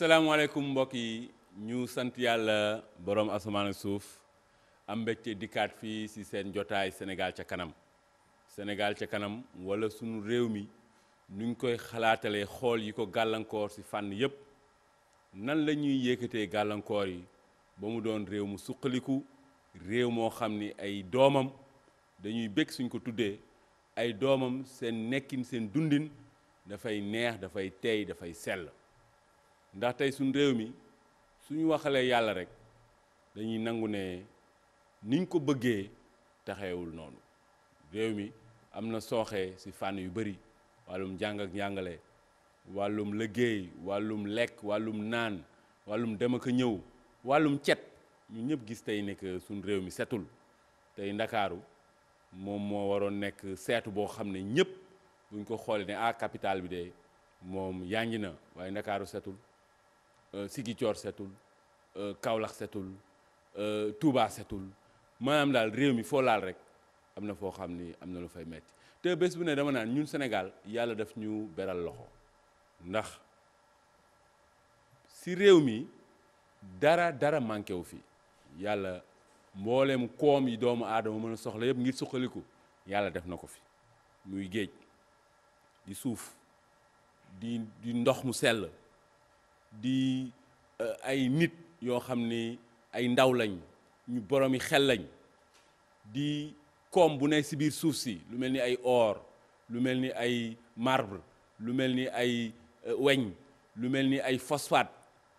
asalaamaaleykum mbokk yi ñu sant yàlla borom asamaan suuf am mbégte dikkaat fii ci seen jotaay senegaal ca kanam Sénégal ca kanam wala sunu réew mi nuñ koy xalaatalee xool yi ko gàllankoor si fànn yépp nan la ñuy yëkkatee gàllankoor yi ba mu doon réew mu suqaliku réew moo xam ni ay doomam dañuy bëgg suñ ko tuddee ay doomam seen nekkin seen dundin dafay neex dafay teey dafay sell ndax tey suñ réew mi suñu waxalee yàlla rek dañuy nangu ne niñ ko bëggee taxeewul noonu réew mi am na sooxee ci fànn yu bari wàllum jàng ak njàngale wàllum liggéey wàllum lekk wàllum naan wàllum dem ak ñëw wàllum cet ñu ñëpp gis tey nekk suñ réew mi setul tey ndakaaru moom moo waroon nekk seetu boo xam ne ñëpp buñ ko xoolee ne ah capital bi de moom yànji na waaye ndakaaru setul Sigicoor euh, setul euh, kawlax setul euh, Touba setul maanaam daal réew mi foo laal rek am na foo xam ni am na lu fay metti te bés bu ne dama naan ñun Sénégal yàlla daf ñu beral loxo ndax si réew mi dara dara manqué wu fi yàlla mbooleem koom yi doomu aadama mën a soxla yëpp ngir suqaliku yàlla def na ko fi muy géej di suuf di di ndox mu sell di euh, ay nit yoo xam ni ay ndaw lañ ñu boroomi xel lañ di koom bu ne si biir suuf si lu mel ni ay or lu mel ni ay marbre lu mel ni ay euh, weñ lu mel ni ay phosphate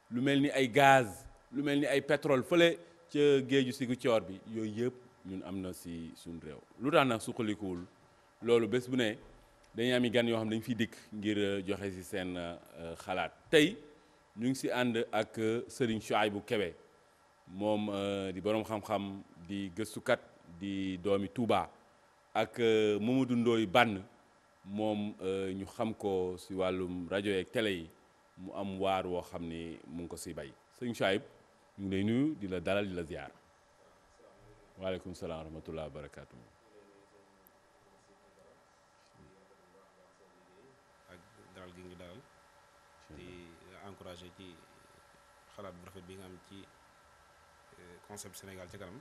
lu mel ni ay gaz lu mel ni ay pétrole fële ca géeju sigu coor bi yooyu yëpp ñun am na si suñ réew lu tax nag suqalikuwul loolu bés bu ne dañuy ami gan yoo xam dañ fi dikk ngir euh, joxe si seen xalaat tey ñu ngi si ànd ak euh, Serigne bu Kébé moom euh, di borom xam-xam di gëstukat di doomi Touba ak euh, Mamadou Ndoye Bane moom ñu xam ko si wàllum rajo yeeg télé yi mu am waar woo xam ni mu ngi ko si bay Serigne Souaïbou ñu ngi lay nuyu di la dalal di la ziar waaleykum salaam wa rahmatullah partagé ci xalaat bu rafet bi nga am ci euh, concept Sénégal ci kanam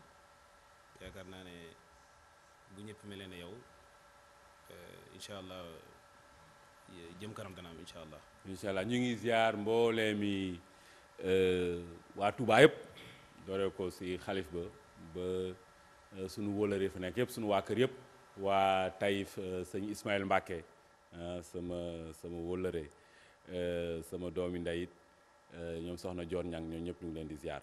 yaakaar naa ne bu ñëpp mel ne yow euh, incha allah euh, jëm kanam dana am incha allah. incha ñu ngi ziar mbooleemi waa Touba yëpp doore ko si xalif ba ba sunu wóolare fa nekk yëpp sunu waa kër yëpp waa Taïf sëñ Ismaël Mbacke sama sama wóolare sama doomi ndeyit Euh, ñoom soxna Dior Niang ñoom ñëpp ñu leen di ziar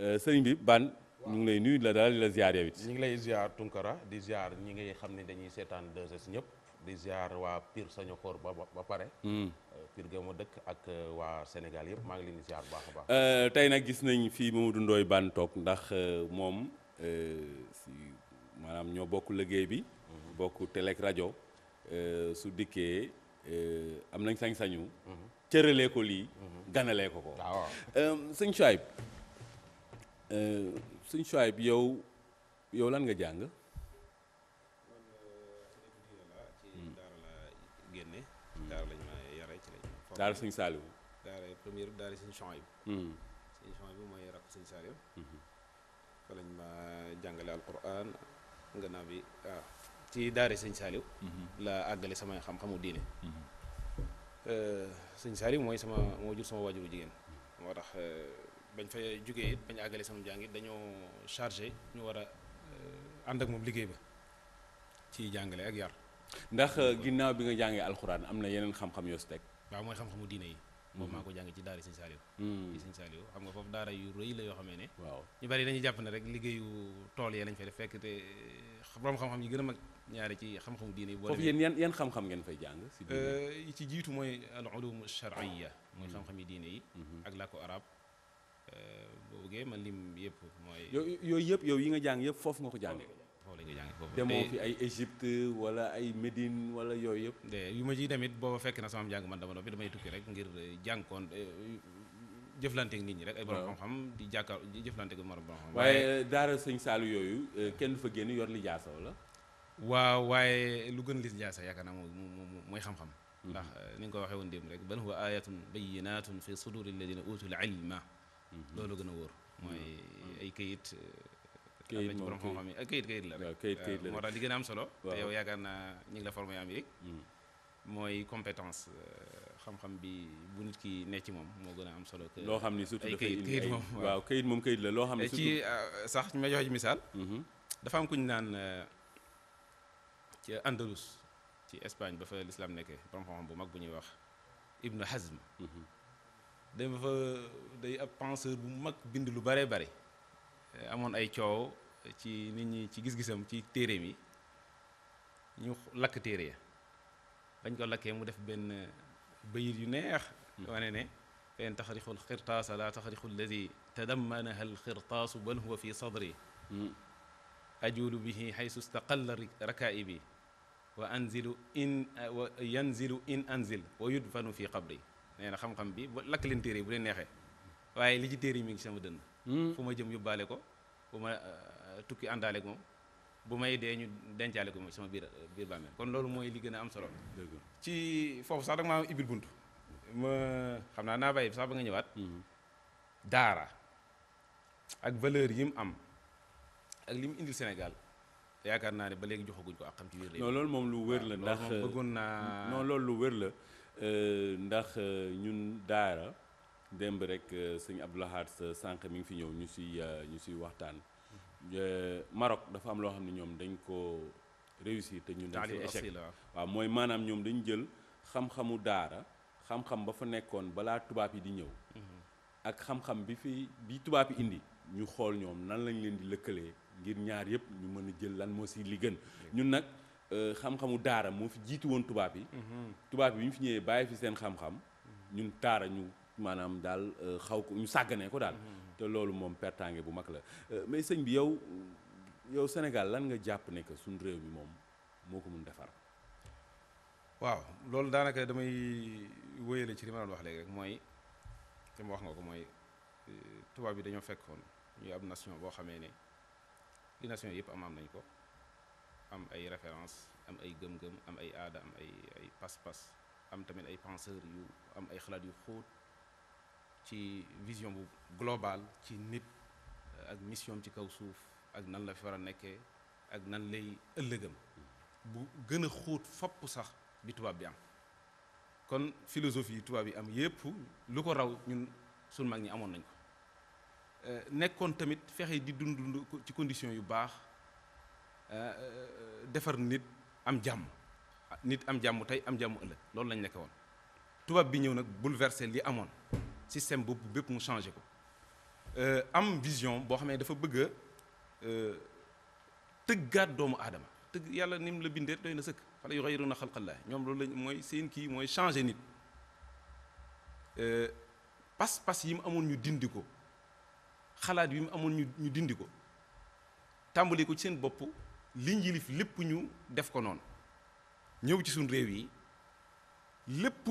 euh, sëñ bi ban. ñu ngi lay nuyu la daal di la ziar yow it. ñu ngi lay ziar Tunkara di ziar ñi ngay xam ne dañuy seetaan 2S ñëpp di ziar waa Pire Sañokor ba ba pare. piir ga ma dëkk ak euh, waa Sénégal yëpp maa ngi leen di ziar bu baax a baax. tey nag gis nañ fii Mamadou dundooy Bane toog ndax moom si maanaam ñoo bokk liggéey bi. Hmm. bokk télé rajo su dikkee am nañ sañ-sañu. Hmm. cëralee ko lii. Mhm. ganalee ko ko. waaw sëñ Chouaib sëñ yow yow lan nga jàng. Eh, mm. daara lañ ma lañ ma. daara sëñ Saliou. daara première daara sëñ Chouaib. Mm. sëñ Chouaib mooy mm-hmm. bi ah, ci daara sëñ Saliou. Mm-hmm. la àggale samay xam-xamu diine. Mm-hmm. Euh, sëñ Saliou mooy sama moo jur sama waajuru jigéen moo tax euh, bañ fa jógee bañ àggale sama jàng dañoo chargé ñu war a euh, ànd ak moom liggéey ba ci jàngale ak yar. ndax ginnaaw bi nga jàngee alxuraan am na yeneen xam-xam yoo si teg. waaw mooy xam-xamu diine yi. boobu mm-hmm. maa ko jàng ci daara sëñ Saliou mm-hmm. ci sëñ Saliou xam nga foofu daara yu rëy la yoo xamee ne. waaw ñu bari dañuy jàpp ne rek liggéeyu tool yee lañ fay def fekk te. borom xam-xam yi gën a mag ñaari ci xam-xamu diine yi. foofu yéen yan yan xam-xam ngeen fay jàng. si diine yi euh, ci jiitu mooy al ulum shar'iyya mooy xam yi diine yi. Mhm. ak làkku arab euh, boo bëggee man lim yëpp yooyu yëpp yow yi nga jàng yëpp foofu nga ko jàngee. foofu la nga jàngee foofu fi ay Égypte wala ay Médine wala yooyu yëpp. yu ma ciy tamit booba fekk na sama njàng man dama doon fi damay tukki rek ngir jàngkoon euh, jëflanteeg nit ñi rek ay borom xam-xam di jàkkaar di jëflanteeg borom xam-xam waaye eh, daara sañ Saalu yooyu eh, kenn du fa génn yor li jaasa wala waaw waaye lu gën li jaasa yaakaar naa moom mooy xam-xam mhm. ndax eh, ni nga ko waxee woon démb rek ba bal huwa ayatun bayinatun fi suduri alladina utul ilma mhm. loolu gën a wóor mooy mhm. ay kayit am na ci borom xam-xam yi kayit kayit la rek moo tax li gën a am solo te yow yaakaar naa ñi ngi la formé Amérique mooy compétence xam-xam bi bu nit ki nekk ci moom moo gën a am solo. loo xam ni surtout dafay indi moom waaw kayit moom kayit la loo xam ne ci euh, sax ñu ma joxe mhm. dafa am ku naan euh, ci Andalus ci Espagne ba fa lislaam nekkee borom xam-xam bu mag bu ñuy wax Ibn Hazm. Mhm. dem day ab penseur bu mag bind lu bare bare amoon ay coow ci nit ñi ci gis-gisam ci téereem yi ñu lakk téere ya bañ ko lakkee mu def benn. bayit yu neex hmm. wane ne fa in taxrixu alxirtaasa laa taxrixu alladi tadammanaha alxirtaasu bal huwa fi sadri hmm. ajuulu bihi xaysu staqalla rakaibi wa anzilu in wa yanzilu in anzil wa yudfanu fi qabri nee na xam bi bu lakk leen téere yi bu leen neexee waaye li ci téere mi ngi sama dënn hmm. fu ma jëm yóbbaale ko bu ma euh, tukki àndaale ko bu may dee ñu dencaale ko mooy sama biir biir bàmmeel kon loolu mooy li gën a am solo ci foofu sax ma maa ibil bunt ma xam naa naa bàyyi sax ba nga ñëwaat mm-hmm. daara ak valeur yi mu am ak li mu indil Sénégal yaakaar naa ne ba léegi joxaguñ ko ak xam ci biir réew non loolu moom lu wér la ndax bëggoon naa euh, non loolu lu wér la euh, ndax euh, ñun daara démb rek sëñ Abdou Lahad sa sànq mi ngi fi ñëw ñu si ñu siy waxtaan Maroc dafa am loo xam ne ñoom dañ ko réussir te ñun dañ fi échec waaw mooy maanaam ñoom dañ jël xam-xamu daara xam-xam ba fa nekkoon balaa tubaab yi di ñëw mhm. ak xam-xam bi fi bi tubaab yi indi ñu xool ñoom nan lañ leen di lëkkalee ngir ñaar yëpp ñu mën jël lan moo si li ñun nag euh, xam-xamu daara moo fi jiitu woon tubaab yi mhm. tubaab yi bi ñu fi ñëwee bàyyi fi seen xam-xam mhm. ñun taara ñu maanaam daal euh, xaw ko ñu sàgganee ko daal te loolu moom pertange bu mag la euh, mais sëñ bi yow yow Sénégal lan nga jàpp ne que suñu réew mi moom moo ko mun defar. waaw loolu daanaka damay wéyale ci li ma doon wax léegi rek mooy te wax nga ko mooy euh, tubaab yi dañoo fekkoon ñu am nation boo xamee ne li nation yëpp am am nañ ko am ay référence am ay gëm-gëm am ay aada am ay ay pas am tamit ay penseurs yu am ay xalaat yu xóot. ci vision bu globale ci nit ak mission ci kaw suuf ak nan la fi war a nekkee ak nan lay ëllëgam bu gën a xóot fopp sax bi tubaab bi am kon philosophie yi tubaab yi am yépp lu ko raw ñun suñ mag ñi amoon nañ ko euh, nekkoon tamit fexe di dund dund ci condition yu baax euh, euh, defar nit am jàmm ah, nit am jàmm tey am jàmm ëllëg loolu lañu nekk woon tubaab bi ñëw nag bouleversé li amoon système boobu bépp mu changé ko euh, am vision boo xam ne dafa bëgg a euh, tëggaat doomu aadama tëgg yàlla ni mu la bindee doy na sëkk fala yuxayyiruna xalqallaahi ñoom loolu la mooy seen kii mooy changé nit euh, pas-pas yi mu amoon ñu dindi ko xalaat yi mu amoon ñu ñu dindi ko tàmbali ko ci seen bopp liñ yilif lépp ñu def ko noonu ñëw ci suñ réew yi lépp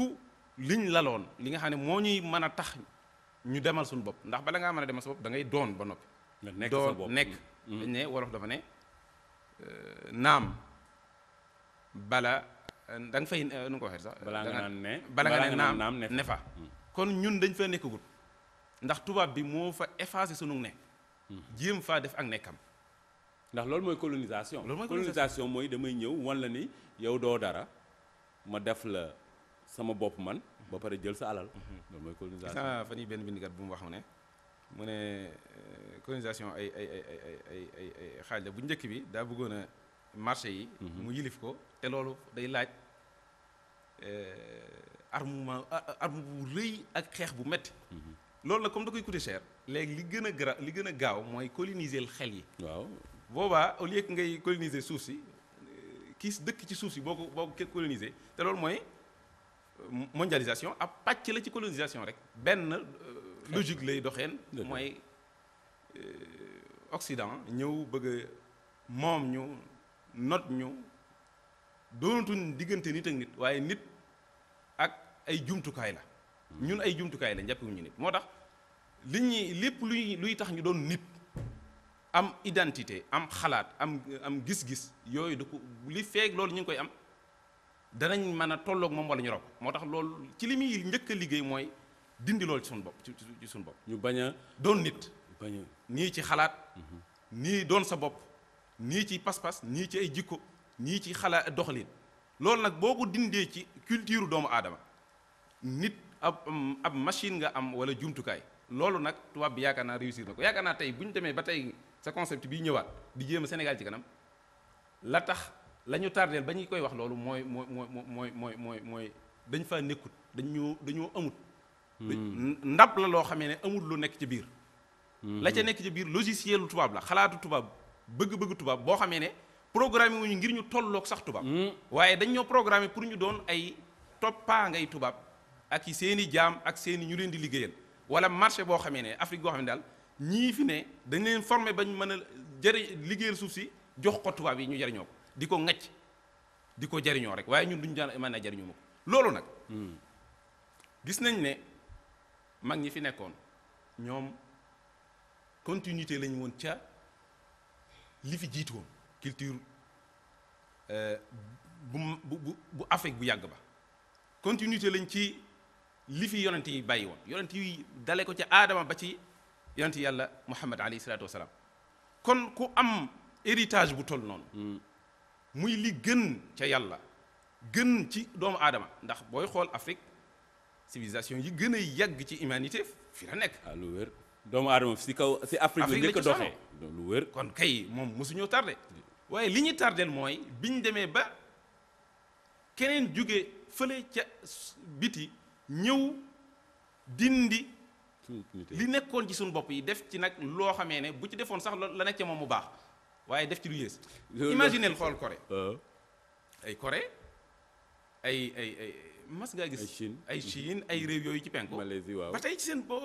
liñ laloon li nga xam ne moo ñuy mën a tax ñu demal suñu bopp ndax bala ngaa mën a demal sa bopp da doon ba noppi. nekk doon nekk. Mm-hmm. dañ ne wolof dafa ne euh, naam bala da nga fay euh, nu ko waxee sax. bala nga naan ne ne naam ne fa. Mm. kon ñun dañ fa nekkagul ndax tubaab bi moo fa effacé sunu ne. Mm. jéem faa def ak nekkam. ndax loolu mooy colonisation. loolu mooy colonisation mooy damay ñëw wan la ni yow doo dara ma def la. sama bopp man ba pare jël sa alal mhm. loolu mooy colonisation fan yi benn bindikat bu mu wax ne mu ne euh, colonisation ay ay ay ay xaaj la bu njëkk bi daa bëggoon a marché yi mhm. mu yilif ko te loolu day laaj euh, armement arme bu rëy ak xeex bu metti mhm. loolu nag comme da koy coûter cher léegi li gën a gra li gën a gaaw mooy coloniser xel yi waaw boobaa au lieu ngay coloniser suuf si euh, kiis dëkk ci suuf si boo ko boo ko te loolu mooy mondialisation ab pàcc la ci colonisation rek benn euh, logique lay doxeen mooy euh, Occident ñëw bëgg moom ñu not ñu doonatuñ diggante nit ak nit waaye nit ak ay jumtukaay la hmm. ñun ay jumtukaay la jàppewuñu nit moo tax li ñuy lépp luy luy tax ñu doon nit am identité am xalaat am am gis-gis yooyu da ko li feeg loolu ñu ngi koy am danañ mën a tollook moom wala ñu raw moo tax loolu ci li muy njëkk a liggéey mooy dindi loolu ci suñu bopp ci suñu bopp. ñu bañ a doon nit. bañ a nii ci xalaat. Mhm. nii doon sa bopp. nii ci pas-pas nii ci ay jikko nii ci xalaat doxalin loolu nag boo ko dindee ci culture doomu aadama nit ab ab machine nga am wala jumtukaay loolu nag tubaab bi yaakaar naa réussir na ko yaakaar naa tey bu ñu demee ba tey sa concept bi ñëwaat di jéem Sénégal ci kanam la tax. la ñu tardeel ba ñu koy wax loolu mooy mooy mooy mooy mooy mooy dañ faa nekkut dañu dañoo amut. Hmm. ndab la loo xamee ne amul lu nekk ci biir. Hmm. la ca nekk ci biir logiciel lu tubaab la xalaatu tubaab bëgg-bëgg tubaab boo xamee ne programme wuñu ngir ñu tolloog sax tubaab. Hmm. waaye dañ ñoo programme pour ñu doon ay toppaa ngay tubaab ak i seeni jaam ak seeni ñu leen di liggéeyal wala marché boo xamee ne Afrique goo xam ne daal ñii fi ne dañ leen formé bañ mën a jëri liggéeyal suuf si jox yi ñu jëriñoo di ko ŋacc di ko jariñoo rek waaye ñun duñu daan mën a jariñoo ma ko nag hmm. gis nañ ne mag ñi fi nekkoon ñoom continuité lañ woon ca li fi jiitu woon culture euh, bu bu bu Afrique bu yàgg ba continuité lañ ci lifi fi yi bàyyi woon yonent yi dale ko ca aadama ba ci yonent yàlla muhammad alayhi salaatu kon ku am héritage bu toll noonu hmm. muy li gën ca yàlla gën ci doomu aadama ndax booy xool Afrique civilisation yi gën a yàgg ci humanité fi la nekk. waaw ah, lu wér si kaw si Afrique la njëkk a lu wér. kon kay moom mosuñoo tardé waaye li ñu tardel mooy biñ demee ba keneen jóge fële ca biti ñëw dindi. li nekkoon ci suñu bopp yi def ci nag loo xamee ne bu ci defoon sax la nekk ca moom mu baax. waaye def ci lu yées. imaginel xool Corée. Euh. ay Corée ay ay ay mas ngaa gis. ay Chine ay Chine ay réew yooyu ci penku. Malaisie waaw ba tey ci seen bo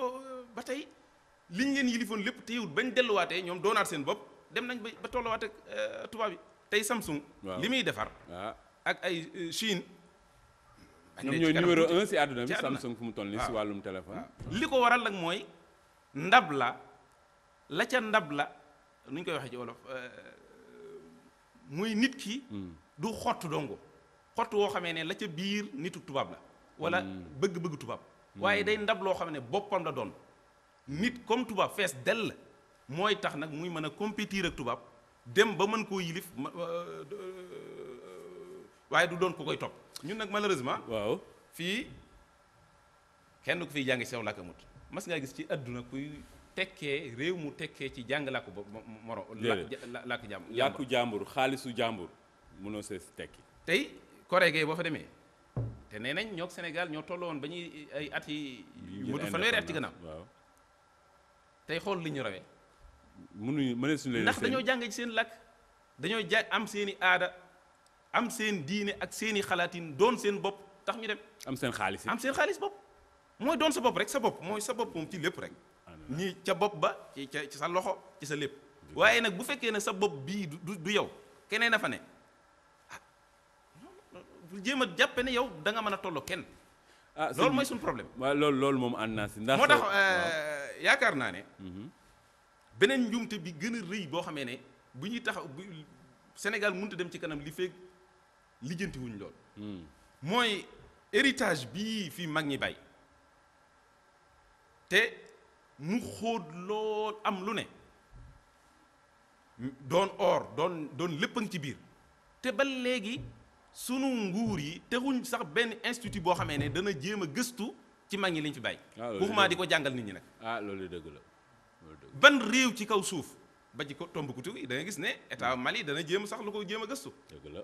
ba tey liñ leen yilifoon lépp te yowul bañ delluwaatee ñoom doonaat seen bopp dem nañ ba ba tolluwaat ak euh, tubaab yi tey Samsung. li muy defar. Ah. ak ay euh, Chine. ñoom ñooy numéro un si àdduna bi Samsung fu mu toll nii si ah. wàllum téléphone. Ah. li ko waral nag mooy ndab la la ca ndab la. nu ñu koy waxee ci wolof euh, muy nit ki. Hmm. du xottu dongo xottu woo xamee ne la ca biir nitu tubaab la. wala hmm. bëgg-bëgg tubaab. Hmm. waaye day ndab loo xam ne boppam la doon. nit comme tubaab fees dell mooy tax nag muy mën a compétir ak tubaab dem ba mën koo yilif euh, euh, waaye du doon ko koy topp ñun nag malheureusement. waaw fii kenn ku jaa ngi sew làkk amut mas ngaa gis ci àdduna kuy. tekkee réew mu tekkee ci jàng làkku ba moro làkk jàmbur làkku jàmbur xaalisu jàmbur mënoo see tekki tey Corée boo fa demee te nee nañ ñoo Sénégal ñoo tolloon ba ñuy ay at yi mutu fanweeri at ci gannaaw waaw tey xool li ñu rawee mënuñu mënee suñu leen ndax dañoo jàng ci seen làkk dañoo ja am seen i aada am seen diine ak seen i xalaatin doon seen bopp tax ñu dem am seen xaalis am seen xaalis bopp mooy doon sa bopp rek sa bopp mooy sa bopp moom ci lépp rek nii ca bopp ba ci ca ci sa loxo ci sa lépp waaye nag bu fekkee ne sa bopp bii du du yow keneen a fa ne ah, bu jéem a jàppe ne yow danga mën a tolloo kenn ah loolu mooy suñu problème waaw loolu loolu moom ànd si ndax moo tax euh, yaakaar naa ne mm-hmm. beneen njuumte bi gën a rëy boo xamee ne bu ñuy tax bu Sénégal mënut a dem ci kanam li feeg lijjanti wuñ lool mm. mooy héritage bii fi mag ñi bay te mu xóot lool am lu ne doon or doon doon lépp a ngi ci biir te ba léegi sunu nguur yi texuñ sax benn institut boo xamee ne dana jéem a gëstu ci mag ñi liñ fi bàyyi. Ah, waxumaa di ko jàngal nit ñi nag. ah loolu dëgg la ban réew ci kaw suuf ba ci ko Tombouctou da nga gis ne état hmm. Mali dana jéem sax lu ko jéem a gëstu. dëgg la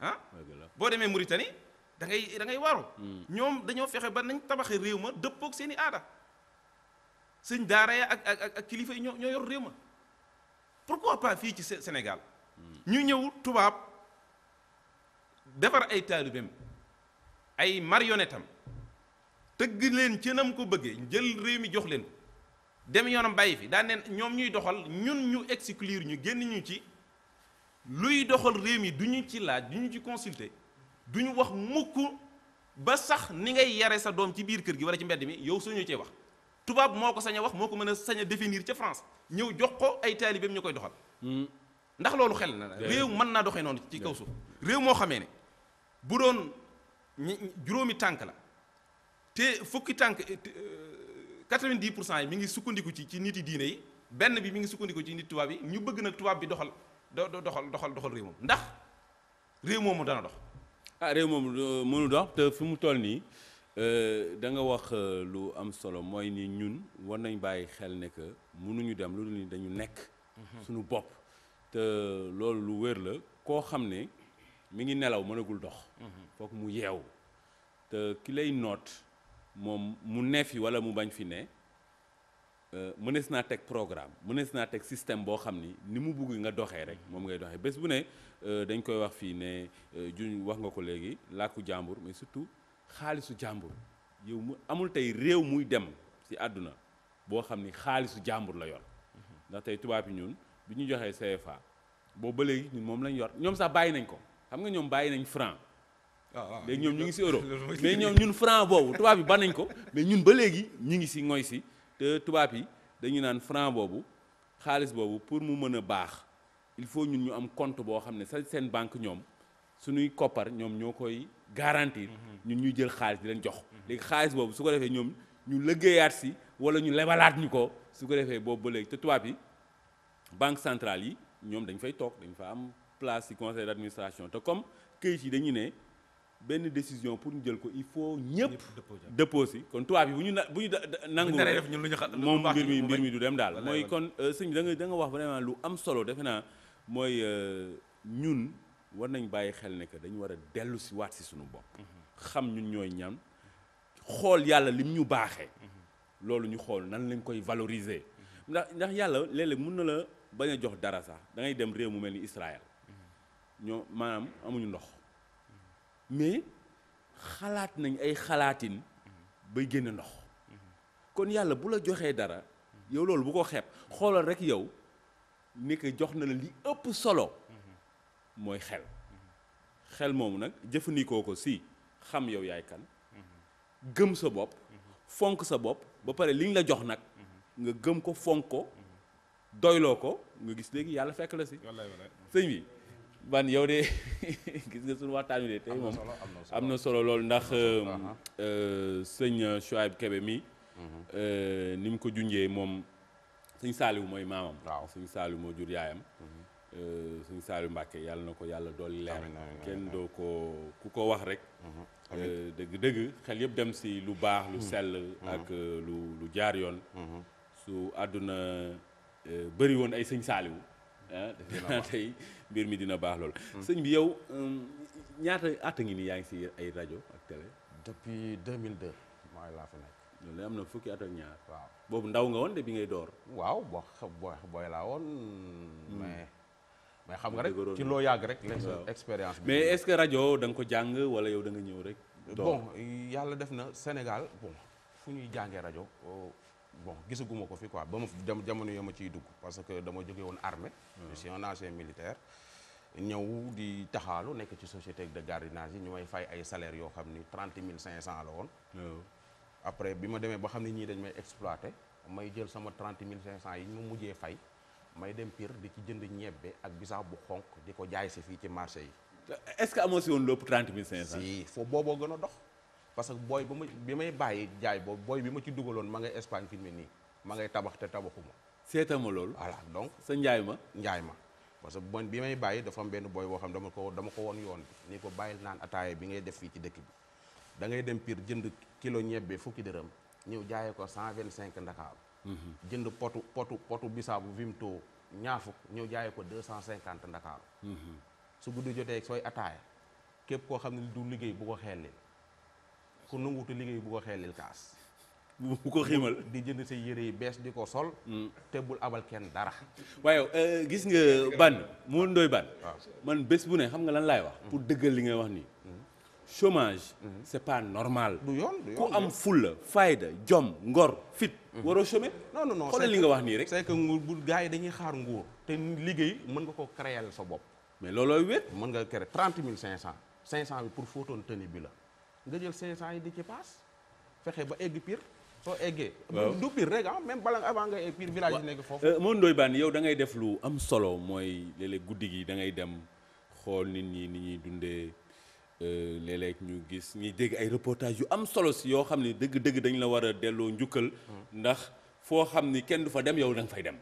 ah? la boo demee Mauritanie da ngay da ngay waaru. Hmm. ñoom dañoo fexe ba nañ tabaxee réew ma dëppook seen i aada. sëñ daara ya ak ak ak kilifa yi ñoo ñoo yor réew ma pourquoi pas fii ci Sénégal hmm. ñu ñëw tubaab defar ay taalibeem ay marionnette am tëgg leen ci nam ko bëggee jël réew mi jox leen dem yoonam bàyyi fi daan ñoom ñuy doxal ñun ñu exclure ñu génn ñu ci luy doxal réew mi du ñu ci laaj du ñu ci consulter du ñu wax mukk ba sax ni ngay yare sa doom ci biir kër gi wala ci mbedd mi yow suñu cee wax tubaab moo ko sañ a wax moo ko mën a sañ a définir ca France ñëw jox ko ay taalibeem ñu koy doxal. Hmm. ndax loolu xel na réew mën naa doxee noonu ci kaw suuf. réew moo xamee bu doon juróomi tànk la te fukki tànk 90 euh, pour cent yi mi ngi sukkandiku ci ci nit yi diine yi benn bi mi ngi sukkandiku ci nit tubaab yi ñu bëgg nag tubaab bi doxal doxal doxal doxal réew moom ndax réew moomu dana dox. ah euh, mënu dox te fi mu toll nii. Euh, da nga wax euh, lu am solo mooy ni ñun war nañ bàyyi xel ne que mënuñu dem lu nii dañu nekk. Mhm. suñu bopp te loolu lu wér la koo xam ne mi ngi nelaw mënagul dox. Mhm. mu yeewu te ki lay noot moom mu ne fi wala mu bañ fi ne euh, mënees naa teg programme mënees naa teg système boo xam ni ni mu bugg nga doxee rek moom ngay doxee bés bu ne dañ koy wax fii ne juñ wax nga ko léegi làkku jàmbur mais surtout. xaalisu jàmbur yow mu amul tey réew muy dem ci àdduna boo xam ni xaalisu jàmbur la yor ndax tey tubaab yi ñun bu ñu joxee CFA boobu ba léegi ñun moom lañ yor ñoom sax bàyyi nañ ko xam nga ñoom bàyyi nañ franc. waaw ah, ah. ñoom ñu ngi ci euro mais ñoom ñun franc boobu tubaab yi ban nañ ko mais ñun ba léegi ñu ngi ci ngoy si te tubaab yi dañu naan franc boobu xaalis boobu pour mu mën a baax il faut ñun ñu am compte boo xam ne sa seen banque ñoom suñuy koppar ñoom ñoo koy. garantir ñun ñuy jël xaalis di leen jox léegi xaalis boobu su ko defee ñoom ñu liggéeyaat si wala ñu lebalaat ñu ko su ko defee boobu ba léegi te tubaab yi banque centrale yi ñoom dañ fay toog dañ fa am place ci conseil d'administration te comme këyit yi dañu ne benn décision pour ñu jël ko il faut ñëpp dëppoo si kon tubaab yi bu ñu na bu ñu nangu moom mbir mi mbir mi du dem daal mooy kon euh, sëñ da nga da nga wax vraiment lu am solo defe naa mooy euh, ñun war nañ bàyyi xel ne que dañu war a dellu si waat si suñu bopp xam ñun ñooy ñam xool yàlla lim ñu baaxee loolu ñu xool nan lañ koy valoriser ndax ndax yàlla léeg mun na la bañ a jox dara sax da dem réew mu mel ni Israël ñoo maanaam amuñu ndox mais xalaat nañ ay xalaatin bay génn ndox kon yàlla bu la joxee dara yow loolu bu ko xeeb xoolal rek yow ni que jox na la li ëpp solo mooy xel xel moomu nag jëfandikoo ko si xam yow yaay kan gëm sa bopp fonk sa bopp ba pare liñ la jox nag nga gëm ko fonk ko doyloo ko nga gis léegi yàlla fekk la si sëñ bi ban yow de gis nga suñu waxtaan wi de tey moom am na solo loolu ndax euh, euh, sëñ Chouaib Kébé mi mhm. euh, ni mu ko junjee moom sëñ Saaliwu mooy maamam waaw sëñ moo jur yaayam mhm. Euh, suñu Saliou Mbacke yàlla na ko yàlla dolli leer kenn doo ko ku ko wax rek mhm, euh, dëgg dëgg xel yëpp dem si lu baax lu mhm. sell mhm. ak euh, lu lu jaar yoon su àdduna bëri woon ay sëñ Saliou ah tey mbir mi dina baax loolu sëñ bi yow ñaata at a ngi yaa ngi si ay rajo ak télé depuis 2002 mooy laa fi nekk loolu am na fukki at ñaar boobu ndaw nga woon de bi ngay door waaw boo booy laa woon hmm. mais xam nga rek ci loo yàgg rek. expérience bi mais est-ce que rajo da ko jàng wala yow da nga ñëw rek. bon yàlla def na Sénégal bon ñuy jàngee rajo euh, bon gisaguma ko fi quoi ba ma jamono yo ma ciy dugg parce que dama jóge woon armée. Hmm. je suis militaire. ñëw di taxaalu nekk ci société de gardiennage yi ñu may fay ay salaires yoo xam ni trente mille cinq cent la woon. Oh. après bi ma demee ba xam ne ñii dañ may exploité may jël sama trente mille cinq cent yi ñu mujjee fay. may dem piir di ci jënd ñebbe ak bisaab bu xonq di ko jaay si fii ci marché yi. est-ce que amoo si woon lépp trente mille cinq cent. si foofu booboo gën a dox. parce que booy ba ma bi may bàyyi jaay boobu booy bi ma ci dugaloon ma ngay Espagne fi mu nii ma ngay tabax te tabaxuma. ma loolu. voilà donc sa njaay ma njaay ma. parce que man bi may bàyyi dafa am benn booy boo xam dama ko dama ko woon yoon bi ni ko bàyyil naan ataaya bi ngay def fii ci dëkk bi da ngay dem piir jënd kilo ñebbe fukki dërëm ñëw jaayee ko cent vingt cinq Ndakaaru Mm-hmm. jënd potu potu potu bisaabu Vimto ñaar fukk ñëw jaayee ko deux cent cinquante ndakaaru mm-hmm. su guddi jotee sooy ataaya képp koo xam ne du liggéey bu ko xeelil ku nanguwutu liggéey bu ko xeelil kaas bu ko xiimal di jënd sa yére yi bees di ko sol mm. te bul abal kenn dara waaye euh, gis nga ban moo ndooy waa man bés bu ne xam nga lan laay wax pour dëggal li ngay wax nii mm. chomage mhm. c'est pas normal du yoon du yoon ku am fulla fayda jom ngor fit mhm. waroo chômer non non non xoolal li nga wax nii rek c'est que nguur bu gars yi dañuy xaar nguur te liggéey mën nga ko créer sa bopp mais loolooy wéet mën nga créer mille cinq cent cinq cent pour photon bi la nga jël cinq cent yi di ci paas fexe ba egg pire soo eggee du pire rek ah même bala nga avant nga egg pire village nekk foofu euh, moom Ndoye Bane yow da ngay def lu am solo mooy léeg guddi gi da ngay dem xool nit ñi nit ñuy dundee Euh, léeg-léeg ñu gis ñuy dégg ay reportage yu am solo si yoo xam ne dëgg-dëgg dañu la war a delloo njukkal. ndax foo xam ni kenn du fa dem yow da fay dem.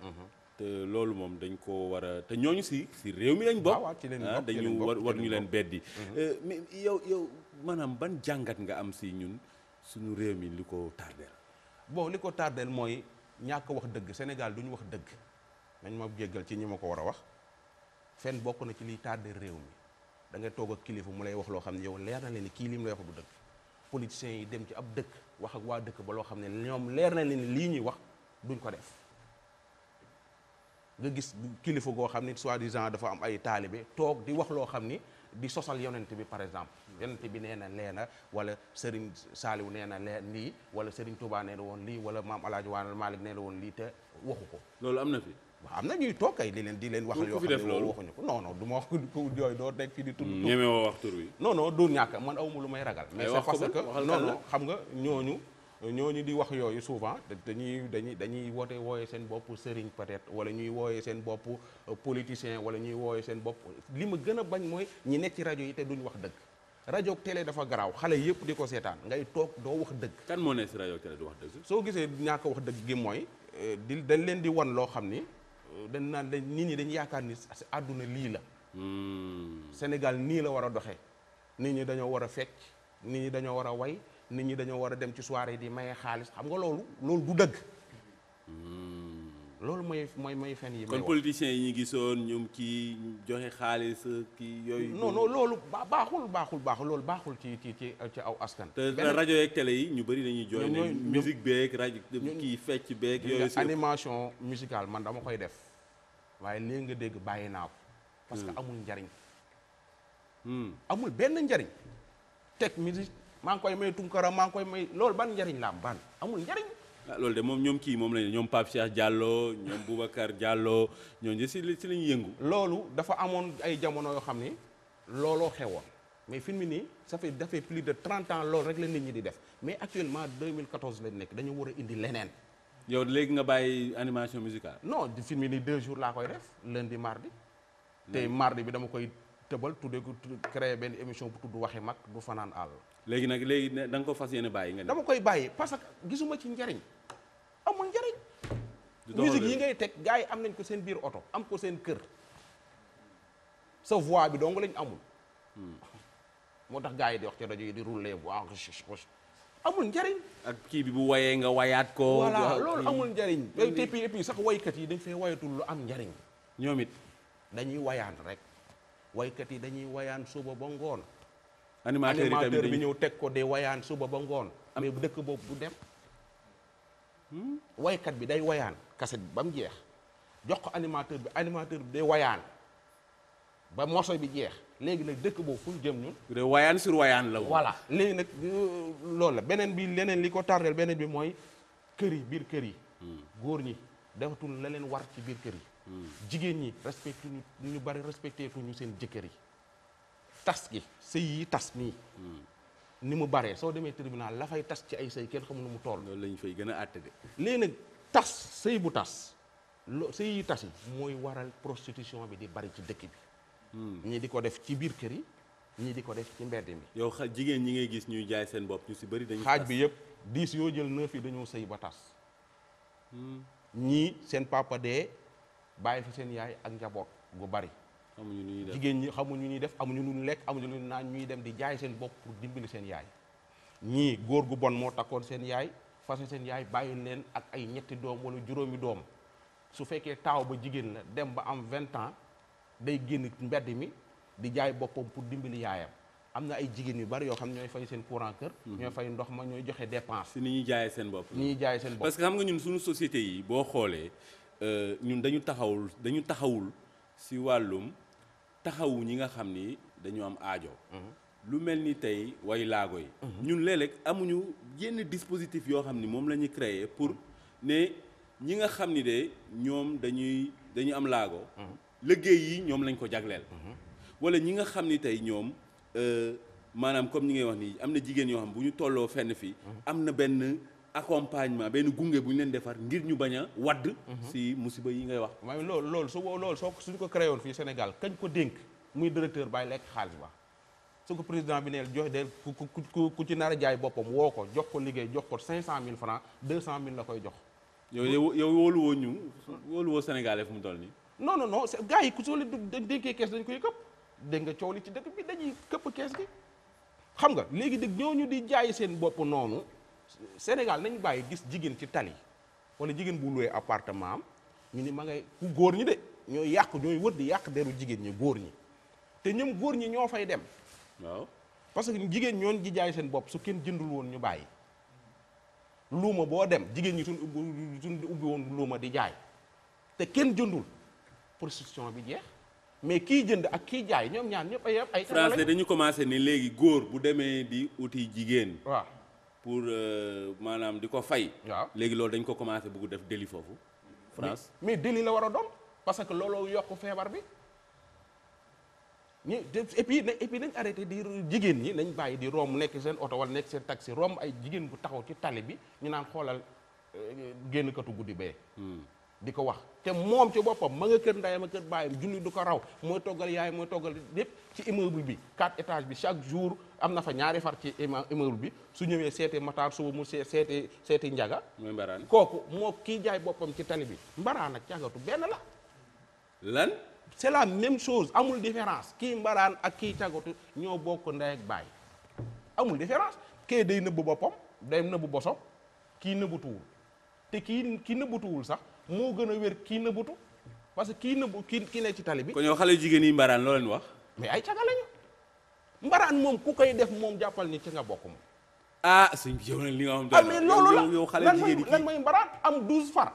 te loolu moom dañ ko war a te ñooñu si si réew mi lañ bokk. Ah, dañu war war ñu leen beddi. Mhm. Euh, mais yow yow maanaam ban jàngat nga am si ñun suñu réew mi li ko tardeel. bon li ko tardeel mooy ñàkk wax dëgg Sénégal duñu wax dëgg dañ ma jéggal ci ñi ma ko war a wax fenn bokk na ci liy tardeel réew mi. da ngay toog ak kilifa mu lay wax loo xam ne yow leer na leen ni kii lim lay wax du dëgg politiciens yi dem ci ab dëkk wax ak waa dëkk ba loo xam ne ñoom leer na leen ni lii ñuy wax duñ ko def nga gis kilifa goo xam ne soi-disant dafa am ay taalibe toog di wax loo xam ni di sosal yonent bi par exemple yonent bi nee na lee na wala Serigne Saliou nee na lee lii wala Serigne Touba nee woon lii wala maam alaaj Hadj Waane Malick nee na woon lii te waxu ko. loolu am na waaw am na ñuy toog kay di leen di leen wax yoo xam ne waxuñu ko non non du ma wax ko yooyu doo nekk fii di tudd mm, ñeme woo wax tur wi non non du ñàkk man awma lu may ragal mais c'est parce que non non xam nga ñooñu ñooñu di wax yooyu souvent dañuy dañuy dañuy woote wooyee seen bopp sëriñ peut-être wala ñuy wooyee seen bopp euh, politicien wala ñuy wooyee seen bopp li ma gën a bañ mooy ñi nekk ci rajo yi te duñ wax dëgg rajo ak dafa garaaw xale yëpp di ko seetaan ngay toog doo wax dëgg kan moo ne si rajo tele télé du wax dëgg soo gisee ñàkk wax dëgg gi mooy euh, di dañ leen di wan loo xam ni dañ naan dañ nit ñi dañu yaakaar ni àdduna lii la hmm. Sénégal nii la war a doxee nit ñi dañoo war a fecc nit ñi dañoo war a way nit ñi dañoo war a dem ci soirée di maye xaalis xam nga loolu loolu du dëgg hmm. loolu mooy mooy fen yi kon politiciens yi ñu gisoon ñoom kii joxe xaalis kii yooyu non non loolu baaxul baaxul baaxul loolu baaxul ci ci ci ci aw askan te rajo yeeg télé yi ñu bëri dañuy jooy ne musique beeg rajo kii fecc beeg yooyu animation musicale man dama koy def waaye léegi nga dégg bàyyi naa ko. parce que hmm. amul njariñ. Hmm. amul benn njariñ. teg musique maa ngi koy may Tunkara maa ngi koy may loolu ban njariñ laa am ban amul njariñ. Ah, loolu de moom ñoom kii moom lañu ñoom Pape jàlloo Diallo ñoom Boubacar Diallo ñooñu si si la ñuy yëngu. loolu dafa amoon ay jamono yoo xam ni looloo xewoon mais fi mu nii ça fait dafay plus de 30 ans loolu rek la nit ñi di def mais actuellement 2014 lañ nekk dañu war a indi leneen. yow léegi nga bàyyi animation musicale. non di film yi nii deux jours laa koy def lundi mardi. tey mardi bi dama koy tëbal tuddee ko créer benn émission bu tudd waxi mag du fanaan àll. léegi nag léegi da nga ko fas yéene bàyyi nga. dama koy bàyyi parce que gisuma ci njariñ amul njariñ. musique yi ngay teg gars yi am nañ ko seen biir oto am ko seen kër sa voix bi dong lañ amul. Hmm. moo tax gars yi di wax ci rajo yi di rouler voix. amul njariñ ak kii bi bu wayee nga wayaat ko voilà loolu amul njariñ et puis sax waykat yi dañ fee wayatul lu am njariñ ñoom it dañuy wayaan rek waykat yi dañuy wayaan suba ba ngoon animateur bi ñëw teg ko de wayaan suba ba ngoon mais bu dëkk boobu du dem hmm? waykat bi day wayaan kaset bi jeex jox ko animateur bi animateur bi day wayaan ba morceau bi jeex léegi nag dëkk boobu fu ñu jëm ñun. wayaan sur wayaan la. voilà léegi nag euh, loolu la beneen bi leneen li ko tardeel beneen bi mooy kër yi biir kër yi. Hmm. góor ñi defatul la leen war ci biir kër yi. Hmm. jigéen ñi respecté ñu ñu bari respecté ñu seen jëkkër yi. tas gi sëy yi tas nii. Hmm. ni mu baree soo demee tribunal la fay tas ci ay sëy kenn xamul mu tool loolu lañ fay gën a àtte de. léegi nag tas sëy bu tas. lo sëy yi tas yi mooy waral prostitution bi di bari ci dëkk bi. ñii di ko def ci biir kër yi ñii di ko def ci mbedd mi. yow xa jigéen ñi ngay gis ñuy jaay seen bopp ñu si bari dañuy. xaaj bi yëpp dix yoo jël neuf yi dañoo sëy ba tas. Hmm. ñii seen papa dee bàyyi fi seen yaay ak njaboot gu bari. amuñu lu ñuy def jigéen ñi xamuñu ñuy def amuñu lu ñu lekk am lu ñu naan ñuy dem di jaay seen bopp pour dimbali seen yaay. ñii góor gu bon moo takkoon seen yaay fase seen yaay bàyyi leen ak ay ñetti doom wala juróomi doom su fekkee taaw ba jigéen la dem ba am vingt ans. day génn mbedd mi di jaay boppam pour dimbali yaayam am na ay jigéen yu bari yoo xam ñooy fay seen courant kër. Mhm. ñoo fay ndox ma ñooy joxe dépense. si ni ñuy jaayee seen bopp. ni ñuy jaayee seen bopp parce que xam nga ñun suñu société yi boo xoolee euh, ñun dañu taxawul dañu taxawul si wàllum taxawu ñi nga xam ni dañu am aajo. Mhm. lu mel ni tey way laago yi. Mhm. ñun léeg amuñu yenn dispositif yoo xam ni moom lañu ñuy créer pour ne ñi nga xam ni de ñoom dañuy dañu am laago. liggéey yi ñoom lañ ko jagleel. Mhm. wala ñi nga xam ni tey ñoom euh, maanaam comme ñi ngay wax nii am na jigéen yoo xam bu ñu tolloo fenn fii. Mhm. am na benn accompagnement benn gunge bu ñu leen defar ngir ñu bañ a wadd. Mhm. si musiba yi ngay wax. waaye loolu loolu su loolu soo suñ ko créé woon fii Sénégal kañ ko dénk muy directeur bàyyi lekk xaalis ba su ko président bi neel jox de ku ku ci nar jaay boppam woo ko jox ko liggéey jox ko 500000 francs 200000 la koy jox. yow yow wóolu woo ñu wóolu woo Sénégalais fu mu toll nii. noonu non non gars yi ku soo leen dénkee kees dañ koy këpp dégg nga coow li ci dëkk bi dañuy këpp kees gi xam nga léegi dëgg ñu di jaay seen bopp noonu Sénégal nañ bàyyi gis jigéen ci tali wala jigéen bu loué appartement am ñu ni ma ngay ku góor ñi de ñooy yàq ñooy wër di yàq deru jigéen ñi góor ñi te ñoom góor ñi ñoo fay dem waaw parce que jigéen ñoon ji jaay seen bopp su kenn jëndul woon ñu bàyyi luuma boo dem jigéen ñi suñ ubbi suñ ubbi woon di jaay te kenn jëndul prostitution bi jeex mais kii jënd ak kii jaay ñoom ñaan ñëpp ay ay. français dañu commencé ne léegi góor bu demee di uti jigéen. waaw pour euh, maanaam di ko fay. waaw léegi loolu dañ ko commencé buggu def délit foofu. France mais délit la war a doon parce que looloo yokk feebar bi. ñu et puis et puis nañ arrêté di jigéen ñi nañ bàyyi di romb nekk seen oto wala nekk seen taxi romb ay jigéen bu taxaw ci tali bi ñu naan xoolal euh, génn katu guddi bee. Hmm. di ko wax te moom ci boppam ma nga kër ndayam a kër baayam julli du ko raw mooy toggal yaay mooy toggal lépp ci immeuble bi quatre étages bi chaque jour am na fa ñaari far ci immeuble bi su ñëwee seete Matar suba mu seete seeti Njaga kooku moo kii jaay boppam ci tani bi mbaraan ak càggatu benn la lan c'est la même chose amul différence kii mbaraan ak kii càggatu ñoo bokk ndey ak baay amul différence kee day nëbb boppam day nëbb bosom kii nëbbutuwul te kii kii nëbbutuwul sax moo gën a wér kii nëbbutu parce que kii nëbbu kii kii nekk ci tali bi. ko ñoo xale jigéen yi mbaraan loo wax. mais ay caga lañu mbaraan moom ku koy def moom jàppal ni ci nga bokk moom. ah suñ yow li nga xam ne ah, loolu la yi lan mooy mbaraan am douze far.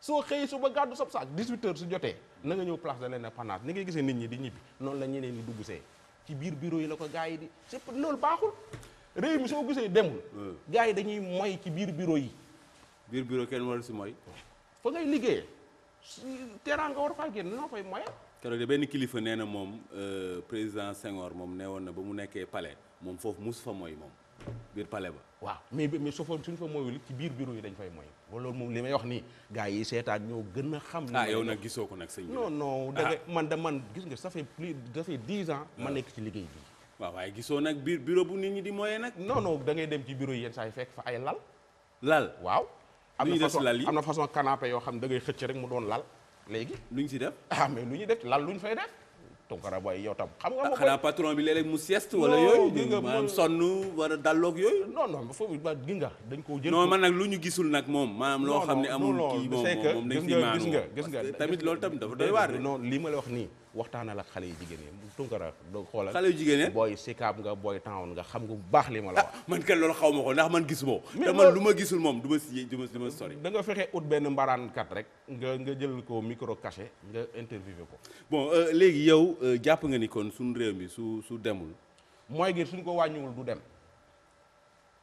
soo xëyee su ba gàddu sab saak 18 heures su jotee na nga ñëw place de l'Indépendance ni ngay gisee nit ñi di ñibbi noonu la ñeneen di dugg see ci biir bureau yi la ko gars yi di c'est loolu baaxul réew mi soo gisee demul. Hmm. gars yi dañuy moy ci biir bureau yi. biir bureau kenn waru si moy. fa ngay liggéeyee teraan nga war a génn noo koy moye keroog de benn kilifa nee na moom euh, président Senghor moom nee woon na ba mu nekkee pale moom foofu mus fa mooy moom biir pale ba waaw mais mais suñ fa mooyul ci biir bureau yi dañ fay mooy loolu moom li may wax nii gars yi seetaan ñoo gën a xam ah yow nag gisoo ko nag sëñ bi non non ah. man da man gis nga ça fait plus ça fait dix ans ma ah. ci liggéey bi waaw waaye gisoo nag biir bureau bu nit ñi di mooyee nag non dangay dem ci bureau yi yenn saa yi fekk fa ay lal lal waaw am na façon am na façon canapé yoo xam da ngay xëcc rek mu doon lal léegi. lu ñu si def ah mais lu ñu def lal lu ñu fay def. Tounkara booy yow tam xam nga. moom ah, xanaa patron bi léeg-léeg mu sieste. wala yooyu maanaam sonn wala dalloog yooyu. non non foofu ba gi nga dañ koo jël. non man nag lu ñu gisul nag moom maanaam loo xam ne amul kii moom moom dañ fi maanu. nga tamit loolu tam dafa doy waar non lii ma la wax nii waxtaanal ak xale yu jigéen yi Tunkara doo xoolal xale yu jigéen yi booy sikaab nga booy town nga xam nga bu baax li ma la wax man kenn loolu xaw ma ko ndax man gis ko te man lu ma gisul moom du ma si ma du ma sori da nga fexe ut benn mbaraankat rek nga nga jël ko micro caché nga interviewé ko bon euh, léegi yow euh, jàpp nga ni kon suñu réew mi su su demul mooy gi suñ ko wàññiwul du dem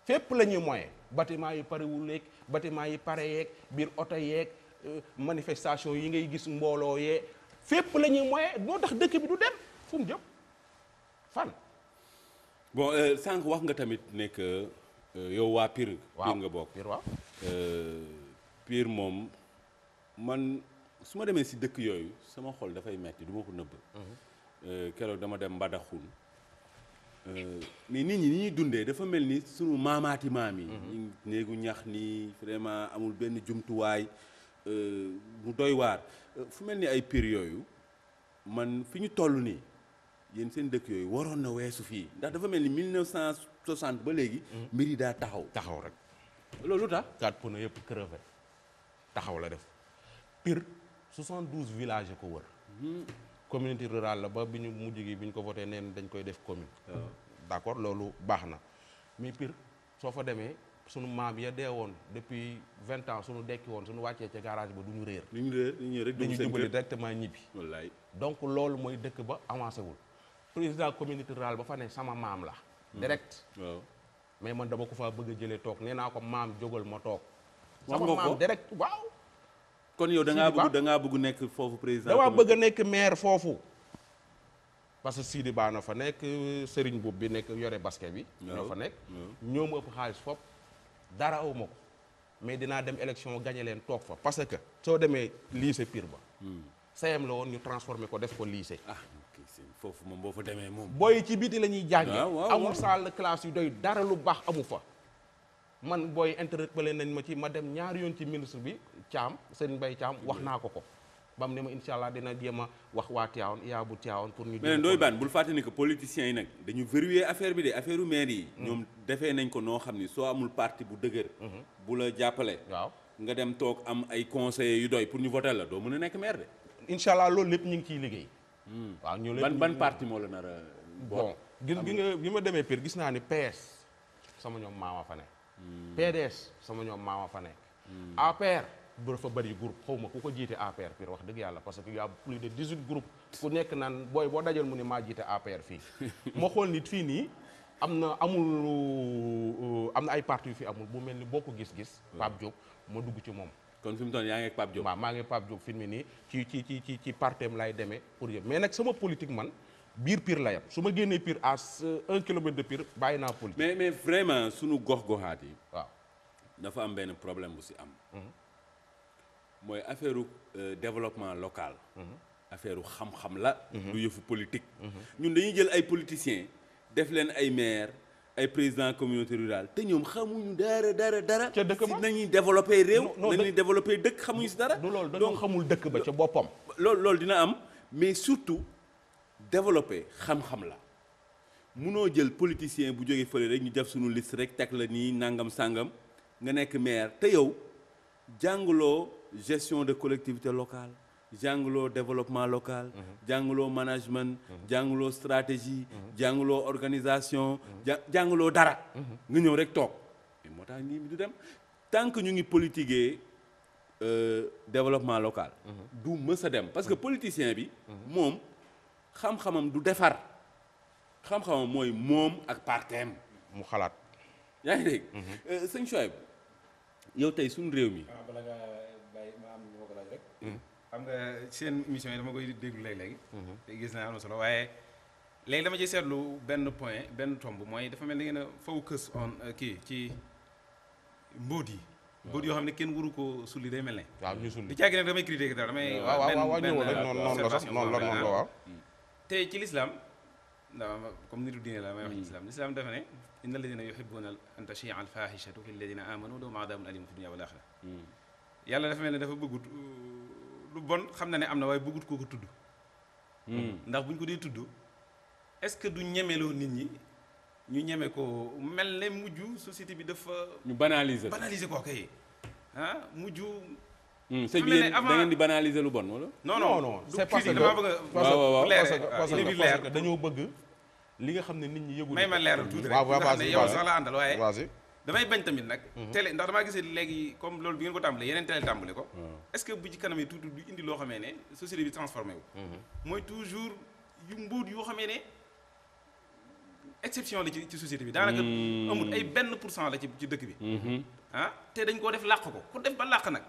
fépp la ñuy moyen bâtiment yi parewul yeeg bâtiment yi pare yeeg biir oto yeeg euh, manifestation yi ngay gis mbooloo yee fépp la ñuy moyen moo tax dëkk bi du dem fu mu jëm fan. bon euh, sànq wax nga tamit nekk euh, yow waa Pire. waaw nga bokk Pire waaw. Euh, moom man su ma demee si dëkk yooyu sama xol dafay metti du ma ko nëbb. Mhm. keroog dama dem Mbadakhoune. mais nit ñi ni ñuy dundee dafa mel ni sunu maamaati maam mhm. néegu ñax nii vraiment amul benn jumtuwaay mu doy waar. fu mel ni ay pire yooyu man fi ñu toll nii yéen seen dëkk yooyu waroon na weesu fii ndax dafa mel ni 1960 ba léegi. Mm-hmm. mbir yi daa taxaw. taxaw rek. loolu lu tax. quatre pneus yëpp crevé taxaw la def pire 72 villages ko wër. Mm-hmm. communauté rurale la ba bi ñu mujj gi bi ñu ko voté neen dañ koy def commune. Ah. d'accord loolu baax na mais pire soo fa demee. suñu maam ya dee woon depuis vingt ans suñu dekki woon suñu wàccee ca garage ba du ñu réer. du ñu réer ñu rek dañu jubali directement ñibbi. wallaay donc loolu mooy dëkk ba avancé wul. président communauté rurale ba fa ne sama maam la. Hmm. direct waaw mais man dama ko fa bëgg a jëlee toog nee naa ko maam jógal ma toog. wax nga ko sama maam direct waaw. kon yow da ngaa bëgg da bëgg nekk foofu président. dama bëgg a nekk maire foofu. parce que Sidi Ba na fa nekk Serigne Boub bi nekk yore basket bi. ñoo fa nekk ñoo ëpp xaalis fop dara aw ko mais dinaa dem élection gagné leen toog fa parce que soo demee lycée Pire ba. Hmm. sayam la woon ñu transformé ko def ko lycée. ah moom boo fa demee moom. booy ci biti la ñuy jàngee. Ah, amul salle de classe yu doy dara lu baax amu fa. man booy ba leen nañ ma ci ma dem ñaari yoon ci ministre bi Thiam Serigne Mbaye Thiam wax hmm. naa ko ko. ba mu ne ma incha allah dina jéem a wax waa Tivaouane yaa bu Tivaouane pour ñu. mais Ndoye Bane bul fàtte ni ko politiciens yi nag dañu verrouiller affaire bi de affaire u maire yi. Mm. ñoom defee nañ ko noo xam ni soo amul parti bu dëgër. Mm-hmm. bu la jàppale. waaw nga dem toog am ay conseillers yu doy pour ñu voter la doo mun a nekk maire de. incha allah loolu lépp ñu ngi ciy liggéey. Mm. waaw ñu ban parti moo la nar a. bon bi gi ma demee Pire gis naa ni PS sama ñoom maama fa nekk. Mm. PDS sama ñoom maama fa nekk. bu dafa bëri group xaw ma ku ko jiite APR pire wax dëgg yàlla parce que y a plus de 18 groupes ku nekk naan booy boo dajal mu ne maa jiite APR fii ma xool nit fii nii am na amul am na ay parti yu fi amul bu mel ni bokk gis-gis hmm. Pape Diop ma dugg ci moom kon fi mu toll yaa ngi ak Pape Diop maa ngi Pape Diop fi mu nii ci ci ci ci ci partem lay demee pour yëpp mais nag sama politique man biir Pire la yam su ma génnee Pire à un kilomètre de Pire bàyyi naa politique mais mais gox goxaat yi waaw am benn problème bu si am hmm. mooy affaire euh, développement local. Mm-hmm. affaire xam-xam la. Mm-hmm. du yëfu politique. Mm-hmm. ñun dañuy jël ay politiciens def leen ay maire ay président communauté rurale te ñoom xamuñu dara dara dara. ca dëkk ba nañuy développé réew. nañuy développé dëkk xamuñu si dara. du loolu dañoo xamul dëkk ba ca boppam. loolu loolu dina am mais surtout développé xam-xam la munoo jël politicien bu jógee fële rek ñu def suñu list rek teg la nii nangam sangam nga nekk maire te yow jàngloo. gestion de collectivité locale jàngaloo développement local mhm. jàngaloo management mhm. jàngaloo stratégie mhm. jàngaloo organisation jàngaloo dara nga ñëw rek toog moo tax nii du dem tant que ñu ngi politiquer euh, développement local du mës a dem parce que politicien bi moom xam-xamam du defar xam-xamam mooy moom ak parteem mu xalaat yaa ngi dégg euh, sëñ Chouaib yow tey suñu réew mi ah, may ma am ñu hmm. xam nga seen mission yi dama koy déglu léeg-léegi. Hmm. te gis naa am solo waaye léegi dama ci seetlu benn point benn tomb mooy dafa mel ni ngeen a faw kës on euh, kii ci mbóot yi. Hmm. yoo xam ne kenn waru ko sulli day mel ne. waaw ñu sulli di càgg nag damay critiquer dara damay. waaw waaw la sax noonu la te ci l'islam ndax comme nitu diine la may wax ci in l'islam dafa ne inna alladina yuhibbuna an tashia alfahishatu fi alladina amanu lahum adabun alimun fi dunya wal axira yàlla dafa mel ne dafa bëggut euh, lu bon xam na ne am na waaye bëggut koo tudd hmm. ndax bu ñu ko dee tudd est-ce que du ñemeloo nit ñi ñu ñeme ko mel ne mujj société bi dafa ñu banaliser banaliser koo kay ah mujj hmm, sëñ bi da ngeen di banaliser lu bon wala non non non c'est bëgg parce que dañoo bëgg li nga xam ne nit ñi yëgul may ma leeral tuuti rek yow sax la àndal waaye damay bañ tamit nag. Mhm. télé ndax damaa gisee léegi comme loolu bi ngeen ko tàmbalee yeneen télé tàmbale ko. Mhm. est-ce que bu ci kanam yi tuuti du indi loo xamee ne société bi transformé wu. Mhm. mooy toujours yu mbuut yoo xamee ne exception la ci ci société bi. daanaka hmm. amul ay benn pour cent la ci ci dëkk bi. ah te dañ koo def làq ko ku def ba làq nag.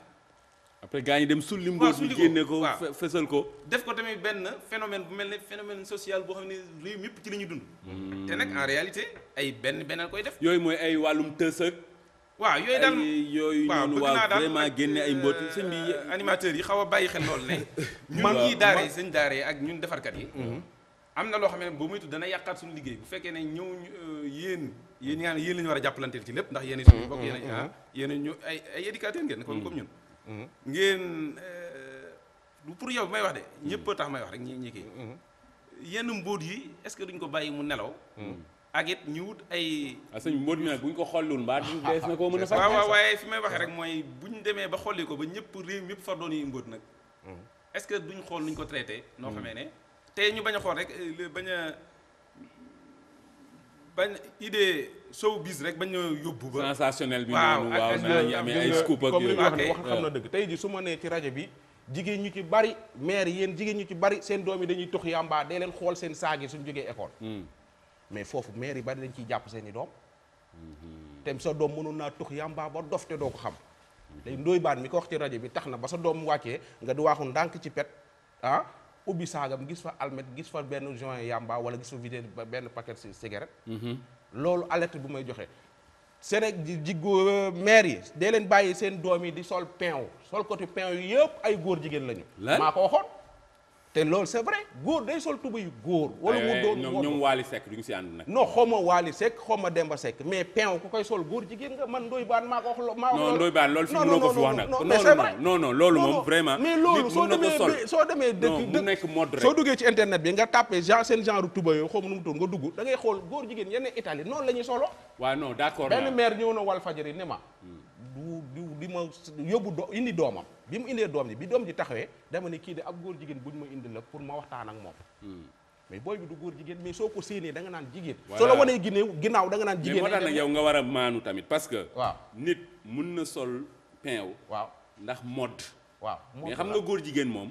après gars ñi dem sulli mbóot bi génne ko fesal ko def ko tamit benn phénomène bu mel ne phénomène social boo xam ne réew mépp ci la dund hmm. te nag en réalité ay benn beneen koy def yooyu mooy ay wàllum tës ak waaw yooyu daal yooyu noonu waaw vraiment génne ay mbóot sëñ euh, animateurs yi xaw a bàyyi xel lool ne ñun ñii daaree sëñ daaree ak ñun defarkat yi hmm. am na loo xam ne boo muy tudd dana yàqaat suñu liggéey bu fekkee ne ñëw euh, yéen yéen ñaan yéen la war a jàppalanteel ci lépp ndax yéen suñu bokk hmm. yéen ah, yéen ñu ay ay éducateur ngeen kon comme ñun ngeen euh, du pour yow may wax de ñëpp tax may wax rek ñi ñi mhm. yenn mbóot yi est-ce que duñ ko bàyyi mu nelaw mhm. ak it ñu wut ay ah, suñ mbóot mi nag buñ ko xolloon mbaa duñ dees na koo mën waaye fi may waxee rek mooy buñ demee ba xolli ko ba ñëpp réew mi yëpp far doon yi mbóot nag mhm. est-ce que duñ xool nuñ ko traité noo xamee ne te ñu bañ a xool rek euh, bañ bañ idée sow bis rek bañ ñoo yóbbu ba. sensationnel bi noonu waaw ak ay scoop ak yooyu comme li wax xam na dëgg tey ji su ma nee ci rajo bi jigéen ñu ci bari maire yéen jigéen ñu ci bari seen doom yi dañuy tux yàmbaa dee leen xool seen saag suñ suñu jógee école. Hmm. mais foofu maire yi bari dañ ci jàpp seen i doom. Hmm. te sa doom mënoon naa tux yambaa ba dof te doo ko xam. day ndooy baan mi ko wax ci rajo bi tax na ba sa doom wàccee nga di waaxu ndànk ci pet ah. ubbi saagam gis fa almet gis fa benn joint yamba wala gis fa vidéo benn paquet ci cigarette mhm. loolu alert bu may joxe Séné jigéen euh, maire yi dee leen bàyyi seen doom yi di sol pain sol côté pain yu yëpp ay góor jigéen lañu maa ko waxoon te loolu c'est vrai góor day sol tuba yu góor. wala mu eh, doon góor ñoom Waly Seck si ànd nag. non xaw ma Waly Seck xaw ma Demba Seck mais pein jigéen nga man Ndoye Bane maa wax. maa ko non moom vraiment. mais loolu soo soo demee dëkk nekk mode rek soo duggee ci bi nga tàppee genre seen genre tuba yooyu xaw nga dugg da ngay xool góor jigéen yenn Italie noonu la solo. waaw non d'accord benn maire ñëw na Walfadjri ne ma hmm. di di ma yóbbu do indi doomam bi mu indee doom ji bi doom ji taxawee dama ne kii de ab góor jigéen bu buñ ma indi la pour ma waxtaan ak moom hmm. mais booy bi du góor jigéen mais soo ko séenee da nga naan jigéen soo la wanee ginnaaw ginnaaw da nga naan jigéen mais moo tax nag yow nga war a maanu tamit parce que waaw nit mun na sol peew waaw ndax mode waaw mais xam nga góor jigéen moom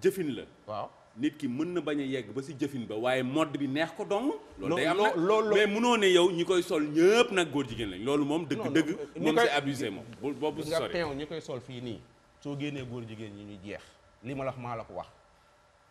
jëfin la waaw nit ki mën na bañ a yegg ba si jëfin ba waaye mode bi neex ko dong. loolu day am nag mais munoo ne yow ñi koy sol ñëpp nag góor jigéen lañ loolu moom dëgg dëgg. moom c'est abusé moom bu boobu sori. nga teew ñi koy sol fii nii soo génnee góor jigéen ñi ñu jeex li ma la wax maa la ko wax.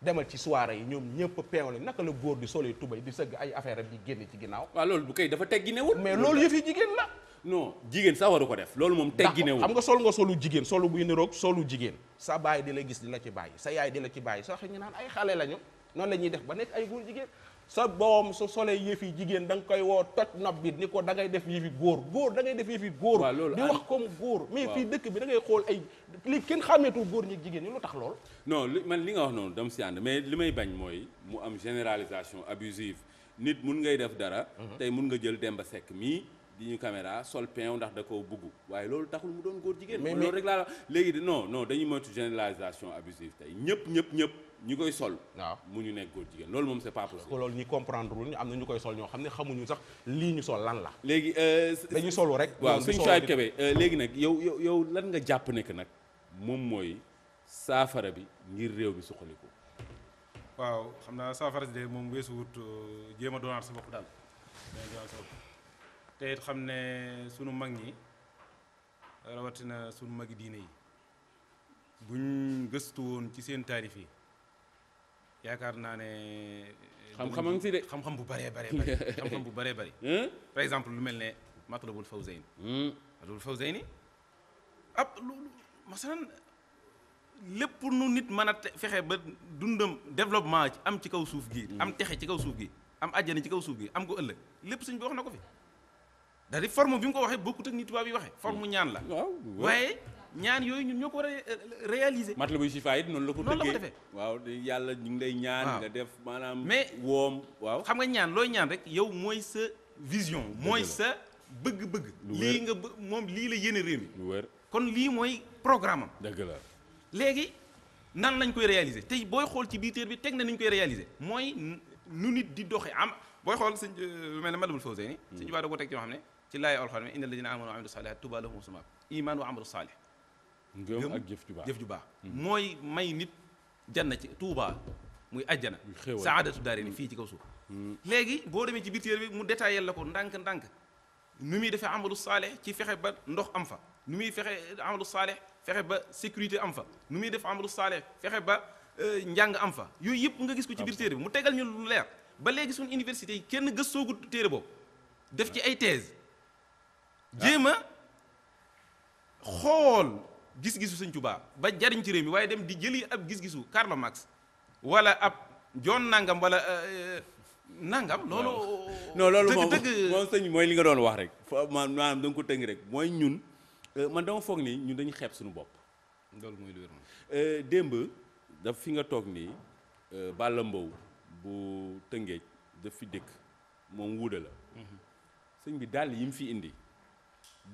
demal ci soirée yi ñoom ñëpp peew la naka la góor di solee tubay di sëgg ay affaire am di génn ci ginnaaw. waaw loolu bu kay dafa tegginewul. mais loolu yëf yi jigéen la. no jigéen sax waru ko def loolu moom tegginewul xam nga sol nga solu jigéen solu buy niroog solu jigéen sa baay dina la gis di ci bàyyi sa yaay dina ci bàyyi sa waxe ñu ay xale lañu noonu la def ba nekk ay góor jigéen sa boom su solee yëfi jigéen da nga koy woo toj nopp bi ni ko da ngay def yëfi góor góor da ngay def yëfi góor di wax comme góor mais fii dëkk bi da ngay xool ay li kenn xàmmeetul góor ñi jigéen ñi lu tax lool non man li nga wax noonu dama si ànd mais li may bañ mooy mu am généralisation abusive nit mun ngay def dara mhm. tey mun nga jël Demba Seck mii di ñu caméra sol pein ndax da koo bugg waaye loolu taxul mu doon góor jigéen. mais loolu rek laa la léegi non non dañuy moytu généralisation abusive tey ñëpp ñëpp ñëpp ñi koy sol. waaw mu ñu nekk góor jigéen loolu moom sa pas possible. loolu ñi comprendre lu ñu am na ñu koy sol ñoo xam ne xamuñu sax lii ñu sol lan la. léegi. Euh, dañu solu rek. waaw suñ choix kebe euh, léegi nag yow yow yow lan nga jàpp ne que nag moom mooy saafara bi ngir réew bi suqaliku. waaw xam naa saafara si de moom weesu wut euh, jéem a doonaat sa bopp daal te xam ne sunu mag ñi rawatina sunu magi diine yi buñ gëstu woon ci seen taarif yi yaakaar naa ne. Eh, xam-xam a ngi si de xam-xam bu bare bëree bëri bu bëree bëri. Hmm? par exemple lu mel ne Matlabul Fawzayni. Hmm. Matlabul Fawzayni ab lu masalan lépp nu nit mën a fexe ba dundam développement am ci kaw suuf gi hmm. am texe ci kaw suuf gi am àjjana ci kaw suuf gi am ko ëllëg lépp suñ bi wax na ko fi. da di forme bi mu ko waxee bokkut ak ni tubaab yi waxee forme mm. ñaan la waaye ñaan yooyu ñun ñoo ko war a mat Matlabul Chifa it noonu la ko noonu la ko defee waaw yàlla ñu ngi lay ñaan nga def maanaam mais wom waaw xam nga ñaan looy ñaan rek yow mooy sa vision mooy sa bëgg-bëgg lii nga bë moom lii la yéene réew mi kon lii mooy programme am dëgg la léegi nan nañ koy réaliser tey booy xool ci biir bi teg na ni koy réaliser mooy nu nit di doxee am booy xool sëñ euh, lu ma ne Matlabul Fawzayni mm. sëñ Tuubaa da ko teg ci yoo xam ne ci laay alxuraan mi innal ladina amanu wa amilu saalihaat tuba lahum sumaak iman wa amalu saalih ngëm ak jëf ju baax jëf ju baax hmm. mooy may nit jan na ci tuuba muy ajjana saadatu daari ni fii ci kaw suuf hmm. léegi boo demee ci biir téere bi mu détaillé la ko ndànk-ndànk nu muy defee amalu saalih ci fexe ba ndox am fa nu muy fexe amalu saalih fexe ba sécurité am fa nu muy def amalu saalih fexe ba euh, njàng am fa yooyu yëpp nga gis ko ci biir téere bi mu tegal ñu lu leer ba léegi suñu université yi kenn gëstoogu téere boobu def ci ay thèse jéem a xool gis-gisu sëñ Tuubaa ba jariñ ci réew mi waaye dem di jëli ab gis-gisu Karl Marx wala ab John Nangam wala euh, euh, Nangam. loolu non loolu moom sëñ mooy li nga doon wax rek. maanaam da ko tënk rek mooy ñun euh, man dama foog ni ñun dañu xeeb suñu bopp. loolu mooy lu démb daf fi nga toog nii Balla Mbow bu Tëngéej daf fi dëkk moom wuuda la. Mhm. sëñ bi dàll yi mu fi indi.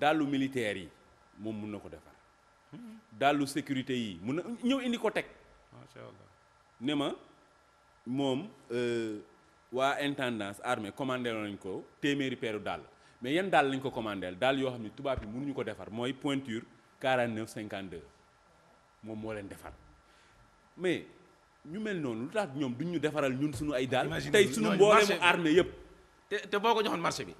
dàllu militaire yi moom mun na ko defar dàllu sécurité yi mun na ñëw indi ko teg macha ne ma moom euh, waa intendance armée commandé lañ ko téeméeri peeru daal mais yan dàll lañ ko commandé dàll yoo xam ne tubaab yi mënuñu ko defar mooy pointure 49 52 moom moo leen defar mais ñu mel noonu lu tax ñoom duñ ñu defaral ñun suñu ay daal. tey suñu mboolemu armée yëpp. te te boo ko joxoon marché bi.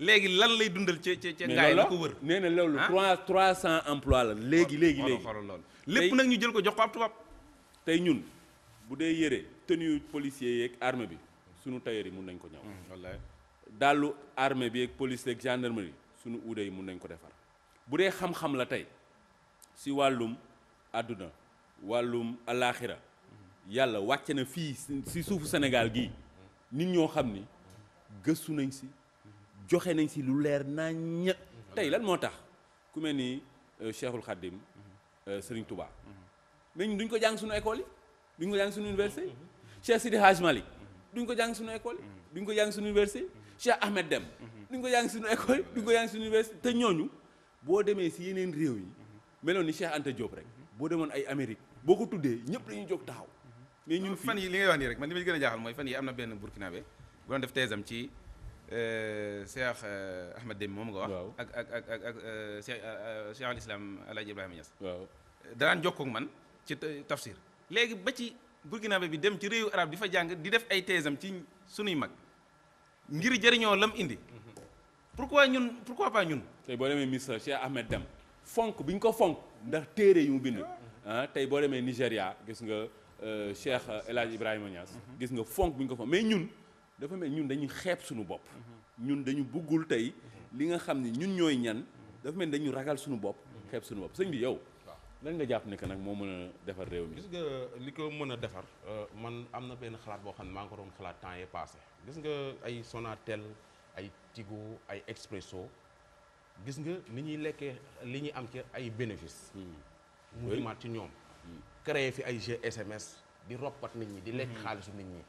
léegi lan lay dundal ca ca ca gaay la ko wër nee na loolu ah? trois trois cent emploi la léegi léegi léegi xoolal loolu lépp nag ñu jël ko jox tubaab tey ñun bu dee yëre tenue policier yeeg armée bi suñu tailleur yi mun nañ ko ñaw hmm, wallaay dàllu armée bi ak police ak gendarmerie suñu uude yi mun nañ ko defar bu dee xam-xam la tey si wàllum àdduna wàllum alaaxira yàlla wàcce na fii si suufu Sénégal gi nit ñoo xam ni gëstu nañ si joxe nañ si lu leer ñett tey lan moo tax ku mel ni euh, Cheikhul Khadim euh, Serigne Touba. mais ñun duñ ko jàng suñu école yi duñ ko jàng suñu université Cheikh Sidi Hadj Malick duñ ko jàng suñu école yi duñ ko jàng suñu université Cheikh Ahmed Dem duñ ko jàng suñu école yi duñ ko jàng suñu université te ñooñu boo demee si yeneen réew yi meloon ni Cheikh Anta Diop rek boo demoon ay Amérique boo ko tuddee ñëpp dañuy jóg taxaw mais ñun fan yi li ngay wax nii rek man li ma gën a jaaxal mooy fan yi am na benn burkinabé bu doon def teesam ci Euh, Cheikh euh, Ahmed Dem moom nga wax. ak ak ak ak ak euh, Cheikh Cheikh al waaw danaan jokkoo man ci tafsir léegi ba ci burkinabé bi dem ci réewu arab di fa jàng di def ay teesam ci sunuy mag ngir jëriñoo lam indi. Mhm. pour ñun pourquoi pas ñun. tey boo demee Misra Cheikh Ahmed Dem fonk bi ñu ko fonk ndax téere yu mu bind. Mhm. Ah, tey boo demee Nigéria gis nga Cheikh El Hadj Ibrahima Niass. Mhm. gis nga fonk bi ñu ko fonk mais ñun. dafa mel ñun dañu xeeb suñu bopp ñun dañu buggul tey li nga xam ni ñun ñooy ñan dafa mel dañu ragal suñu bopp xeeb suñu bopp sëñ bi yow lan nga jàpp ne que nag moo mën a defar réew mi gis nga li ko mën a defar euh, man am na benn xalaat boo xam ne maa ngi ko doon xalaat temps yee passé gis nga ay Sonatel ay Tigo ay Expresso gis nga ni ñuy lekkee li ñuy am ci ay bénéfice hmm. mu dimaat ci ñoom créer fi ay GSMS di roppat nit ñi di lekk hmm. xaalisu nit ñi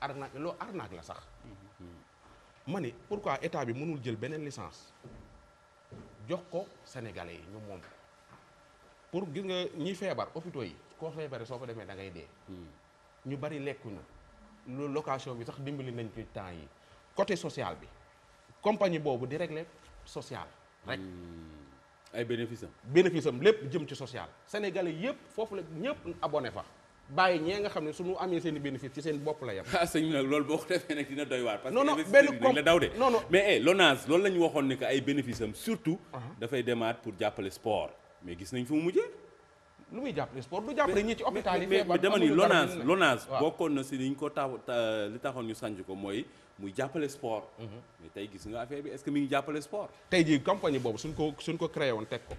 arnaque loo arnaque la sax ma ni pourquoi état bi mënul jël beneen licence jox ko sénégalais yi ñu moom pour gis nga ñi feebar hôpitaux yi koo feebare soo ko demee da ngay dee hmm. ñu bari lekkuñu lu location bi sax dimbali nañ ci temps yi côté social bi compagnie boobu di régler social rek hmm. ay bénéfice am bénéfice lépp jëm ci sociale sénégalais yëpp foofu la ñëpp abonné fa bàyyi ñee nga xam ne suñu amee seen i bénéfice ci seen bopp la yem ah nag loolu boo ko defee nag dina doy waar parce que benn la daw de non mais eh LONASE loolu waxoon ne que ay bénéfice am surtout ah. dafay demaat pour jàppale gis nañ fu mu mujjee lu muy jàppale sport du jàppale ñi ci hôpital yi mais bokkoon na si ni ñu ko taw li taxoon ñu sanc ko mooy muy jàppale sport mhm. mais tey gis nga affaire bi est-ce que mi ngi jàppale sport tey jii compagnie boobu suñ ko suñ ko créé woon teg ko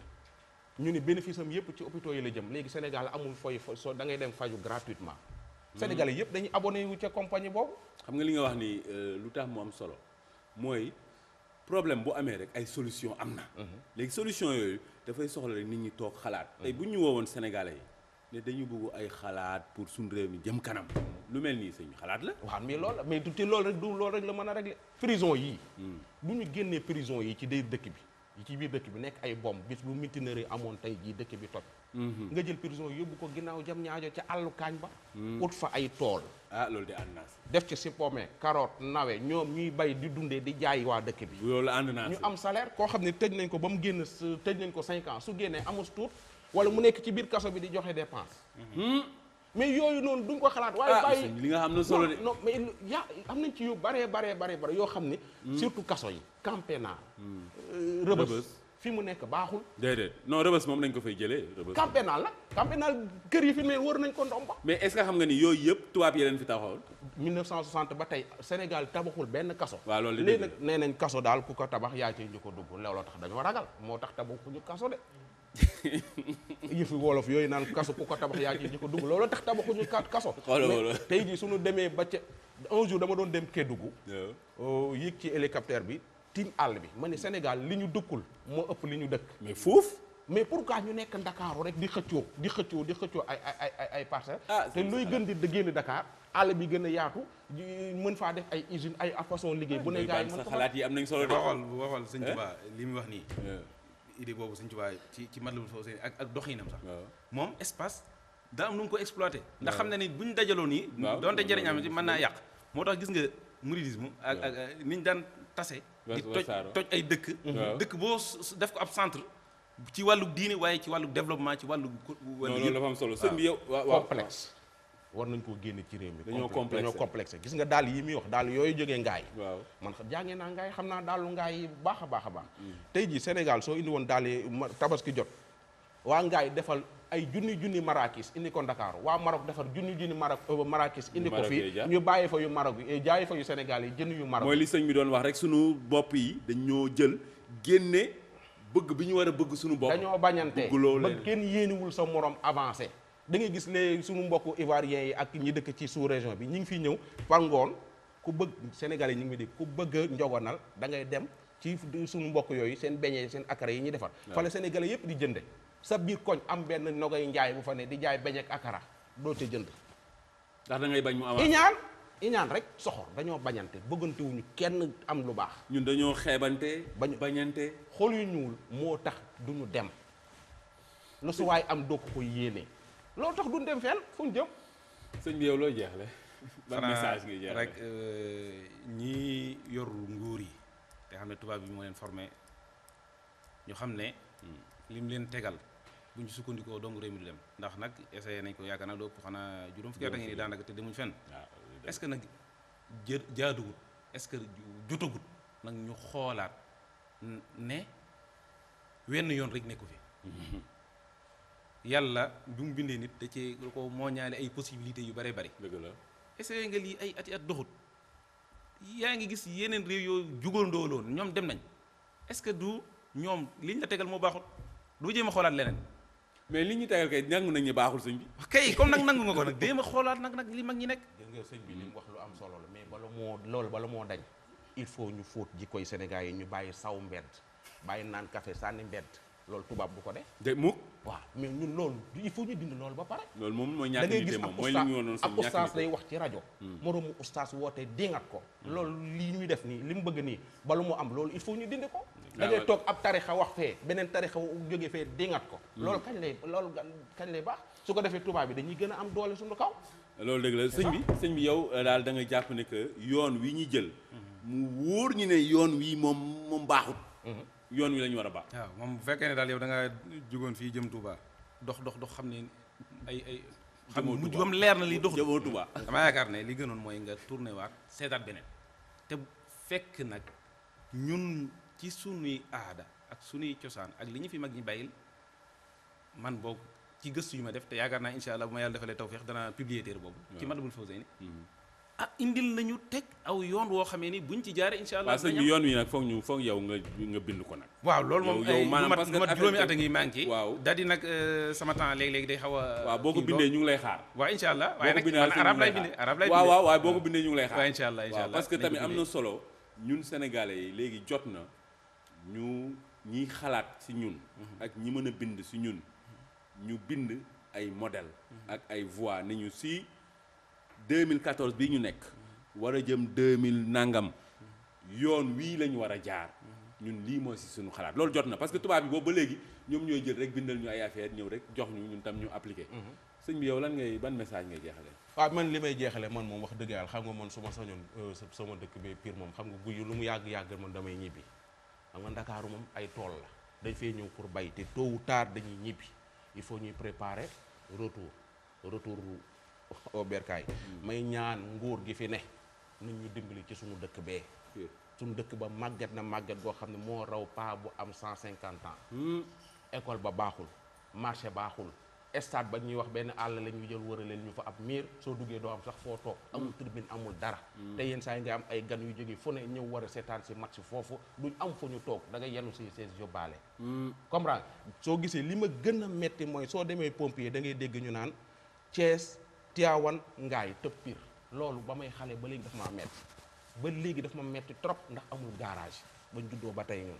ñu ni bénéfice am yëpp ci hôpitaux yi la jëm léegi Sénégal amul fooy soo da ngay dem faju gratuitement. Hmm. Sénégalais yëpp dañuy abonné wu ca compagnie boobu. xam nga li nga wax ni euh, lu tax mu am solo mooy problème bu amee rek ay solution am na. Hmm. léegi solution yooyu dafay soxla rek nit ñi toog xalaat. Hmm. tey bu ñu woowoon Sénégalais yi. ne dañu bëgg ay xalaat pour suñu réew mi jëm kanam lu mel nii sëñ xalaat la. waaw mais loolu mais du te lool rek du loolu rek la mën a régler prison yii. du ñu génnee prison yi ci biir dëkk bi. yi ci biir dëkk bi nekk ay bomb bis bu mutinerie amoon tey ji dëkk bi toj mhm. nga jël prison yóbbu ko ginnaaw jam ñaajo ca àllu kaañ ba mhm. ut fa ay tool ah, loolu de ànd naa def ci si pomme carotte nawe ñoom ñuy bay di dundee di jaay waa dëkk bi loolu ànd naa si ñu am salaire koo xam ne tëj nañ ko ba mu génn tëj nañ ko cinq su génnee amus tuut wala mu nekk ci biir kaso bi di joxe dépense mhm. mais yooyu noonu duñ ko xalaat waaye ah, bàyyi li nga xam na solo de non mais yaa am nañ ci yu baree baree baree bare yoo xam ne hmm. surtout kaso yi camp pénal hmm. euh, rëbës fi mu nekk baaxul déedéet non rëbës moom nañ ko fay jëlee rëbës camp pénal la camp pénal kër yi fi mu ne war nañ ko ndomba mais est xam nga ni yooyu yëpp tubaab yi leen fi taxawal 1960 ba tey Sénégal tabaxul benn kaso waaw loolu léegi nee nañ kaso daal ku ko tabax yaa ciy ñu ko duggu looloo tax dañoo ragal moo tax tabaxuñu kaso de yëfi wolof yooyu naan kaso ku ko tabax yaa ci ñi ko dugg loolu tax tabaxuñu kaso tey suñu demee ba ca un jour dama doon dem Kédougou oh, yéeg ci hélicoptère bi tiim àll bi ma ne Sénégal li ñu dëkkul moo ëpp li ñu dëkk mais foofu mais pour pourquoi ñu nekk ndakaaru rek di xëccoo di xëccoo di xëccoo ay ay ay ay parcelles ah, te looy gën di génn Dakar àll bi gën a yaatu mën faa def ay usine ay façon liggéey ah, bu ne gars yi mën xalaat yi am nañ solo de waxal waxal eh? li mu wax idée boobu Sëñ Tuubaa ci ci Matlabul Fawzayni ak ak doxinam sax moom espace daa am nu mu ko exploité ndax xam na ni bu ñu dajaloo nii donte jëriñam ci man naa yàq moo tax gis nga mouridisme ak ak ñu daan tase di toj toj ay dëkk dëkk boo def ko ab centre ci wàllu diine waaye ci wàllu développement ci wàllu loolu dafa am solo sëñ bi yow waaw complexe war nañ koo génne ci réew mi. dañoo complexé dañoo complexé gis nga daal yi muy wax dàll yooyu jógee ngaay waaw man jàngee naa ngaay xam naa daalu ngaay yi baax a baax mm. tey ji Sénégal soo indi woon daal yi tabaski jot waa ngaay defal ay junni junni marakis indi ko Dakar waa Maroc defar junni junni Maroc euh, marakis indi ko fii ñu bàyyi fa yu Maroc yi eh, jaayi fa yu Sénégal yi jënd yu Maroc mooy li sëñ bi doon wax rek sunu bopp yi dañoo jël génne bëgg bi ñu war a bëgg sunu bopp dañoo bañante ba kenn yéeniwul sa morom avancé da ngay gis les suñu mbokku ivoiriens yi ak ñi dëkk ci sous région bi ñi ngi fi ñëw par ngoon ku bëgg Sénégalais yi ñu ngi di ku bëgg njogonal da dem ci suñu mbokk yooyu seen beñee seen akara yi ñuy defar fale Sénégalais yëpp di jënde sa biir koñ am benn nogay njaay bu fa ne di jaay beñeek akara doo ca jënd ndax da ngay bañ mu am iñaan iñaan rek soxor dañoo bañante bëggantewuñu kenn am lu baax ñun dañoo xeebante bañ bañante xool yu ñuul moo tax duñu dem lu su waay am doo ko ko loolu tax duñ dem fenn fu ñu jëm. sëñ bi yow loo jeexle ban message ngay jeexle rek euh, ñi yor nguur yi te xam ne tubaab bi moo leen formé ñu xam ne. Hmm. lim leen tegal bu ñu sukkandikoo dong réew mi du dem ndax nag essayé nañ ko yaakaar naa doo ëpp xanaa juróom fukki at a ngi nii te ah, demuñ fenn. est-ce que nag jë jaaduwut est-ce que jotagut nag ñu xoolaat ne wenn yoon rek nekku fi. Hmm. yàlla bi mu bindee nit da ci da ko mooñaale ay possibilités yu bare bari dëgg la nga lii ay ati at doxut yaa ngi gis yeneen réew yoo jugandoo loon ñoom dem nañ est-ce que du ñoom liñ la tegal moo baaxut doo jéem a xoolaat leneen. mais li ñu tegal kay nangu nañu baaxul sëñ bi. kay comme nag nangu nga ko nag déem a xoolaat nag nag li mag ñi nekk. dégg nga li mu wax lu am solo la mais bala moo loolu bala moo dañ. il faut ñu fóot jikkoy Sénégal yi ñu bàyyi saw mbedd bàyyi naan café sànni mbedd. loolu tubaab bu ko def. de mukk waaw mais ñun loolu il faut ñu dindi loolu ba pare. loolu moom mooy ñàkk nite moom mooy li ñu woon ak ustaas wax ci rajo. Hmm. moroomu ustaas woote dingat ko. Hmm. loolu li ñuy def nii li mu bëgg nii balu mu am loolu il faut ñu dindi ko. Hmm. da ngay ah, toog ab tarixa wax fee beneen tarixa jóge fee dingat ko. loolu kañ lay loolu kañ lay su ko defee tubaab bi dañuy gën a am doole suñu kaw. loolu dëgg la sëñ bi sëñ yow euh, daal da jàpp ne que yoon wi ñu jël. mu ñu ne yoon wi moom moom baaxut yoon wi la ñu war a baax. waaw moom bu fekkee ne daal yow da ngaa jugoon fii jëm Touba dox dox dox xam ne ay ay. xam mujj bam leer na li dox jëmoo Touba. dama yaakaar ne li gënoon mooy nga tourné waat seetaat beneen te fekk nag ñun ci sunuy aada ak sunuy cosaan ak li ñu fi mag ñi bàyyil man boobu ci gëstu yu ma def te yaakaar naa incha allah bu ma yàlla defalee tawféex danaa publier téere boobu. ci Matlabul Fawzayni mm-hmm. ah indil nañu teg aw yoon woo xamee ni buñ ci jaaree incha allah. waaw yoon wi foog ñu foog yow nga nga bind ko nag. waaw loolu moom ay lu mat lu mat juróomi a ngi manqué. waaw daal di nag euh, sama a. waaw boo ñu ngi lay xaar. waaw incha allah waaye nag man arab lay bindee arab lay bindee waaw waaw waaye boo ko bindee ñu tamit am na solo ñun sénégalais yi léegi jot na ñu ñiy xalaat si ñun. Mhm. ak ñi mën a bind si ñun ñu bind ay model ak ay voix ni ñu si mille 2014 bii ñu nekk war a jëm mille nangam yoon wii lañu war a jaar ñun lii mooy si suñu xalaat loolu jot na parce que tubaab bi boobu ba léegi ñoom ñooy jël rek bindal ñu ay affaire ñëw rek jox ñu ñun tam ñu appliqué. Mhm. sëñ bi yow lan ngay ban message ngay jeexale waaw man li may jeexale man moom wax dëgg yàlla xam nga man su ma sañoon euh, sama dëkk bi pire moom xam nga guy lu mu yàgg yàgg man damay ñibbi xam nga ndakaaru moom ay tool la dañ fee ñëw pour bay te tôt ou dañuy ñibbi il faut ñuy préparer retour retour au bercail hmm. may ñaan nguur gi fi ne nit ñu dimbali ci suñu dëkk bee suñu dëkk ba màgget na màgget goo xam ne moo raw paa bu am cent cinquante ans hmm. école ba baaxul marché baaxul stade ba ñuy wax benn àll la ñuy jël wëraleen ñu fa ab miir soo duggee doo am sax foo toog amul hmm. tribune amul dara te yenn saa yi nga am ay gan yu jóge fu ne ñëw war a seetaan si match foofu duñ am fu ñu toog da ngay yenu si seen yóbbaale comprendre soo gisee li ma gën a metti mooy soo demee pompier da ngay dégg ñu naan Thiès ngaa yi ngaay tëppir loolu ba may xale ba léegi daf maa metti ba léegi daf ma metti trop ndax amul garage ba juddoo ba tey ñun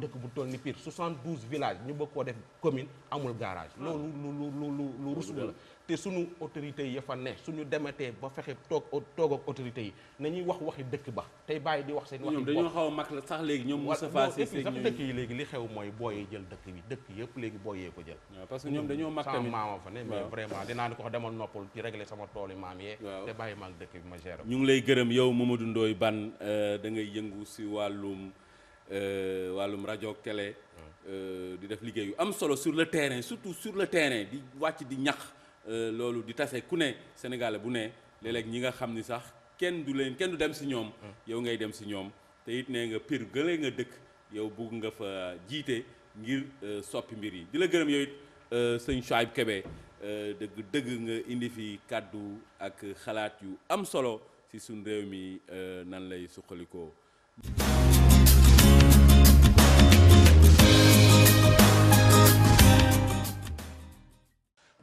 dëkk bu toll ni Pire 72 villages ñu bëgg koo def commune amul garage loolu lu lu lu lu rus la te suñu autorité ya fa ne suñu demetee ba fexe toog toog ak autorités yi nañuy wax waxi dëkk ba tey bàyyi di wax seen waxi bopp dañoo xaw a mag la sax léegi ñoom Moustapha Cissé sax dëkk yi léegi li xew mooy booyee jël dëkk bi dëkk yëpp léegi booyee ko jël parce que ñoom dañoo mag tamit maama fa ne dinaa ni ko demal noppal ci régler sama tool yi maam yee te bàyyi maag dëkk bi ma gère ñu ngi lay gërëm yow Mamadou Ndoye Bane euh, da ngay yëngu si wàllum euh, wàllum rajo télé hmm. euh, di def liggéeyu am solo sur le terrain surtout sur le terrain di wàcc di ñax Euh, loolu di tase ku ne Sénégalais bu ne léeg ñi nga xam ni sax kenn du leen kenn du dem si ñoom. Hmm. yow ngay dem si ñoom te it nee nga piir gëlee nga dëkk yow bugg nga fa jiite ngir euh, soppi mbir yi di la gërëm yow it euh, sëñ Chouaib kebe dëgg dëgg nga indi fi kàddu ak xalaat yu am solo si suñ réew mi nan lay suqalikoo.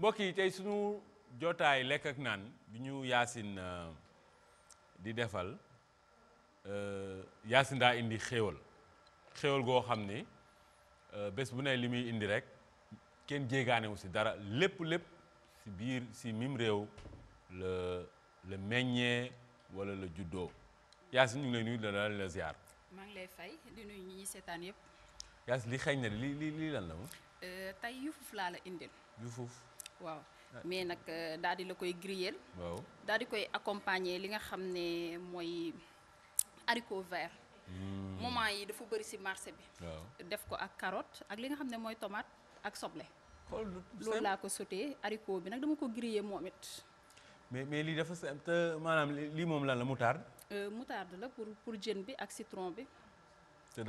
mbokk yi tey sunu jotaay lekk ak naan bi ñu yaasin euh, di defal euh, yaasin daa indi xéewal xéewal goo xam ni euh, bés bu ne li muy indi rek kenn jégaanewu si dara lépp lépp si biir si miim réew la la meññee wala la juddoo yaasin ñu ngi lay nuyu la ziar. maa ngi lay fay di nuyu ñi ñuy seetaan yëpp. yaasin li xeeñ na li li lan la ma. tey yufuf laa la indil. waaw mais nag euh, daal di la koy griller. waaw daal di koy accompagner li nga xam ne mooy ariko ver hmm. moment yi dafa bëri si marché bi. def ko ak carotte ak li nga xam ne mooy tomate ak soble. xool loolu laa ko sauté haricot bi nag dama ko griller moom it. mais mais lii dafa te maanaam lii moom lan la moutarde. Euh, moutarde la pour pour jën bi ak citron bi. te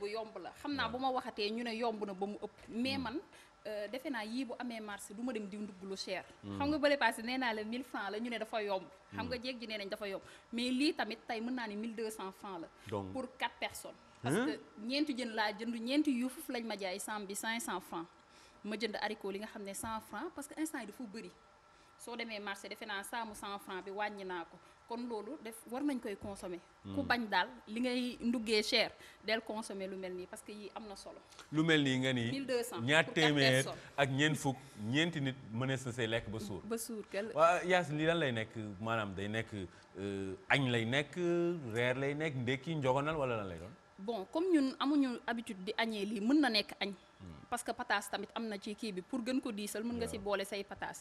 bu yomb la xam naa bu ma waxatee ñu ne yomb na ba mu ëpp mais hmm. man. Euh, defe naa yii bu amee marché du ma dem di ndugg lu cher. Hmm. xam nga bële passé nee naa la 1000 francs la ñu ne dafa yomb. Hmm. xam nga jéeg ji nee nañ dafa yomb mais lii tamit tey mën naa ne ni 1200 francs la. donc pour 4 personnes. parce que ñeenti jën laa jënd ñeenti yuufuf lañ ma jaay sam bi 500 francs ma jënd haricot li nga xam ne 100 francs parce que instant yi dafa bëri soo demee marché defe naa saamu 100 francs bi wàññi naa ko. kon loolu def war nañ koy consommer. ku hmm. bañ daal li ngay nduggee cher del consommer lu mel nii parce que yii am na solo. lu mel nii nga nii 1200 ñaar téeméer ak ñeent fukk ñeenti nit mënees na see lekk ba suur. ba suur kel waaw Yaas lii lan lay nekk maanaam day nekk euh, añ lay nekk reer lay nekk ndekki njogonal wala lan lay doon. bon comme ñun amuñu habitude di añee lii mën na nekk añ. Mm. parce que pataas tamit am na ci kii bi pour gën ko diisal mën nga si boole say pataas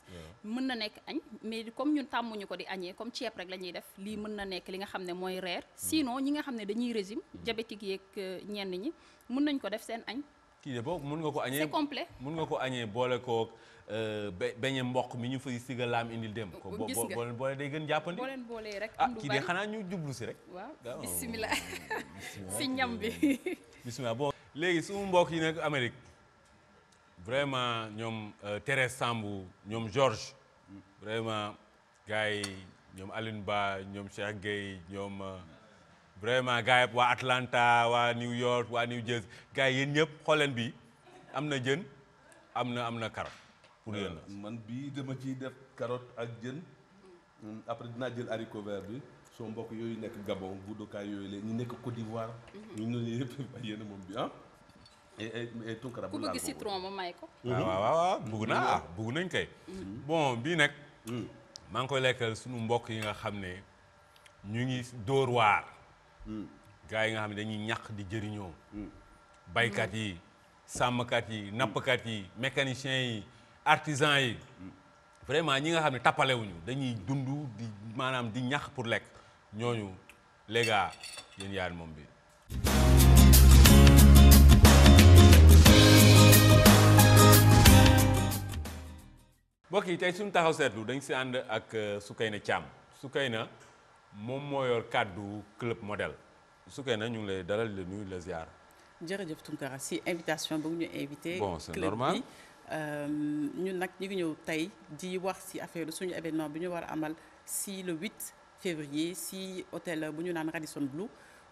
mën na nekk añ mais comme ñun tàmmuñu ko di añee comme ceeb rek lañuy def lii mën na nekk li nga xam ne mooy reer mm. sinon ñi nga xam ne dañuy régime mm. diabétique yeeg euh, ñenn ñi mun nañ ko def seen añ kii de boobu mën nga ko añee c'est complet nga ko añee boole koog euh, beñe mboq mi ñu fay siga laam indil dem ko booleen boole day gën jàppandi boo leen boolee rek ah kii de xanaa ñu jublu si rek waaw bisimilah si ñam bi bisimilah léegi sumu mbokk yi nekk Amérique vraiment ñoom euh, Thérèse Sambou ñoom Georges vraiment gars ñoom Alioune Ba ñoom Cheikh Gueye ñoom euh, vraiment gars yi waa Atlanta waa New York waa New Jersey gars yi yéen ñëpp xooleen bi am na jën am na am na carotte pour euh, man bii dama ciy def karoot ak jën après dinaa jël haricot vert bi soo mbokk yooyu nekk Gabon bu dokaay yooyu la ñu nekk Côte d'Ivoire mhm. ñu ne yëpp yéen moom bi ah. Tunkara bu laal ku bëgg citron ma may ko. Ah, mhm. waaw waaw waaw naa ah mhm. bëgg nañ kay. Mhm. bon bii nag. maa ngi koy lekkal suñu mbokk yi nga xam ne ñu ngi dóor waar. gars yi nga xam ne dañuy ñàq di jëriñoo. baykat yi sàmmkat yi nappkat yi mécaniciens yi artisans yi. vraiment ñi nga xam ne tappalewuñu dañuy dund di maanaam di ñax pour lekk ñooñu les gars yaay moom bi mbokk yi tey suñu taxaw seetlu dañu si ànd ak euh, Soukeyna Thiam Soukeyna moom moo yor kàddu club modèle Soukeyna ñu ngi lay dalal di nuyu la ziar. jërëjëf Tounkara si invitation bu ñu invité. bon c'est normal euh, ñun nag ñu ngi ñëw tey di wax si affaire suñu événement bi ñu war a amal si le 8 février si hôtel bu ñu naan Radisson Blu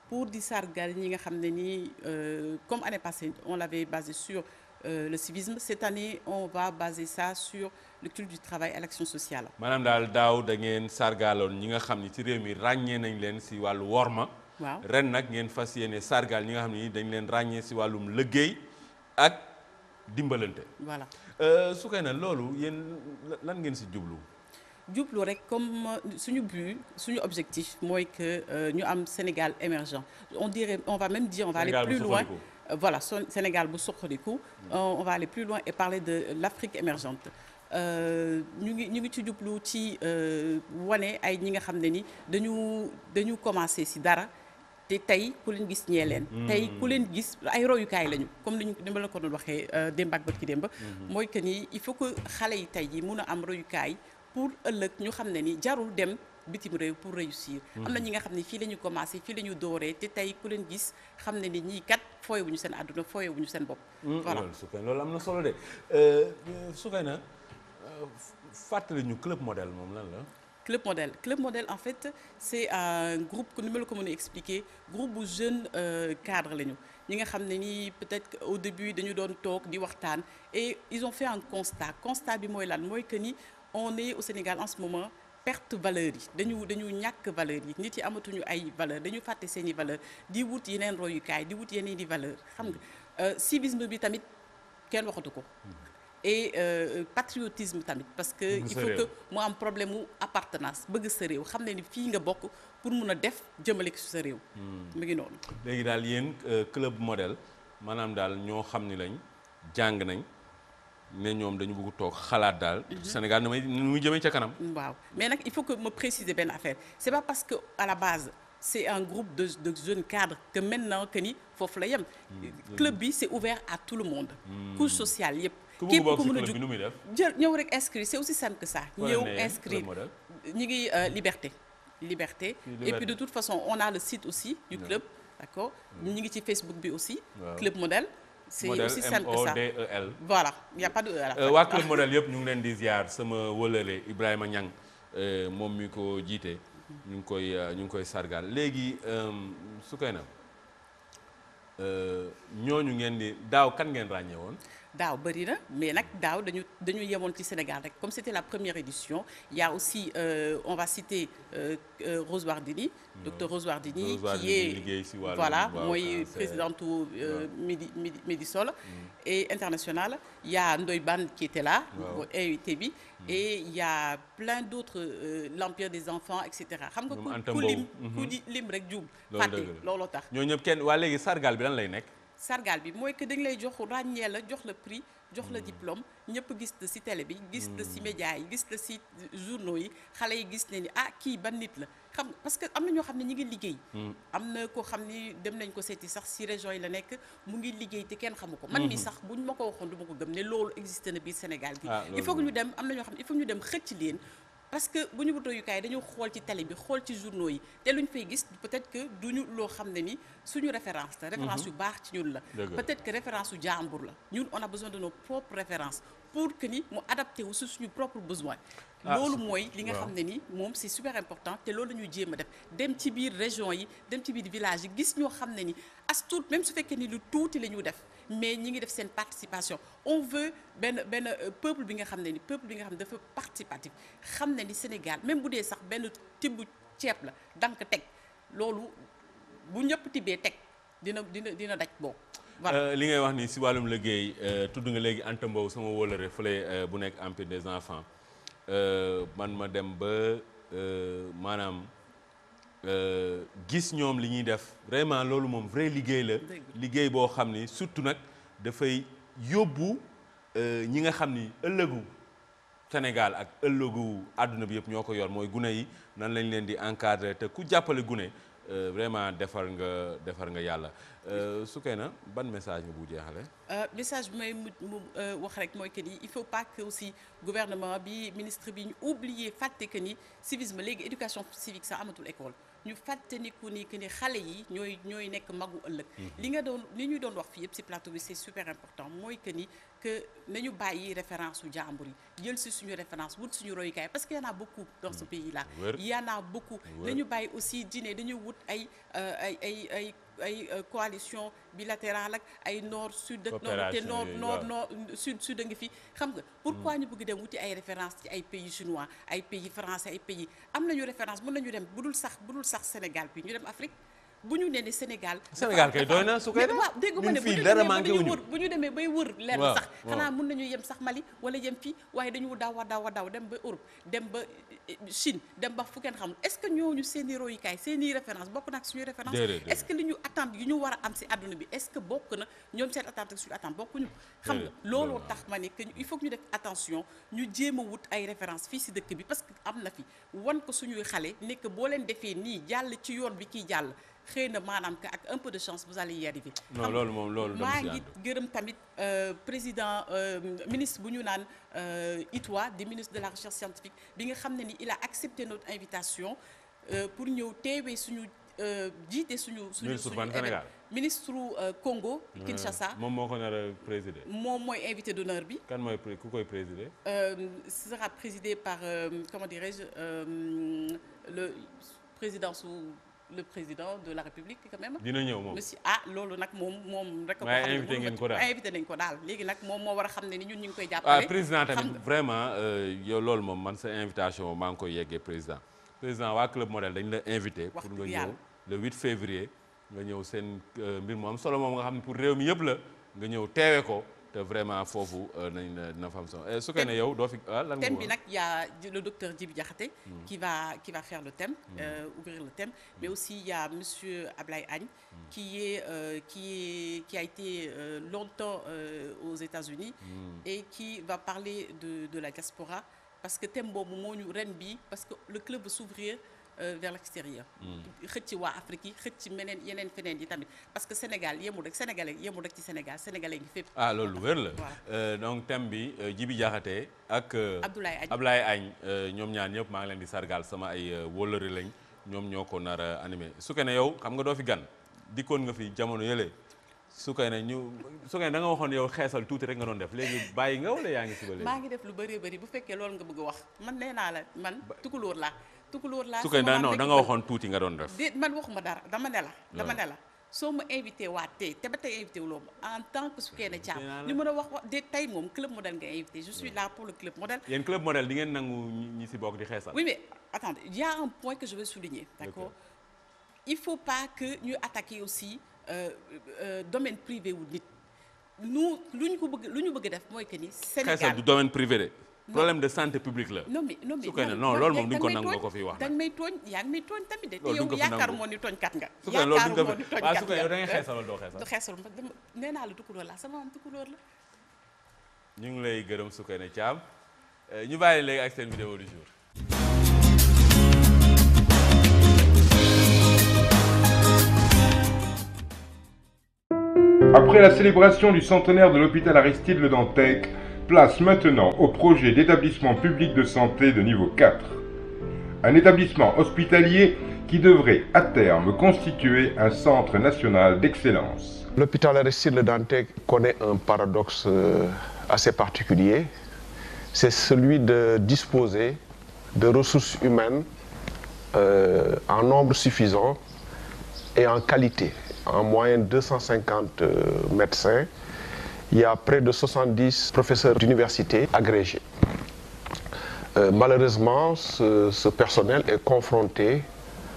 pour di sargal ñi nga xam ne nii euh, comme année passée on l'avait basé sur euh, le civisme cette année on va baser sa sur. lecture du travail à l'action sociale. daal daaw da ngeen sargaaloon ñi nga xam ni ci réew mi ràññee nañ leen si wàllu worma. waaw ren nag ngeen fas yéene sargaal ñi nga xam ni dañ leen ràññee si wàllum liggéey ak dimbalante. voilà euh, su koy na loolu yéen lan ngeen si jublu. jublu rek comme suñu but suñu objectif mooy que euh, ñu am Sénégal émergent on dirait on va même dire on va aller plus loin euh, voilà Sénégal bu suqaliku mm. on va aller plus loin et parler de l'Afrique émergente Euh, ñu ngi ñu ngi ci jublu ci euh, wane ay ñi nga xam ne ni dañu dañu commencé si dara te tey ku leen gis ñee leen. Mm-hmm. tey ku leen gis ay royukaay lañu comme ni ñu la ko doon waxee euh, démb ak bët ki démb. Mm-hmm. mooy que ni il faut que xale yi tey yi mun a am royukaay pour ëllëg ñu xam ne ni jarul dem. bitim réew pour réussir. Mm-hmm. am na ñi nga xam ne fii la ñu commencé fii lañu dooree te tey ku leen gis xam ne ni ñii kat fooye ñu seen àdduna fooye ñu seen bopp. loolu am na solo de Soukeyna fàttali ñu club modèle moom lan la. Club Modèle Club Modèle en fait c'est un groupe que ni ma la ko mën a expliquer groupe bu jeune euh, cadre lañu ñi nga xam ne nii peut-être au début dañu doon toog di waxtaan et ils ont fait un constat constat bi mooy lan mooy que ni on est au Sénégal en ce moment perte valeur yi dañu dañu ñàkk valeur yi nit yi amatuñu ay valeur dañu fàtte seeni i valeur di wut yeneen royukaay di wut yeneen di valeur xam nga euh, civisme bi tamit kenn waxatu ko hmm. et euh, euh, patriotisme tamit parce que il faut que mu am problème mu appartenance bëgg sa réew xam ne ni fii nga bokk pour mun a def jëmale ko sa réew hmm. mu ngi noonu léegi daal yéen euh, club model maanaam daal ñoo xam ni lañ jàng nañ ne ñoom dañu bëgg toog xalaat daal. Mhm. Sénégal nu muy jëmee ca kanam. waaw mais nag il faut que ma préciser benn affaire c'est pas parce que à la base c'est un groupe de de jeunes cadres que maintenant que ni foofu la yem. Hmm, club bi c'est ouvert à tout le monde. Hmm. couche sociale yëpp. képp ku mën a jug jël ñëw rek inscrit c'est aussi simple que ça ñëw inscrit ñi ngi euh, liberté liberté et puis de toute façon on a le site aussi du club d'accord mm. ñi ngi ci Facebook bi aussi club modèle c'est aussi simple que ça e voilà y de E euh, waa club modèle yëpp ñu ngi leen di ziar sama wëlëre Ibrahima Niang euh, moom mi ko jiite ñu ngi koy ñu ngi koy sargal léegi su koy na ñooñu ngeen di daaw kan ngeen ràññee woon daaw bëri na mais nag daaw dañu dañu yemoon ci Sénégal rek comme c'était la première édition ya aussi euh, on va citer euh, euh Rose Wardini hmm. docteur Rose Wardini qui est voilà mooy présidente euh, Midi Medisol hmm. et internationale il y a Ndoye Bane qui était là invité bi hmm. et il a plein d'autres euh, l'empire des enfants et cetera xam nga ku lim ku lim rek juum fàtte looloo tax ñoo ñëpp kenn waa léegi sargal bi lan lay nekk sargal bi mooy que dañ lay jox ràññee la jox la prix jox la hmm. diplôme ñëpp gis la ci télé bi gis la si hmm. média yi gis la ci journaux yi xale yi gis ne ni ah kii ban nit la xam parce que am na ñoo xam ne ñi ngi liggéey hmm. am na ko xam ni dem nañ ko seeti sax ci région yi la nekk mu ngi liggéey te kenn xamu ko man mi sax buñ ma ko waxoon du ma ko gëm ne loolu existé na biir Sénégal gi ah, il faut ñu dem am na ñoo xam ne il faut ñu dem xëcc leen parce que bu ñu royukaay dañoo xool ci télé bi xool ci journaux yi te luñ fay gis peut-être que duñu loo xam ne ni suñu référence la référence mhm. yu baax ci ñun la peut-être que référence yu jàmbur la ñu on a besoin de nos propres ni mu adapté wu su suñu propre besoin ah, loolu mooy li nga xam ne ni moom c'est super important te loolu la ñuy jéem a def dem ci biir région yi dem ci biir village yi gis ñoo xam ne ni as tuut même su fekkee ni lu tuuti la ñuy def mais ñi ngi def seen participation on veut benn benn euh, peuple bi nga xam ne ni peuple bi nga xam ne dafa participatif xam ne ni Sénégal même bu dee sax benn tibb ceeb la dank teg loolu bu ñëpp tibbee teg dina dina dina daj boobu. Euh, li ngay wax ni si wàllum liggéey euh, tudd nga léegi Anta Mbow sama wóolare fële bu nekk Empire des enfants man ma dem ba maanaam. Euh, gis ñoom li ñuy def vraiment loolu moom vrai liggéey la liggéey boo xam ni surtout nag dafay yóbbu euh, ñi nga xam ni ëllëgu Sénégal ak ëllëgu àdduna bi yëpp ñoo ko yor mooy gune yi nan lañ leen di encadrer te ku jàppale gune euh, vraiment defar nga defar nga yàlla Soukeyna ban message nga bu jeexale message bi may mu wax rek mooy que ni il faut pas que aussi gouvernement bi ministre bi ñu oublier fàtte que ni civisme léegi éducation civique sax amatul école ñu fàttaniku ni que ni xale yi ñooy ñooy nekk magu ëllëg. Mhm. li nga doon li ñuy doon wax fii yëpp si plateau bi c'est super important mooy que ni que nañu bàyyi référence su jàmbur yi jël ci suñu référence wut suñu royukaay parce que y en a beaucoup dans ce mhm. pays là. y en a beaucoup. nañu bàyyi aussi dine dañu wut ay euh, ay ay ay. ay euh, coalition bilatérale ak ay nord sud ak nord te nord nord nord sud sud a ngi fi xam nga pour pourquoi hmm. ñu bëgg dem wuti ay référence ci ay pays chinois ay pays français ay pays am nañu référence mën ñu dem bu dul sax bu dul sax Sénégal bi ñu dem Afrique bu ñu nee ne Sénégal. Sénégal kay doy na su koy def waaw dégg ma ne bu ñu demee bu ñu demee bay wër lenn sax xanaa mën nañu yem sax Mali wala yem fi waaye dañu daw daw daw dem ba Europe dem ba eh, eh, Chine dem ba fu kenn xamul est-ce que ñooñu seen i royukaay seen i référence bokk na ak suñu référence est-ce que li ñu attente yi ñu war a am si àdduna bi est-ce bokk na ñoom seen attente ak suñu attente bokkuñu xam nga looloo tax ma nekk que il faut ñu def attention ñu jéem a wut ay référence fii si dëkk bi parce que am na fi wan ko suñuy xale nekk boo leen defee nii jàll ci yoon bi kii jàll xëy na maanaam que ak un peu de chance vous allez y arriver. non loolu moom loolu maa ngi gërëm tamit euh, président euh, ministre bu ñu naan euh, Itwa di ministre de la recherche scientifique bi nga xam ne ni il a accepté notre invitation pour ñëw teewee suñu. jiite suñu suñu suñu Sénégal ministre Congo. Mmh. Kinshasa moom moo ko nar a moom mooy invité d'honneur bi. kan mooy ku koy présider. ce sera présidé par comment dirais-je le président su. le président de la république quand même. dina ñëw moom monsieur ah loolu nag moom moom rek. ko daal nañ ko daal léegi nag moom moo a xam ne ni ñun ñu ngi koy jàppale. Ah, président tamit vraiment euh, lool moom man sa invitation maa ngi koy yeggee président président waa club modèle dañ la invité. pour nga ñëw le 8 février. nga ñëw seen euh, mbir mu am solo moom nga xam ne pour réew mi yëpp la nga ñëw teewe ko. te vraiment foofu euh, nañ na fa am solo euh, su ko ne yow doo fi ah, lan thème bi nag y a le docteur Djibi Diakhaté hmm. qui va faire le thème hmm. euh, ouvrir le thème hmm. mais aussi il y a monsieur Ablaye Agne qui est euh, qui est qui a été longtemps aux États-Unis et qui va parler de de la diaspora parce que thème boobu moo ñu ren bi parce que le club va s'ouvrir Euh, vers l'extérieur hmm. xëcc waa Afrique yi xëcc meneen yeneen feneen yi tamit parce que Sénégal yemul rek sénégalais yemul rek ci Sénégal sénégalais ngi fépp ah loolu wér la euh, donc thème bi euh, jibi jaaxate ak Abdoulaye Agne Abdoulaye Agne ñoom ñaan ñëpp maa ngi leen di sargal sama ay wóllëre lañ ñoom ñoo ko nar a animé su ko ne yow xam nga doo fi gan dikkoon nga fi jamono yële su koy ne ñu su na ne da nga waxoon yow xeesal tuuti rek nga doon def léegi bàyyi nga wala yaa ngi si ba léegi maa ngi def lu bëree bëri bu fekkee loolu nga bëgg wax man nee naa la man tukulóor laa tukulóor laa. su ko da non da nga waxoon tuuti nga doon def. man waxuma dara dama ne soo ma invité waa tey te ba tey invité wu en tant que su kee ne caam li mën a wax wax déet tey moom club modèle nga invité je suis là pour le club modèle. yéen club modèle di nangu ñi si bokk di xeesal. oui mais attendez il y point que je veux souligner d'accord il faut pas que ñu attaquer aussi euh, euh, euh, domaine privé wu nit. nous lu ñu ko bëgg lu ñu bëgg def mooy que ni. Sénégal xeesal du domaine privé problème de santé publique la. non mais non mais su ko ne non moom duñ ko nangu ko fi wax. dañ may tooñ yaa ngi may tooñ tamit de. loolu duñ ko fi te yow yaakaar moo ni tooñkat nga. yaakaar moo ni tooñkat nga waaw su ko yow da ngay xeesal la tukulóor laa sama moom tukulóor la. ñu ngi lay gërëm Soukeyna Thiam euh, ñu bàyyi léegi ak seen vidéo du jour. Après la célébration du centenaire de l'hôpital Aristide Le Dantec place maintenant au projet d'établissement public de santé de niveau 4. Un établissement hospitalier qui devrait à terme constituer un centre national d'excellence. L'hôpital Aristide Le Dantec connaît un paradoxe euh, assez particulier, c'est celui de disposer de ressources humaines euh, en nombre suffisant et en qualité. En moyenne 250 euh, médecins il y a près de 70 professeurs d'université agrégés. Euh, malheureusement, ce, ce, personnel est confronté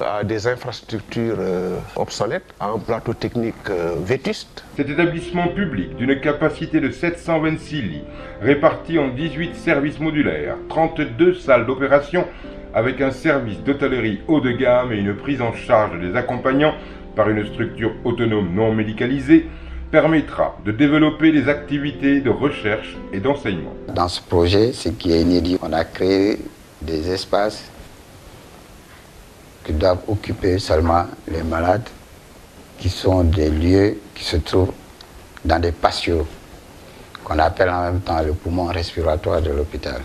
à des infrastructures euh, obsolètes, à un plateau technique euh, vétuste. Cet établissement public d'une capacité de 726 lits, répartis en 18 services modulaires, 32 salles d'opération, avec un service d'hôtellerie haut de gamme et une prise en charge des permettra de développer les activités de recherche et d'enseignement. Dans ce projet, ce qui est inédit, on a créé des espaces qui doivent occuper seulement les malades, qui sont des lieux qui se trouvent dans des patios, qu'on appelle en même temps le poumon respiratoire de l'hôpital.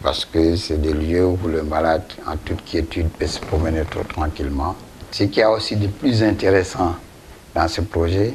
Parce que c'est des lieux où le malade, en toute quiétude, peut se promener tranquillement. Ce qu'il a aussi de plus intéressant dans ce projet,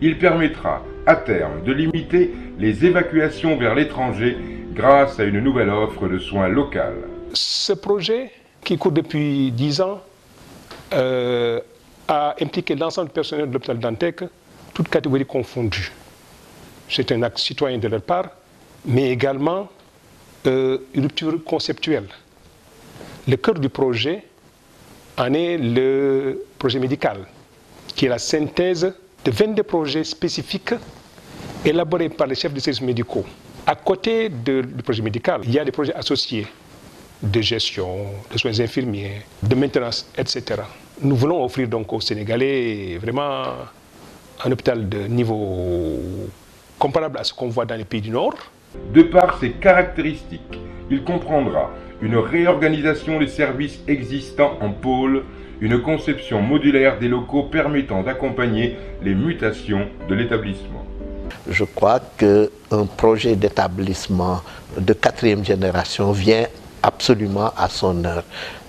Il permettra, à terme, de limiter les évacuations vers l'étranger grâce à une nouvelle offre de soins locale. Ce projet, qui court depuis 10 ans, euh, a impliqué l'ensemble du personnel de l'hôpital d'Antec, toutes catégories confondues. C'est un acte citoyen de leur part, mais également euh, rupture conceptuelle. Le cœur du projet en est le projet médical, qui est la synthèse de 22 projets spécifiques élaborés par les chefs de services médicaux. À côté de, du projet médical, il y a des projets associés de gestion, de soins infirmiers, de maintenance, etc. Nous voulons offrir donc aux Sénégalais vraiment un hôpital de niveau comparable à ce qu'on voit dans les pays du Nord. De par ses caractéristiques, il comprendra une réorganisation des services existants en pôle, une conception modulaire des locaux permettant d'accompagner les mutations de l'établissement. Je crois qu'un projet d'établissement de quatrième génération vient absolument à son heure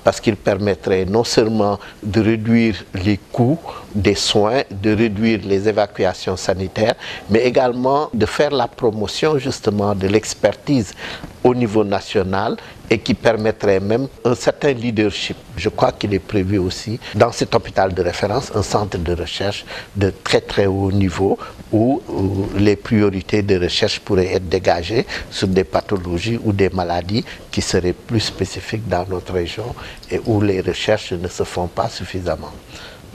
parce qu'il permettrait non seulement de réduire les coûts des soins, de réduire les évacuations sanitaires, mais également de faire la promotion justement de l'expertise au niveau national et qui permettrait même un certain leadership. Je crois qu'il est prévu aussi dans cet hôpital de référence un centre de recherche de très très haut niveau où, où les priorités de recherche pourraient être dégagées sur des pathologies ou des maladies qui seraient plus spécifiques dans notre région et où les recherches ne se font pas suffisamment.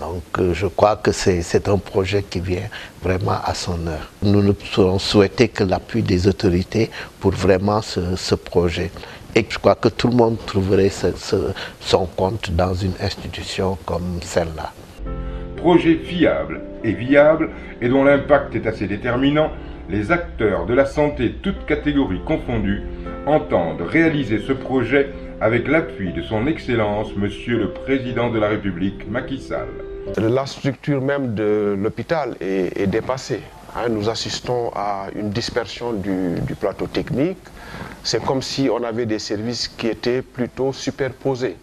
Donc euh, je crois que c'est un projet qui vient vraiment à son heure. Nous ne pourrons souhaiter que l'appui des autorités pour vraiment ce, ce, projet. Et je crois que tout le monde trouverait ce, ce, son compte dans une institution comme celle-là. Projet fiable et viable et dont l'impact est assez déterminant, les acteurs de la santé, toutes catégories confondues, entendent réaliser ce projet avec l'appui de son Excellence, Monsieur le Président de la République, Macky Sall. La structure même de l'hôpital est, est, dépassée. Hein, nous assistons à une dispersion du, du plateau technique. C'est comme si on avait des services qui étaient plutôt superposés,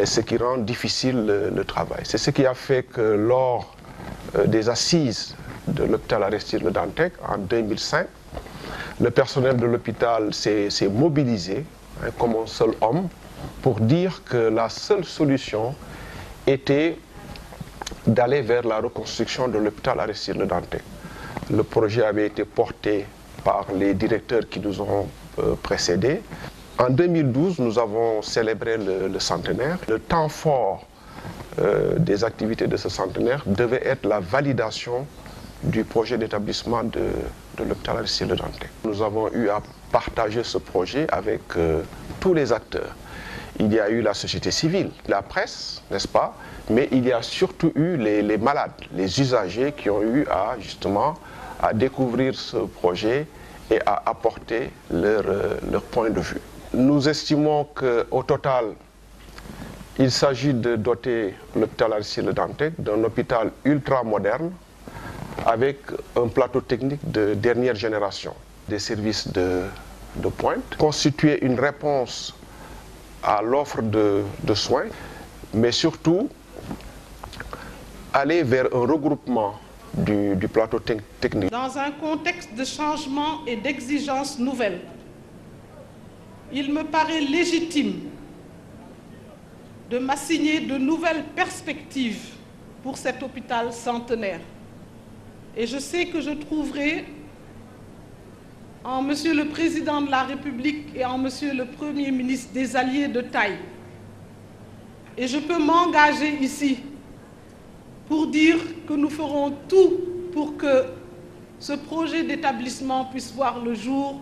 et ce qui rend difficile le, le travail. C'est ce qui a fait que lors euh, des assises de l'hôpital Aristide Le Dantec en 2005, le personnel de l'hôpital s'est mobilisé hein, comme un seul homme, pour dire que la seule solution était d'aller vers la reconstruction de l'hôpital Aristide Le Dantec. Le projet avait été porté par les directeurs qui nous ont euh, précédés. En 2012, nous avons célébré le, le centenaire. Le temps fort euh, des activités de ce centenaire devait être la validation du projet d'établissement de, de l'hôpital Aristide Le Dantec. Nous avons eu à partager ce projet avec euh, tous les acteurs. Il y a eu la société civile, la presse, n'est-ce pas Mais il y a surtout eu les, les, malades, les usagers qui ont eu à justement à découvrir ce projet et à apporter leur, euh, leur point de vue. Nous estimons qu'au total, il s'agit de doter l'hôpital Arcile Dantec d'un hôpital ultra moderne avec un plateau technique de dernière génération. des services de, de pointe, constituer une réponse à l'offre de, de soins, mais surtout aller vers un regroupement du, du, plateau te technique. Dans un contexte de changement et d'exigences nouvelles, il me paraît légitime de m'assigner de nouvelles perspectives pour cet hôpital centenaire. Et je sais que je trouverai en Monsieur le Président de la République et en Monsieur le Premier ministre des alliés de taille. Et je peux m'engager ici pour dire que nous ferons tout pour que ce projet d'établissement puisse voir le jour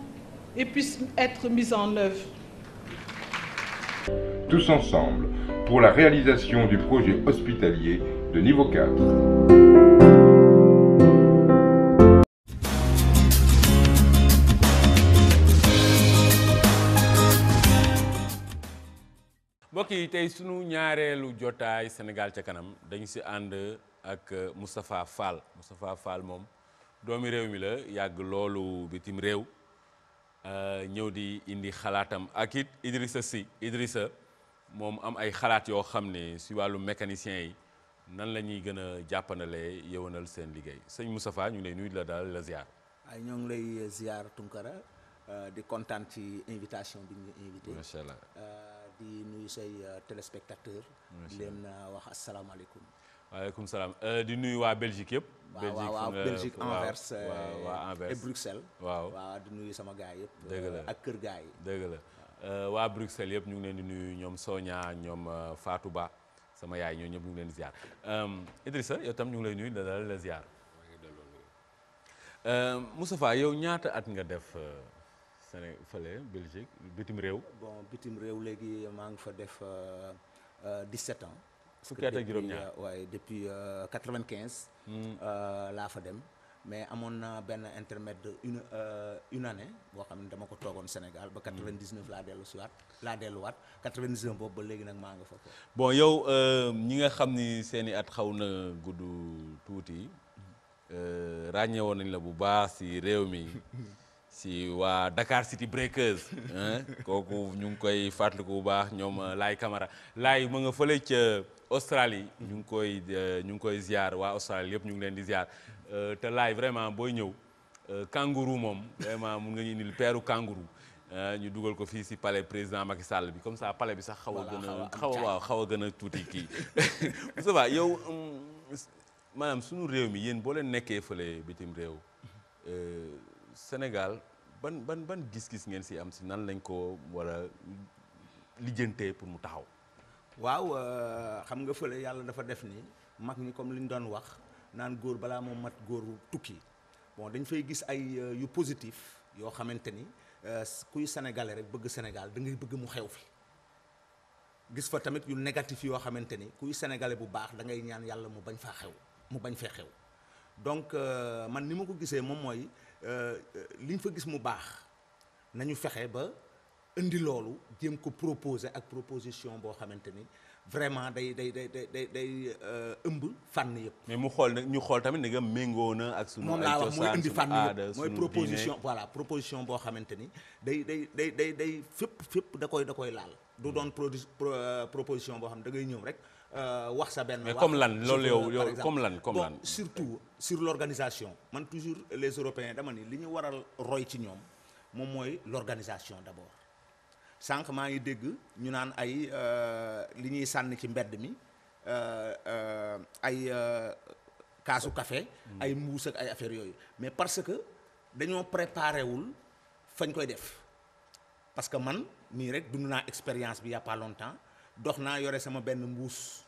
et puisse être mis en œuvre. Tous ensemble pour la réalisation du projet hospitalier de niveau 4. mbokk tey sunu ñaareelu jotaay Sénégal ca kanam dañu si ànd ak Moustapha Fall moom doomi réew mi la yàgg loolu bitim réew euh, ñëw di indi xalaatam ak it Idrissa Sy Idrissa moom am ay xalaat yoo xam ne si wàllu mécanicien yi nan lañuy ñuy gën a jàppandalee yëwanal seen liggéey sëñ Moustapha ñu ngi lay nuyu la daal la ziar. ay ñoo ngi lay ziar Tunkara euh, di kontaan ci invitation bi ñu invité. di nuyu say euh, téléspectateur di leen euh, wax asalaamaaleykum waaleykum salaam euh, di nuyu waa Belgique yëpp waaw waaw Belgique Anvers et Bruxelles waaw waaw di nuyu sama gars yëpp dëgg la ak kër gars yi dëgg la waa Bruxelles yëpp ñu ngi leen di nuyu ñoom Sonia ñoom faatu Ba sama yaay ñoo ñëpp ñu ngi leen di ziar Idrissa yow tam ñu ngi lay nuy da dalal la ziar Moustapha yow ñaata at nga def Séné fële Belgique bitim réew. bon bitim réew léegi maa ngi fa def 17 euh, euh, ans. fukki at ak juróom-ñaar waaye depuis 95. Euh, hmm. laa fa dem mais amoon na benn intermède de une une boo xam ne dama ko toogoon Sénégal ba 99 hmm. laa dellu si waat laa delluwaat 99 boobu ba léegi nag maa nga fa ko. bon yow ñi nga xam ni seeni at xaw na gudd tuuti hmm. ràññewoon nañ la bu baax si réew mi. si waa Dakar City Breakers kooku ñu ngi koy fàttaliku bu baax ñoom euh, Laay Camara Laay ma nga fële ca Australie ñu ngi koy euh, ñu ngi koy ziar waa Australie yëpp ñu ngi leen di ziar euh, te Laay vraiment booy ñëw kangourou moom vraiment mun nga ñu indil peeru kangourou ñu dugal ko fii si pale président Macky Sall bi comme ça pale bi sax xaw a gën xaw a waaw xaw a gën a tuuti kii Moustapha yow maanaam sunu réew mi yéen boo leen nekkee fële bitim réew Sénégal ban ban ban gis-gis ngeen si am si nan lañ ko war lijjante pour mu taxaw. waaw euh, xam nga fële yàlla dafa def nii mag ñi comme li ñu doon wax naan góor balaa moom mat góoru tukki bon dañ fay gis ay euh, yu positif yoo xamante ni euh, kuy sénégalais rek bëgg Sénégal dangay ngay bëgg mu xew fi gis fa tamit yu négatif yoo xamante ni kuy sénégalais bu baax da ngay ñaan yàlla mu bañ faa xew mu bañ fee xew donc man ni ma ko gisee moom mooy. Euh, euh, liñ fa gis mu baax nañu fexe ba indi loolu jéem ko proposer ak proposition boo xamante ni vraiment day day day day day euh, ëmb fànn yëpp. mais mu xool nag ñu xool tamit nga méngoo na ak. sunu moom laa wax mooy indi fànn voilà proposition boo xamante ni day day day day day fépp fépp da koy da koy laal. du mm. doon proposition boo xam da ngay ñëw rek. Euh, wax sa benn. mais comme lan loolu yow comme lan comme surtout sur l'organisation man toujours les européens dama ni li ñu waral roy ci ñoom moom mooy l'organisation d'abord sànq maa ngi dégg ñu naan ay euh, li ñuy sànni ci mbedd mi euh, ay kaasu kafe mm. ay mbuus ak ay affaires yooyu mais parce que dañoo préparé wul fañ koy def parce que man nii rek dund naa expérience bi il y a pas longtemps dox naa yore sama benn mbuus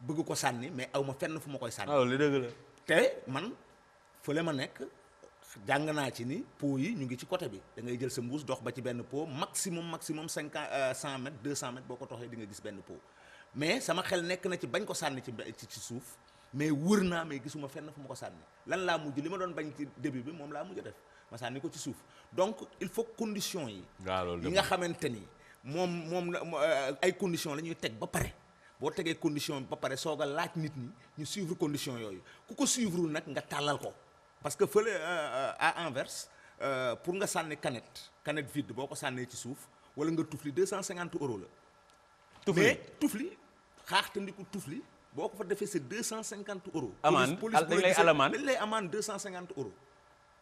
bëgg ko sànni mais aw ma fenn fu ma koy sànni. waaw li dëgg la. te ma nekk jàng naa ci ni pot yi ñu ngi ci côté bi da jël sa mbuus dox ba ci benn pot maximum maximum cinquante euh, cent mètres deux cent mètres boo ko toxee di nga gis benn pot mais sama xel nekk na ci bañ ko sànni ci ci suuf. mais wër naa mais gisuma fenn fu ma ko sànni lan laa mujj li ma doon bañ ci début bi moom laa mujj def ma sànni ko ci suuf donc il faut condition yi. yi nga xamante ni moom moom euh, ay conditions la ñuy teg ba pare boo tegee condition ba pare soog a laaj nit ñi ñu suivre condition yooyu ku ko suivre nag nga tàllal ko parce que fële euh, euh, à inverse pour nga sànni canette canette vide boo ko sànnee ci suuf wala nga tufli deux cent cinquante euros la. tufli mais tufli xaaxtandiku tufli boo ko fa defee c'est deux cent cinquante euros. amende police dañ lay amende deux cent cinquante euros.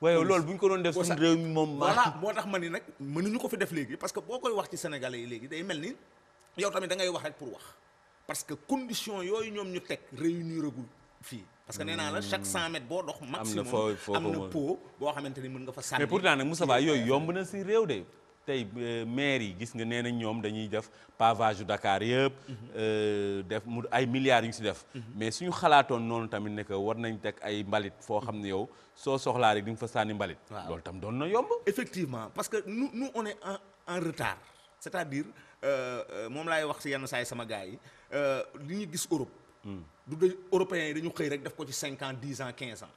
waaye loolu bu ñu ko doon def suñu réew moom voilà moo tax ma ni nag mënuñu ko fi def léegi parce que boo koy wax ci sénégalais yi léegi day mel ni yow tamit da ngay wax rek pour wax parce que condition yooyu ñoom ñu teg réunir agul fii parce que nee naa la hmm. chaque cent mètres boo dox maximum am na pot boo xamante ni mën nga fa sànni mais pourtant nag Moustapha yooyu yomb na si réew de tey euh, maire yi gis nga nee nañ ñoom dañuy def pavage yu Dakar yëpp. Mhm. Euh, def mu ay milliards yu si def. Mhm. mais suñu xalaatoon noonu tamit ne war nañ teg ay mbalit foo xam ne yow soo soxlaa rek di nga fa sànni mbalit. waaw loolu tam doon na yomb. effectivement parce que nous nous one est en en retard. c'est-à-dire euh, moom laay wax si yenn saa yi sama gars yi li ñu gis Europe. Hmm. du de européens yi dañu xëy rek def ko ci cinquante ans dix ans quinze ans.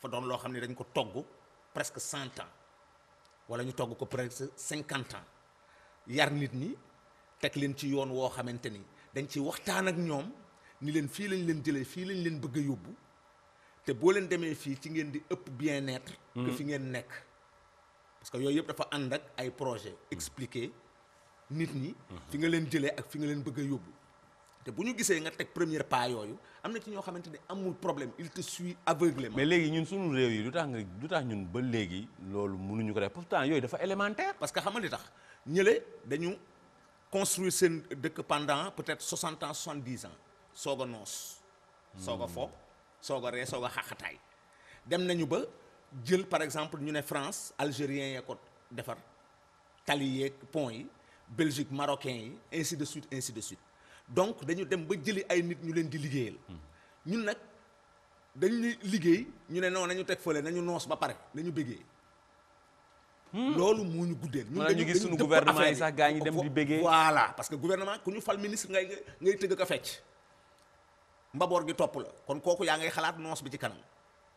fa doon loo xam ne dañ ko togg presque cent ans. wala ñu togg ko presque cinquante ans yar nit ñi teg leen ci yoon woo xamante ni dañ ci waxtaan ak ñoom ni leen fii lañ leen jëlee fii lañ leen bëgg a yóbbu te boo leen demee fii ci ngeen di ëpp bien-être que mm. fi ngeen nekk parce que yooyu yëpp dafa ànd ak ay projet expliquer nit ñi mm-hmm. fi nga leen jëlee ak fi nga leen bëgg a yóbbu te bu ñu gisee nga teg première pas yooyu am na ci ñoo xamante ni amul problème il te suit aveuglément. mais léegi ñun suñu réew yi lu tax nga lu tax ñun ba léegi loolu mënuñu ko def pourtant yooyu dafa élémentaire. parce que xam nga li tax ñële dañu construire seen dëkk pendant peut-être soixante ans soixante-dix ans soog a noos. soog a hmm. fo soog a ree soog a xaaxataay dem nañu ba jël par exemple ñu ne France algérien yee ko defar tali yeeg pont yi Belgique yi ainsi de suite ainsi donc dañu dem ba jëli ay nit ñu leen di liggéeyal. ñun nag ne liggéey ñu ne non nañu teg fële nañu noos ba pare nañu bëggee. Hmm. loolu moo ñu guddeel. ñun dañu gis suñu gouvernement yi sax gaa ñi dem di bëggee. voilà parce que gouvernement ku ñu fal ministre ngay ngay tëgg ka fecc. mbaboor gi topp la kon kooku yaa ngay xalaat noos bi ci kanam.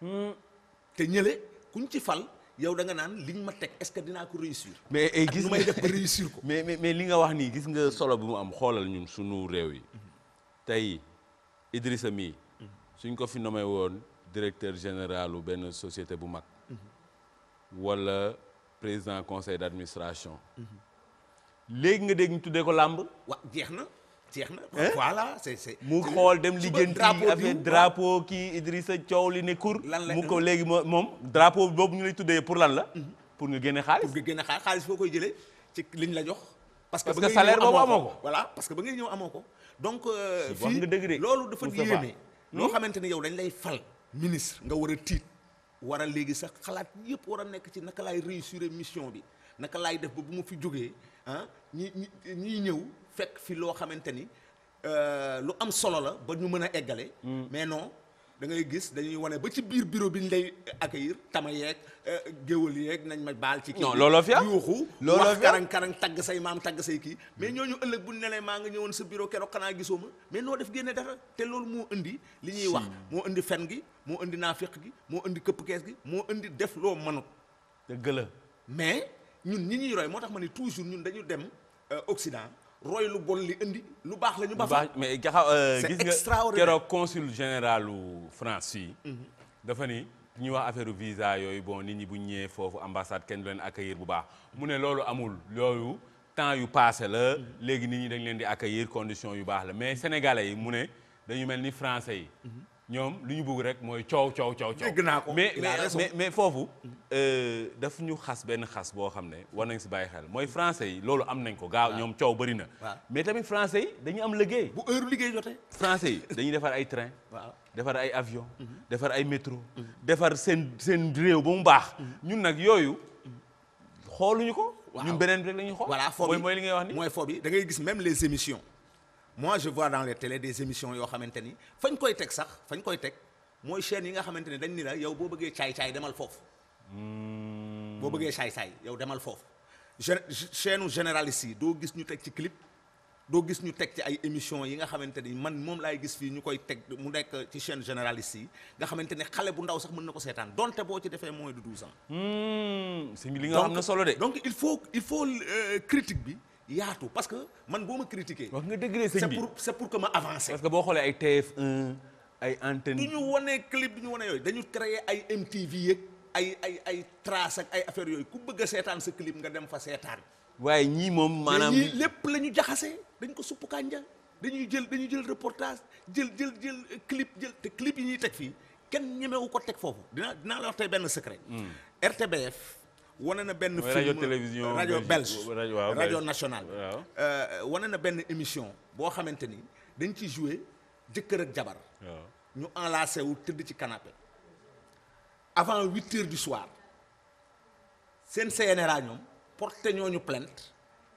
Hmm. te ñële kuñ ci fal. yow da nga naan liñ ma teg est-ce que dinaa ko réussir. mais gis nga nu may mais mais li nga wax nii gis nga solo bi mu am xoolal ñun sunu réew yi. tey Idrissa mii. suñ ko fi nommé woon directeur général u benn société bu mag. wala président conseil d'administration. Mhm. léegi nga dégg ñu tuddee ko làmb. wa jeex na. jeex na voilà c'est c'est mu xool dem lijjanti affaire drapo kii Idrissa Coow li ne kur mu ko léegi moo moom drapeau boobu ñu lay tuddee pour lan la mhm. pour nga génne xaalis pour nga génne xaalis xaalis foo koy jëlee ci li liñ la jox parce que salaire boobu amoo ko voilà parce que ba ngay ñëw amoo ko donc euh, fii loolu dafa yéeme hmm? loo xamante ni yow dañ lay fal ministre nga war a tiit war a léegi sax xalaat yëpp war a nekk ci naka laay réussir mission bi naka laay def ba bu mu fi jógee ah ñi ñi ñëw fekk fi loo xamante ni euh, lu am solo la ba ñu mën a eggale. Mm. mais noo da ngay gis dañuy wane ba ci biir bureau bi ñu lay accueillir tama yeeg euh, géwël yeeg nañ ma baal. ci kii non looloo fi am yuuxu wax karang karang tagg say maam tagg say kii. mais ñooñu ëllëg bu ñu maa nga ñëwoon sa bureau keroog xanaa gisoo ma mais noo def génne dara te loolu moo indi. li ñuy wax moo indi fen gi moo indi naafiq gi moo indi këpp kees gi moo indi def loo mënut. dëgg la mais ñun ñi ñuy roy moo tax ma ne toujours ñun dañu dem euh, Occident. roy lu bon li indi lu baax la ñu ba fa mais jaxa gis nga euh, keroog consule général u France yi mhm. dafa ni ñu wax affaire visa yooyu bon nit ñi bu ñu ñëwee foofu ambassade kenn du leen accueillir bu baax mu ne loolu amul loolu temps yu passé la mhm. léegi nit ñi dañ leen di accueillir condition yu baax la mais sénégalais yi mu ne dañu mel ni français yi mhm. ñoom lu ñu bugg rek mooy coow coow coow coow mais mais mais foofu euh, daf ñu xas benn xas boo xam ne war nañ si bàyyi xel mooy francais yi loolu am nañ ko gaaw ñoom coow bëri na mais tamit français yi dañu am liggéey bu heure liggéey jotee français yi dañuy defar ay train defar ay avion mhm. defar ay métro mhm. defar seen seen réew ba mu baax mhm. ñun nag yooyu xooluñu ko ñun beneen bi rek la ñuy xool voilà fo bi mooy li ngay wax ni mooy fo bi da ngay gis même les émissions mois je vois dans les télé des émissions yoo xamante ni fañ koy teg sax fañ koy teg mooy chaîne yi nga xamante ne dañ ni la yow boo bëggee caay-caay demal foofu. Hmm. boo bëggee caay-caay yow demal foofu. je généraliste yi doo gis ñu teg ci clip doo gis ñu teg ci ay émissions yi nga xamante ni man moom laay gis fii ñu koy teg mu nekk ci chaîne généraliste yi nga xamante ne xale bu ndaw sax mën na ko seetaan donte boo ci defee moins de 12 ans. Hmm. sëñ bi li nga xam na solo de. donc il faut il faut euh, critique bi. yaatu parce que man boo ma critiquer. wax nga dëgg c'est pour c'est pour que ma avancer. parce que boo xoolee ay TF1 ay antenne. du ñu wane clip du ñu wane yooyu dañu créer ay MTV yeeg ay ay ay trace ak ay affaire yooyu ku bëgg a seetaan sa clip nga dem fa seetaan. waaye ñii moom maanaam lépp la ñu jaxase dañ ko suppu kànja dañuy jël dañuy jël reportage jël jël jël euh, clip jël te clip yi ñuy teg fii kenn ñemewu ko teg foofu. dina dinaa la wax benn secret. Hmm. RTBF. wane na benn film rajo télévision rajo belge rajo national euh, wane na benn émission boo xamante ni dañ ci jouer jëkkër ak jabar ñu enlacé wu tëdd ci canapé avant huit heures du soir seen CNRA ñoom porté ñooñu plainte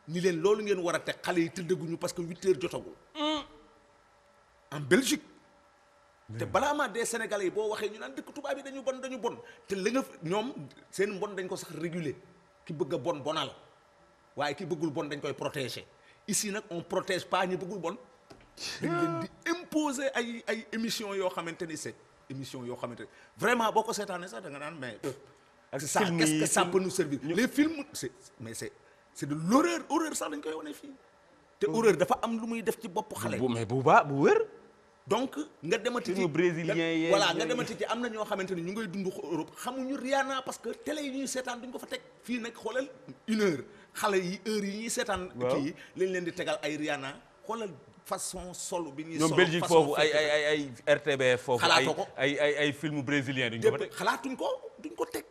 ni leen loolu ngeen war a teg xale yi tëddaguñu parce que huit heures jotagul mm. en Belgique te balaa ma dee sénégal yi boo waxee ñu naan dëkk tubaab yi dañu bon dañu bon te li nga ñoom seen mbon dañ ko sax réguler ki bëgg a bon bonal waaye ki bëggul bon dañ koy protéger ici nag on protège pas ñu bëggul bon. dañ leen di imposer ay ay émissions yoo xamante ni se émission yoo xamante ni vraiment boo ko seetaanee sax da nga naan mais. ak ça qu'est-ce que ça peut nous servir. les films c'est mais c'est c'est de l'horreur horreur sax dañ koy wane fii. te oh. horreur dafa am lu muy def ci bopp xale. bu bu baax bu wër. donc nga demati ci brésilien yi voilà nga demati ci am na ñoo xamante ni ñu ngay dund Europe xamuñu Rihanna parce que télé yi ñuy seetaan duñ ko fa teg fii nag xoolal une heure xale yi heure yi ñuy seetaan kii lañ leen di tegal ay Rihanna xoolal façon solo bi ñuy solo ñoom Belgique foofu ay ay ay ay ko ay ay ay film brésilien duñ ko fa teg xalaatuñ ko duñ ko teg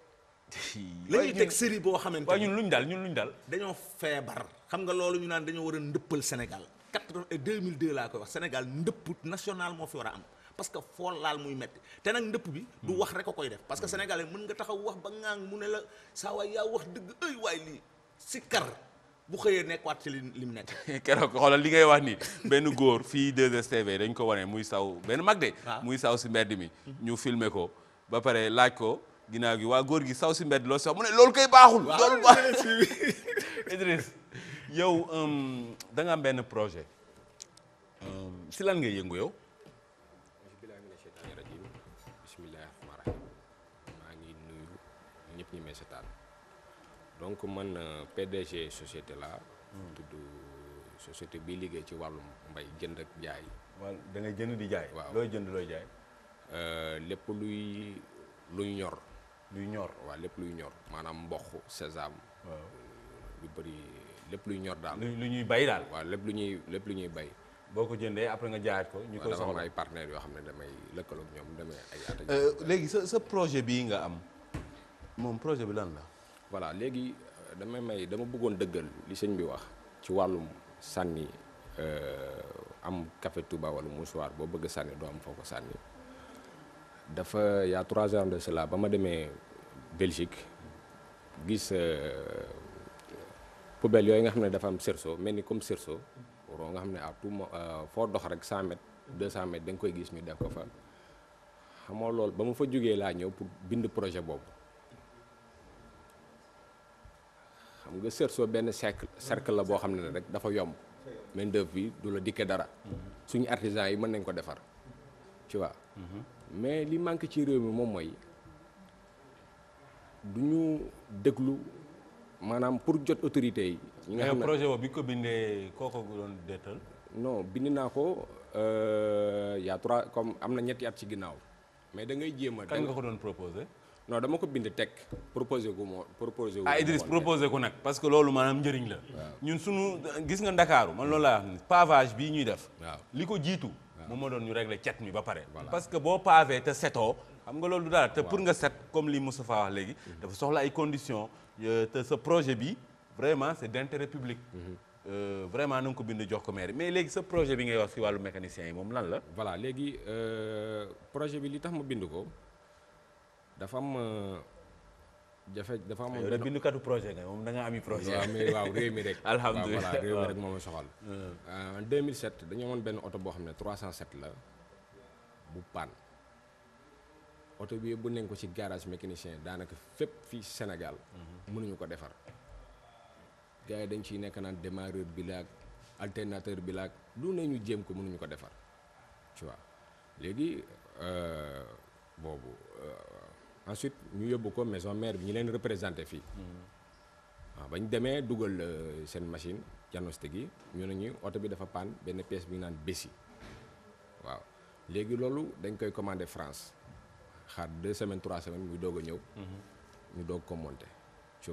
la ñuy teg série boo xamante ni waaw ñun luñ daal ñun luñ daal dañoo feebar xam nga loolu ñu naan dañoo war a ndëppal quatre 2002 laa koy wax Sénégal ndëpp national moo fi war a am parce que foo laal muy metti te nag ndëpp bi du wax rek a koy def parce que sénégalais mën nga taxaw wax ba ŋaang mu ne la saa yaa wax dëgg ay waay lii si kar bu xëyee waat ci li li mu nekk. keroog xoolal li ngay wax nii benn góor fii 2STV dañ ko wane muy saw benn mag de. muy saw si mbedd mi. ñu filmer ko ba pare laaj ko ginnaaw gi waa góor gi saw si mbedd loo saw mu ne loolu koy baaxul. loolu baaxul yow da nga benn projet si ngay yëngu yow. bilaay mina seytaani rajiim bismillaahi rahmaani rahiim maa ngi nuyu ñëpp ñi may donc man euh, PDG société la tudd euh, société bi liggéey ci wàllum mbay jënd ak jaay. waaw da ngay jënd di jaay. waaw looy jënd looy jaay. Euh, lépp luy luy ñor. luy ñor waa lépp luy ñor. maanaam mboq sésame. waaw lu lépp luy lu ñuy bay daal. waaw lépp lu ñuy lépp lu ñuy bay. boo ko jëndee après nga jaayaat ko. ñu koy soxla dama am ay partenaires yoo xam ne damay lëkkaloog ñoom damay ay at. Euh, léegi sa sa projet bii nga am moom projet bi lan la. voilà léegi euh, damay may dama bëggoon dëggal li sëñ bi wax ci wàllum sànni euh, am café Touba wala mouchoir boo bëgg sànni doo am foo ko sànni dafa y a trois ans de cela ba ma demee Belgique gis. poubelle yooyu nga xam ne dafa am cerceau mel ni comme cerceau roo nga xam ne à tout euh, foo dox rek 100 mètres 200 da nga koy gis ñu def ko fa xamoo lool ba mu fa jógee laa ñëw pour bind projet boobu xam nga cerceau benn cercle cercle la boo xam ne rek dafa yomb main d'œuvre du la dikke dara suñu artisan yi mën nañ ko defar tu vois mais li manque ci réew mi moom mooy du ñu déglu maanaam pour jot autorité yi. ñi nga xam ne projet boobu bi ko bindee kooku doon déetal. non bind naa ko euh, y a trois comme am na ñetti at ci ginnaaw. mais da ngay jéem a. kan nga ko doon proposé. non dama ko bind teg proposé gu moo proposé wu. ah Idriss ko nag parce que loolu maanaam njëriñ la. ñun suñu gis nga Ndakaaru man loolu laa pavage bii ñuy def. waaw li ko jiitu. moom moo doon ñu régler cet mi ba pare. parce que boo pavé te setoo. xam nga loolu du dara te pour nga set comme li Moustapha wax léegi. Mm-hmm. dafa soxla ay conditions. Euh, te sa projet bi vraiment c'est d'intérêt public. Mhm. Euh, vraiment na nga ko bind jox ko maire mais léegi sa projet bi ngay wax ci wàllu mécanicien yi moom lan la. voilà léegi euh, projet bi li tax ma bind ko dafa am. jafe dafa amoon benn bindukatu projet nga moom da nga ami projet. waaw mais waaw réew mi rek. alhamdulilah waaw voilà réew mi rek moo ma soxal. en 2007 benn oto boo xam ne trois cent 307 la bu panne. oto bi yóbbu nañ ko ci garage mécanicien daanaka fépp fii senegal mhm. mënuñu ko defar. gars yi dañ ciy nekk naan démarreur bi laag alternateur bi laag lu ne ñu jéem ko mënuñu ko defar tu vois léegi euh, boobu euh, ensuite ñu yóbbu ko maison maire bi ñu leen représenté fii. Mhm. waaw ba ñu demee dugal euh, seen machine diagnostic gi ñu ne ñu oto bi dafa paan benn pièce bi ñu naan bési waaw léegi loolu dañ koy commandé France. xaar de semaine trois semaines muy doog a ñëw. Mhm. ñu doog ko monter tu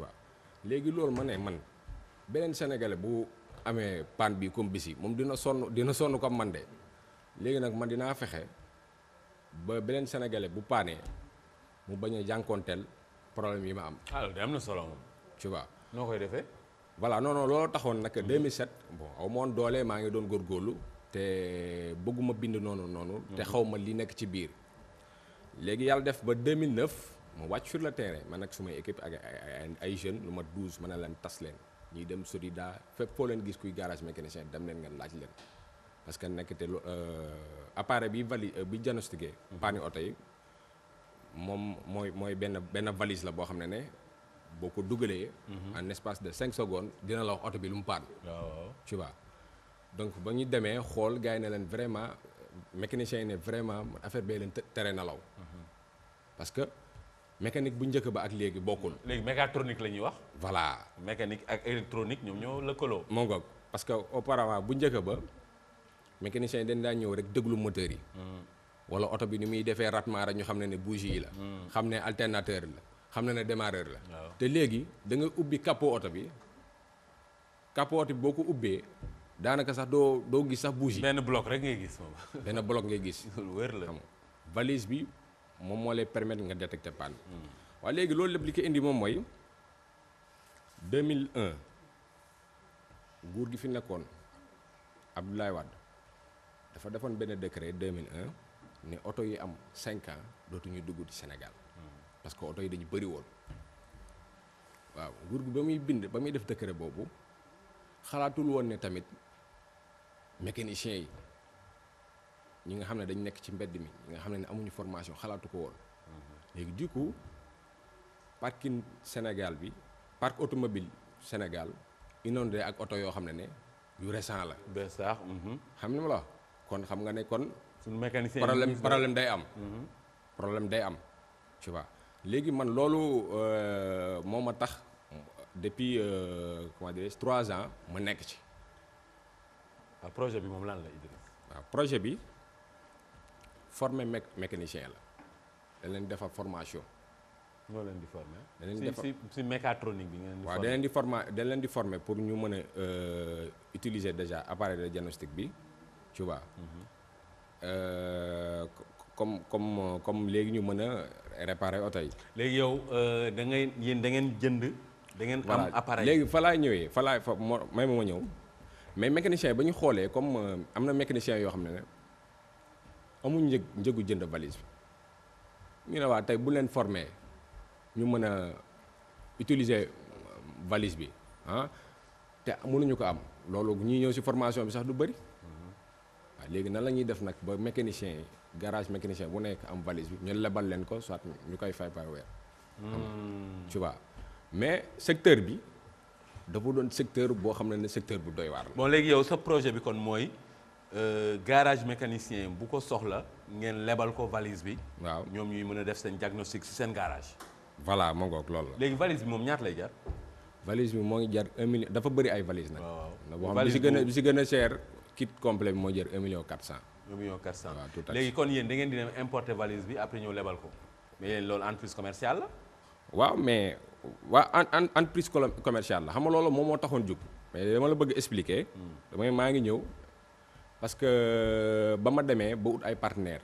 léegi loolu ma ne man beneen sénégalais bu amee panne bi comme bisi moom dina sonn dina sonn comme man de léegi nag ma dinaa fexe ba beneen sénégalais bu paanee mu bañ a jànkoonteel problème yi ma am. ah de am na solo moom. tu noo koy defee. voilà non non taxoon nag 2007 mhm. bon aw moon doolee maa ngi doon góorgóorlu te bëgguma bind noonu noonu. te mhm. xaw ma li nekk ci biir. léegi yàlla def ba 2009 ma wàcc sur le terrain man nag sumay équipe ak ay jeunes lu ma 12 mën a leen tas leen ñuy dem Sodida fépp foo leen gis kuy garage mécanicien dem leen ngeen laaj leen parce que nekk te euh, appareil bi vali euh, bi diagnostiqué. Mhm. panne oto yi moom mooy mooy benn benn valise la boo xam ne ne boo ko dugalee. Mhm. en espace de cinq secondes dina la wax oto bi lu mu panne. tu donc ba ñu demee xool gars yi leen vraiment. mécanicien yi ne vraiment affaire bee leen tere nalaw parce que mécanique bu njëkk ba ak léegi bokkul. léegi mécatronique la ñuy wax. voilà mécanique ak électronique ñoom ñoo lëkkaloo. moo ngoog parce que auparavant bu njëkk ba mécanicien yi dañ daan ñëw rek déglu moteur yi. Hmm. wala oto bi ni muy defee ratement rek ñu xam ne ne bougie la. Hmm. xam ne alternateur la xam ne ne démarreur la. te léegi da nga ubbi capot oto bi capot oto bi boo ko ubbee. daanaka sax doo doo gis sax bougie. benn bloc rek ngay gis moom. benn bloc ngay gis. loolu wér la xam valise bi moom lay permettre nga détecter panne. Hmm. waaye léegi loolu lépp li ko indi moom mooy 2001 nguur gi fi nekkoon Abdoulaye Wade dafa defoon benn décret 2001 ne oto yi am 5 ans dootuñu dugg ci Sénégal. Hmm. parce que oto yi dañu bëri woon waaw nguur gi ba muy bind ba muy def décret boobu. xalaatul woon ne tamit mécaniciens yi ñi nga xam ne dañ nekk ci mbedd mi ñi nga xam ne amuñu formation xalaatu ko woon mhm. léegi du coup parking Sénégal bi parc automobile Sénégal inondé ak oto yoo xam ne ne yu récent la. bees sax. Mhm. xam nga la kon xam nga ne kon. suñu mécanicien problème problème day am. Mhm. problème day am tu vois léegi man loolu euh, moom ma tax. depuis euh, comment dirais trois ans ma nekk ci. waaw ah, projet bi moom lan la Idriss. waaw projet bi forme mé mécanicien la dañ leen defar formation. ñoo leen di forme dañ leen di defar si si mécatronique bi. ngeen di waaw dañ leen di former leen di former pour ñu mën a euh, utiliser déjà appareil de diagnostic bi tu vois. Mhm. Euh, comme comme comme léegi ñu mën a réparer oto yi. léegi yow euh, da ngay yéen da ngeen jënd. da ngeen am appareil léegi fa ñëwee falaay laa fa may ma ma ñëw mais mécanicien yi ba ñu xoolee comme euh, am na mécanicien yoo xam ne ne amuñ njëg njëgu jënd valise bi ñu ne waa tey bu leen formé ñu mën a utiliser valise bi ah te mënuñu ko am loolu ñuy ñëw si formation bi sax du bëri waaw léegi nan la ñuy def nag ba mécanicien yi garage mécanicien bu nekk am valise bi ñu lebal leen ko soit ñu koy fay par weer hmm. tu mais secteur bi dafa doon secteur boo xam ne ne secteur bu doy waar la. bon léegi yow sa projet bi kon mooy euh, garage mécanicien bu ko soxla ngeen lebal ko valise bi. waaw ñoom ñuy mën a def seen diagnostic seen garage. voilà ma ngoog léegi valise moom ñaata lay jar. valise bi moo ngi jar un million dafa bëri ay valise nag. waaw boo xam bi si gën a bi si gën a cher kit complet bi moo jar un million quatre cent. un million quatre léegi kon yéen da ngeen di dem importer valise bi après ñëw lebal ko mais yéen loolu entreprise commerciale la. waaw mais. waa en entreprise commerciale la xam nga loolu moom moo taxoon jóg mais dama la bëgg expliquer hmm. damay maa ngi ñëw parce que euh, ba ma demee ba ut ay partenaire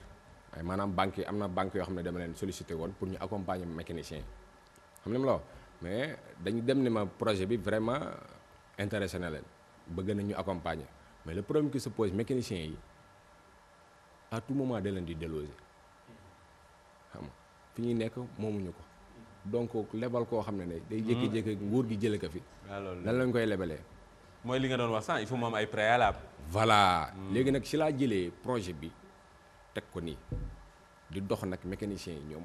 ay maanaam banque yi am na banque yoo xam ne dama leen sollicité woon pour ñu accompagner mécanicien xam ne ma la mais dañu dem ne ma projet bi vraiment intéressé na leen bëgg nañ ñu accompagner mais le problème qui se pose mécanicien yi à tout moment de leen di déloger xam nga fi ñuy nekk moomuñu ko donc lebal koo xam ne ne day hmm. jékki-jékki nguur gi jële ko fi ah, nan lañ koy lebalee mooy li nga doon wax sànq il faut mu ay préalable voilà hmm. léegi nag si laa jëlee projet bi teg ko nii di dox nag mécaniciens yi ñoom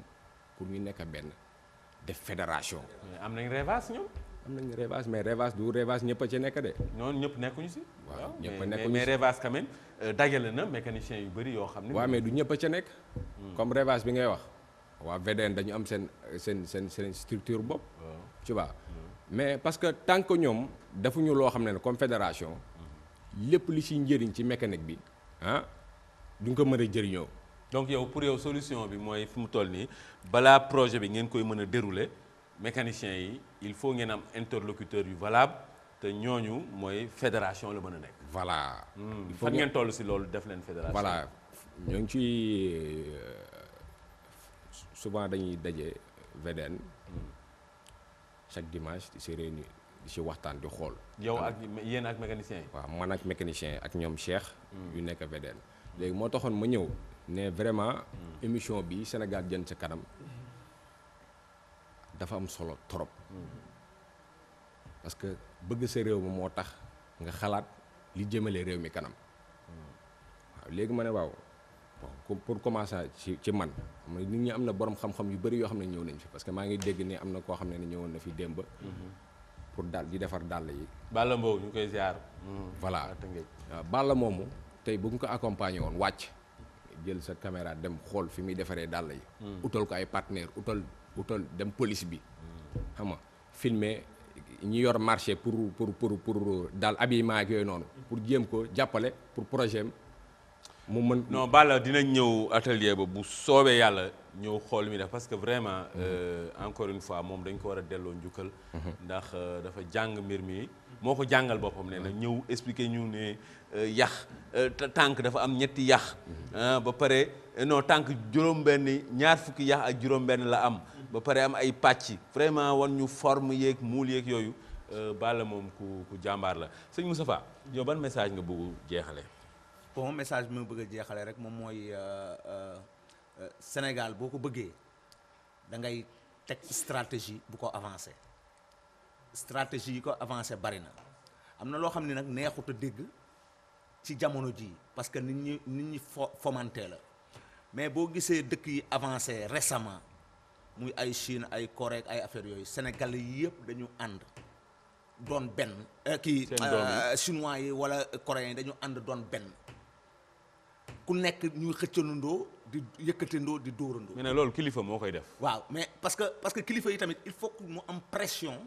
pour ñu nekk benn def fédération am nañ Revas ñoom am nañu Revas mais Revas du Revas ñëpp a ci nekk de. ñooñu ñëpp nekkuñu si. waaw ah, ñëpp a nekkuñu si mais Revas quand même euh, dajale na mécanicien yu bëri yoo xam ne. waaw mais du ñëpp a ca nekk. Hmm. comme Revas bi ngay wax. waa VDN dañu am seen seen seen seen structure bopp. tu mais parce que tant que ñoom defuñu loo xam ne comme fédération. Mm-hmm. lépp li ci njëriñ ci mécanique bi ah duñ ko mën a jëriñoo. donc yow pour yow solution bi mooy fi mu toll nii balaa projet bi ngeen koy mën a dérouler mécaniciens yi il faut ngeen am interlocuteur yu valable te ñooñu mooy fédération la mën a nekk. voilà. Mm. fan ngeen toll si loolu def leen fédération. voilà ñoo ci euh, souvent dañuy daje VDN chaque dimanche di si réunir di si waxtaan di xool. yow ak yéen ak mécanicien yi. waaw man ak mécanicien yi ak ñoom Cheikh. Hmm. yu nekk VDN. léegi moo taxoon ma ñëw ne vraiment. Hmm. émission bi Sénégal jën sa kanam hmm. dafa am solo trop. parce que bëgg sa réew mi moo tax nga xalaat li jëmale réew mi kanam. waaw léegi ma ne waaw. bon pour commencer ci ci man nit ñi am na borom xam-xam yu bëri yoo xam ne ñëw nañ fi parce que maa ngi dégg ni am na koo xam ne ñëwoon na fi démb. Mm-hmm. pour daal di defar dàll yi. Balla Mbow ñu koy ziar. Mm-hmm. Mm-hmm. voilà Balla moomu tey bu ñu ko accompagner woon wàcc jël sa caméra dem xool fi muy defaree dàll yi. utal ko ay partenaire utal utal dem police bi. xam nga filmer ñi yor marché pour pour pour pour daal habillement ak yooyu noonu. pour jéem ko jàppale pour projet mu mën non Balla dina ñëw atelier ba bu soobee yàlla ñëw xool mi def parce que vraiment mhm. euh, encore une fois moom dañ ko war a delloo njukkal. Mhm. ndax euh, dafa jàng mbir mi moo ko jàngal boppam ne na ñëw expliquer ñu ne euh, yax euh, tànk dafa am ñetti yax. Mhm. Ah, ba pare no tànk juróom-benn ñaar fukki yax ak juróom-benn la am. ba pare am ay pàcc vraiment wan ñu forme yeeg muul yeeg yooyu Balla moom ku ku jàmbaar la sëñ Moustapha yow ban message nga bëgg jeexale pour moom message bi ma bëgg a jeexale rek moom mooy euh, euh, euh, Sénégal boo ko bëggee da ngay teg stratégie bu ko avancé stratégie yi ko avancé bari na am na loo xam ne nag neexut a dégg ci jamono jii parce que nit ñi nit ñi fo fomanté la mais boo gisee dëkk yi avancé récemment muy ay Chine ay Corée ay affaire yooyu Sénégal yëpp dañu ànd doon benn kii chinois yi wala coréens yi dañu ànd doon benn ku nekk ñuy xëccanandoo di yëkkatandoo di dóorandoo. mais ne loolu kilifa moo koy def. waaw mais parce que parce que kilifa yi tamit il faut que mu am pression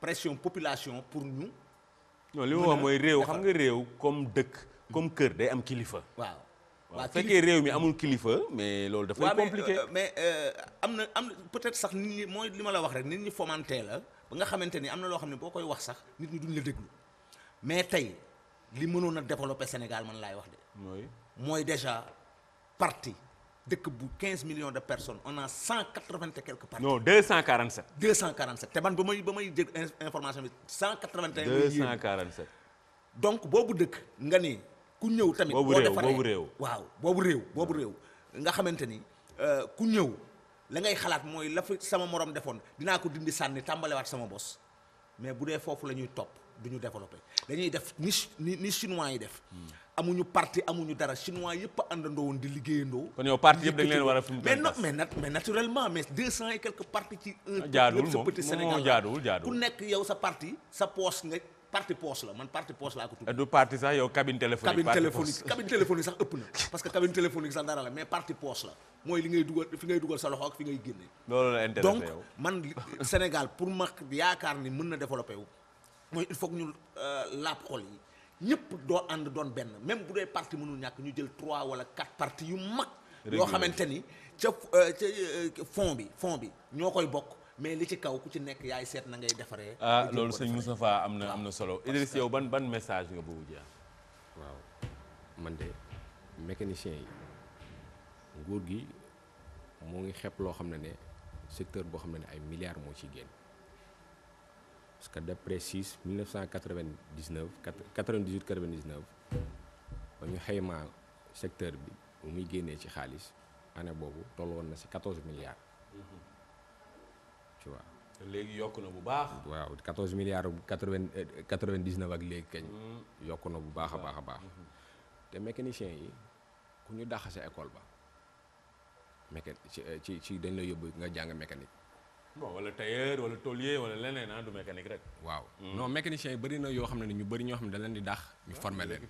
pression population pour ñu. li ma wax mooy réew xam nga réew comme dëkk comme kër day am kilifa. waaw waaw fekkee réew mi amul kilifa mais loolu dafay compliqué mais euh, euh, am na am peut-être sax nit ñi mooy li ma la wax rek nit ñi fomanté la ba nga xamante ni am na loo xam ne boo koy wax sax nit ñi duñ la déglu mais tey li mënoon a développer Sénégal man laay wax de. mooy déjà parti dëkk bu 15 millions de personnes on a 180 et quelques partis. non 247. 247 te man ba may ba may jël information bi 181. 247 donc boobu dëkk nga ni ku ñëw tamit. boo defaree réew waaw boobu réew. boobu réew nga xamante ni euh, ku ñëw la ngay xalaat mooy la fi sama morom defoon dinaa ko dindi sànni tàmbalewaat sama bos mais bu dee foofu la ñuy topp. du ñu développé dañuy def ni ni chinois yi def. amuñu parti amuñu dara chinois yëpp a àndandoo woon di liggéeyandoo. kon yow parti yëpp dañ leen war a fi mu mais non mais ah, nekk yow sa parti sa poche nga. parti poche la man parti poche laa ko tudd. du parti sax yow cabine téléphonique. cabine téléphonique cabine téléphonique sax ëpp na. parce que cabine téléphonique sax dara la mais parti poche la mooy li ngay dugal fi ngay dugal sa loxo ak fi ngay génne. loolu la intéressé yow donc man Sénégal yaakaar ni mën na développé wu. mooy il faut que ñu euh, laab xol yi ñëpp doo ànd doon benn même bu dee parti mënul ñàkk ñu jël trois wala quatre partie yu mag. yoo xamante ni ca euh, ca euh, fond bi fond bi ñoo koy bokk. mais li ci kaw ku ci nekk yaay seet na ngay defaree. Ah, loolu sëñ Moustapha am na am na solo Idriss yow ban ban message nga bëgg jeex. waaw man de mécanicien yi nguur gi moo ngi xepp loo xam ne ne secteur boo xam ne ne ay milliards moo ciy génn. parce que d'après 6 1999 98 99 ba ñu xaymaa secteur bi bu muy génnee ci xaalis année boobu toll woon na si 14 milliards. Mm-hmm. tu vois. léegi yokk na bu baax. waaw 14 milliards quatre vingt quatre vingt euh, dix neuf ak léegi kañ. Mm-hmm. yokku na bu baax a baax a baax. Mm-hmm. te mécanicien yi ku ñu dàq sa école ba méca euh, ci ci dañ la yóbbu nga jàng mécanique. bon wala tailleur wala tôlier wala leneen ah du rek. waaw hmm. non mécanicien yi bëri na yoo xam ne ñu bëri ñoo xam ne da di daax ñu ah, former leen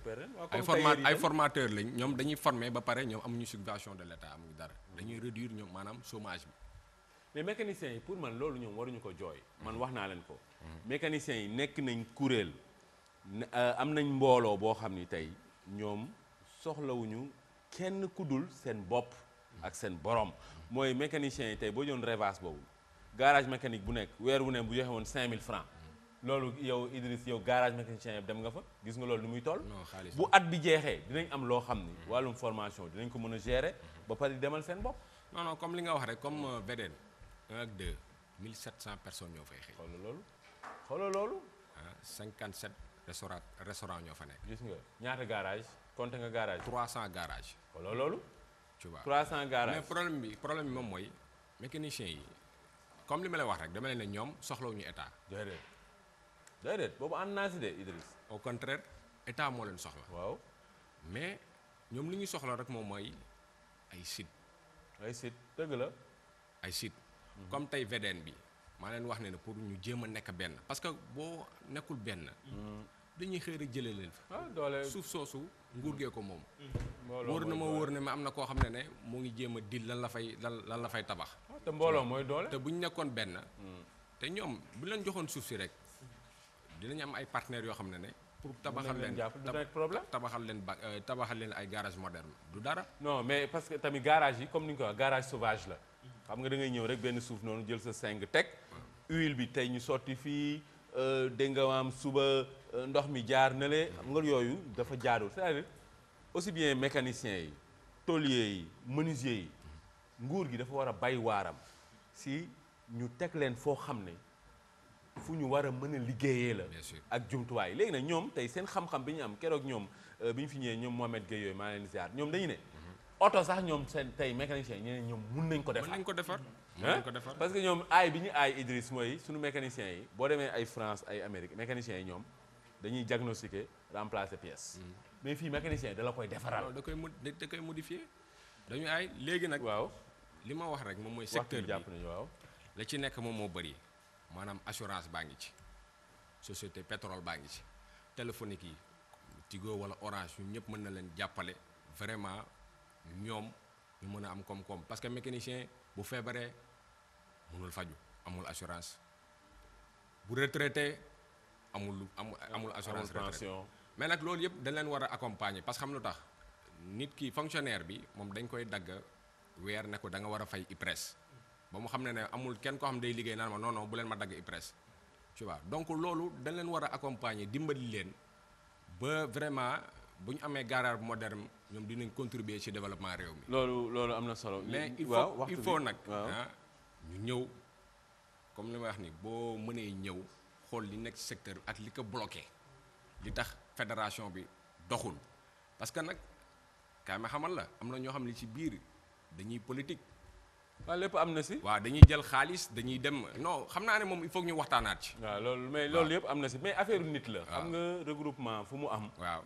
ay format ay formateur lañ ñoom dañuy former ba pare ñoom amuñu subvention de l' état dara hmm. dañuy réduire ñoom maanaam chômage mais mécaniciens yi pour man loolu ñoom waruñu ko jooy man hmm. wax naa leen ko mécaniciens yi nekk nañ kuréel euh, am nañ mbooloo boo xam ni tey ñoom soxlawuñu kenn ku dul seen bopp ak seen borom mooy mécaniciens yi tey boo joon revasse boobu garage mécanique bu nekk weer wu ne bu joxe woon 5000 francs loolu yow Idriss yow garage mécanicien yëpp dem nga fa gis nga loolu lu muy toll. bu at bi jeexee dinañ am loo xam ni. Mm-hmm. wàllum formation dinañ ko mën a gérer ba pare demal seen bopp. non comme li nga wax rek comme euh, Beden 1 ak 2 1700 personnes ñoo fay xëy. xoolal loolu xoolal loolu. ah 57 restaurant fa nekk. gis nga ñaata garage compté nga garage. 300 garage xoolal loolu. tu vois 300 garage mais problème bi problème bi moom mooy mécanicien yi. comme li ma lay wax rek dama ne ñoom soxlawuñu état. déedéet déedéet boobu ànd naa si de Idriss. au contraire état moo leen soxla. waaw mais ñoom li ñuy soxla rek moom mooy ay site. ay site dëgg la. ay site. Mhm. comme tey VDN bi maa leen wax ne ne pour ñu jéem a nekk benn parce que boo nekkul benn. Mhm. dañuy xëy rek jëlee leen fi. Ah, doole suuf soosu nguur gee ko moom. wóor na ma wóor na ma am na koo xam ne ne mu ngi jéem a dil lan la fay lan lan la fay tabax. Ah, te mbooloo mooy doole. te bu ñu nekkoon benn. Hmm. te ñoom bu leen joxoon suuf si rek dinañ am ay partenaires yoo xam ne ne. pour tabaxal leen tabaxal leen ba euh, tabaxal leen ay garage moderne du dara. non mais parce que tamit garage yi comme ni ñu ko wax garage sauvage la. xam nga da ngay ñëw rek benn suuf noonu jël sa seng teg. huile bi tey ñu sotti fii euh, dégg nga maam suba. Euh, ndox mi jaar na le xam nga yooyu dafa jaadul c'est-à-dire aussi bien mécaniciens yi tôliers yi menuisiers yi nguur gi dafa war a bay waaram si ñu teg leen foo xam ne fu ñu war a mën a liggéeyee la ak jumtuwaay léegi nag ñoom tey seen xam-xam bi ñu am keroog ñoom euh, bi ñu fi ñëwee ñoom Mohamed Gueye yooyu maa leen ziar ñoom dañu ne mhm. oto sax ñoom seen tey mécanicien ñu ne ñoom mun nañ ko defar mun nañ ko defar parce que ñoom aay bi ñu aay Idriss mooy suñu mécaniciens yi boo demee ay France ay Amérique mécaniciens yi ñoom dañuy diagnostiquer remplacer pièce. Mm. mais fi mécanicien da la koy defaral. da koy da koy modifier dañu ay léegi nag. waaw li ma wax rek moom mooy. secteur bi jàpp nañu waaw. la ci nekk moom moo bëri maanaam assurance baa ngi ci société pétrole baa ngi ci téléphonique yi Tigo wala Orange ñu ñëpp mën na leen jàppale vraiment ñoom ñu mën a am koom-koom parce que mécanicien bu feebaree mënul faju amul assurance bu retraité. amul amul amul assurance retraite mais nag loolu yëpp dañ leen war a accompagner parce que xam lu tax nit ki fonctionnaire bi moom dañ koy dagg weer ne ko da nga war a fay IPRES ba mu xam ne ne amul kenn koo xam day liggéey naan ma non bu leen ma dagg IPRES tu vois donc loolu dañ leen war a accompagner dimbali leen ba vraiment bu ñu amee garage moderne ñoom dinañ contribuer ci développement réew mi. loolu loolu am na solo. mais il faut il faut nag. Ah, ñu ñëw comme li ma ni boo mënee ñëw. xool li nekk secteur ak li ko bloqué li tax fédération bi doxul parce que nag kaay ma xamal la am na ñoo xam ne ci biir dañuy politique. waa lépp am na si. waa dañuy jël xaalis dañuy dem no xam naa ne moom il faut ñu waxtaanaat ci. waaw loolu mais loolu yëpp am na si mais affaire nit la. xam nga regroupement fu mu am. waaw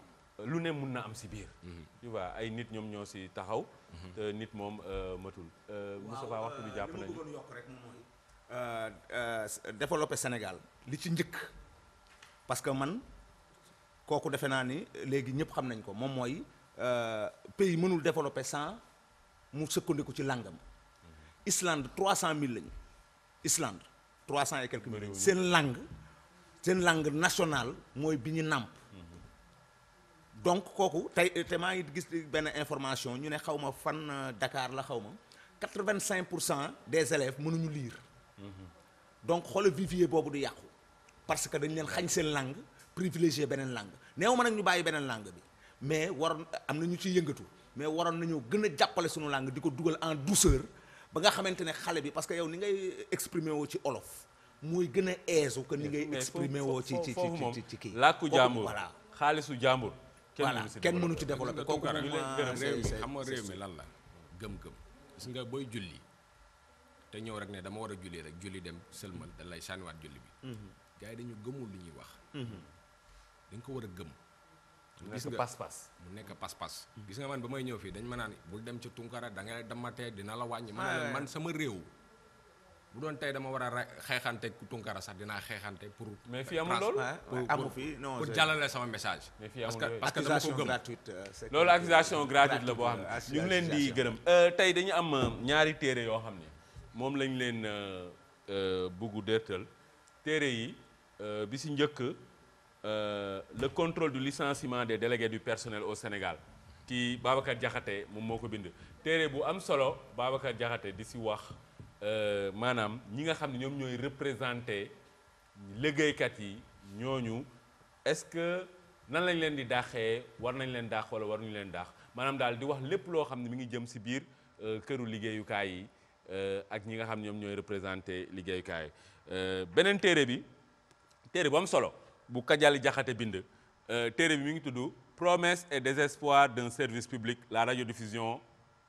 lu ne mun na am si biir. Mhm. ay nit ñoom ñoo si taxaw. Mhm. te nit moom euh, matul. Euh, Moustapha waxtu bi euh, jàpp nañu waaw yokk rek moom Sénégal. li ci njëkk parce que man kooku defe naa ni léegi ñëpp xam nañ ko moom mooy euh, pays mënul développer sans mu sëkkandiku ci làngam Islande trois cent mille lañu Islande trois cent et quelques mille seen langue seen langue nationale mooy bi ñu nàmp donc kooku tey te maa ngi gis benn information ñu ne xaw ma fan euh, dakaar la xaw ma quatre-vingt-cinq pour cent des élèves mënuñu lire mhm. donc xoolal vivier boobu du yàqu parce que dañu leen xañ seen langue privilégié beneen langue néew ma nag ñu bàyyi beneen langue bi mais waroon am na ñu ciy yëngatu mais waroon nañoo gën a jàppale suñu langue di ko dugal en douceur ba nga xamante ne xale bi parce que yow ni ngay exprimer woo ci olof muy gën a aise que ni ngay exprimer woo ci ci ci ci kii làkku jàmbur voilà xaalisu jàmbur voilà kenn mënu ci développé kooku xam nga réew mi lan la gëm-gëm gis nga booy julli te ñëw rek ne dama war a julli rek julli dem sëlmal da lay sànniwaat julli bi mm-hmm. gars yi dañu gëmul lu ñuy wax. Mhm. dañ ko war a gëm. gis nga pas-pas mu nekk pas-pas. Mhm. gis nga man ba may ñëw fii dañ ma naan bul dem ci tunkara da ngay damatee dina la wàññ ma ah. man sama réew. bu doon tey dama war a xeexante ku tunkara sax dinaa xeexante pour. mais fii amul loolu ah, amul fii non pour jàllale sama message. mais fii amul loolu parce que dama ko gëm euh, loolu accusation gratuite la boo xam ne euh, ñu ngi leen di gërëm. Euh, tey dañu am ñaari téere yoo xam ne moom lañ leen bugg dërtal téere yi. Euh, bi si njëkk euh, le contrôle du licenciement des délégués du personnel au Sénégal kii Babacar jaxate moom moo ko bind téere bu am solo Babacar jaxate di si wax euh, maanaam ñi nga xam ne ñoom ñooy représenté liggéeykat yi ñooñu est-ce que nan lañ leen di daaxee war nañ leen daax wala waruñu leen daax maanaam daal di wax lépp loo xam ne mu ngi jëm si biir këru liggéeyukaay yi ak ñi nga xam ñoom ñooy représenté liggéeyukaay yi beneen téere bi téere bu am solo bu Kadiali Diakhaté bind euh, téere bi mi ngi tudd promesse et désespoir d'un service public la radiodiffusion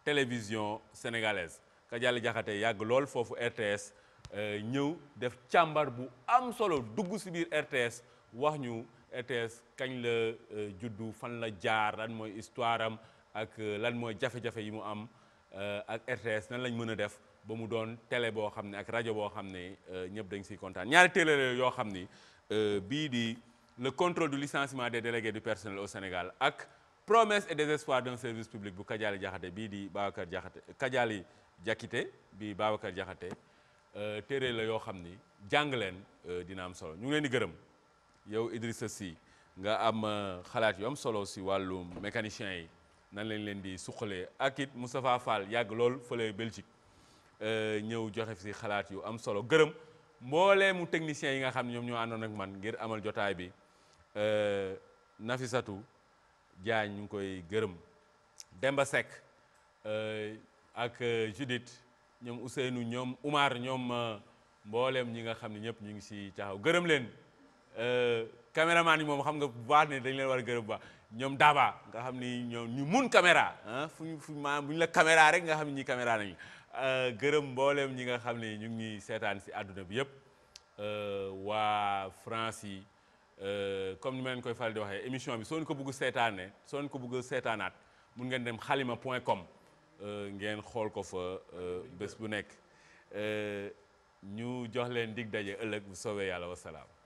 télévision sénégalaise Kadiali Diakhaté yàgg lool foofu RTS euh, ñëw def càmbar bu am solo dugg ci RTS wax ñu RTS kañ la euh, juddu fan la jaar lan mooy histoire am ak lan mooy jafe-jafe yi mu am ak RTS nan lañ mën a def ba mu doon télé boo xam ne ak rajo boo xam ne ñëpp dañ siy kontaan ñaari télé yoo xam ni Euh, bii di le contrôle du licenciement des délégués du personnel au Sénégal ak promesse et désespoir d'un service public bu Kadiali Diakhaté bii di Babacar Diakhaté Kadiali Diakité bi Babacar Diakhaté euh, téere la yoo xam ni jàng leen euh, dina am solo ñu ngi leen di gërëm yow Idrissa si nga am xalaat yu am solo si wàllu mécanicien yi nan lañ leen di suqalee ak it Moustapha yàgg lool fële Belgique ñëw joxe fi si xalaat yu am solo gërëm mbooleemu techniciens yi nga xam ne ñoom ñoo àndoon ak man ngir amal jotaay bi euh, Nafisatu Diagne ñu ngi koy gërëm Demba Seck euh, ak euh, Judith ñoom Ousseynou ñoom Oumar ñoom mbooleem ñi nga xam ne ñëpp ñu ngi si taxaw gërëm leen caméraman yi moom xam nga bu baax ne dañ leen war a gërëm bu baax ñoom Daba nga xam ni ñoom ñu mun caméra ah fu ñu fu maanaam bu ñu la caméra rek nga xam ne ñi caméra nañu Euh, gërëm mbooleem ñi nga xam ne ñu ngi seetaan si àdduna bi yëpp euh, waa France yi euh, comme ni ma koy faral di waxee émission bi soo ko bëgg seetaanee soo ko bëgg seetaanaat mun ngeen dem xalima point com ngeen xool ko fa bés bu nekk ñu jox leen dig daje ëllëg bu soowee yàlla wasalaam.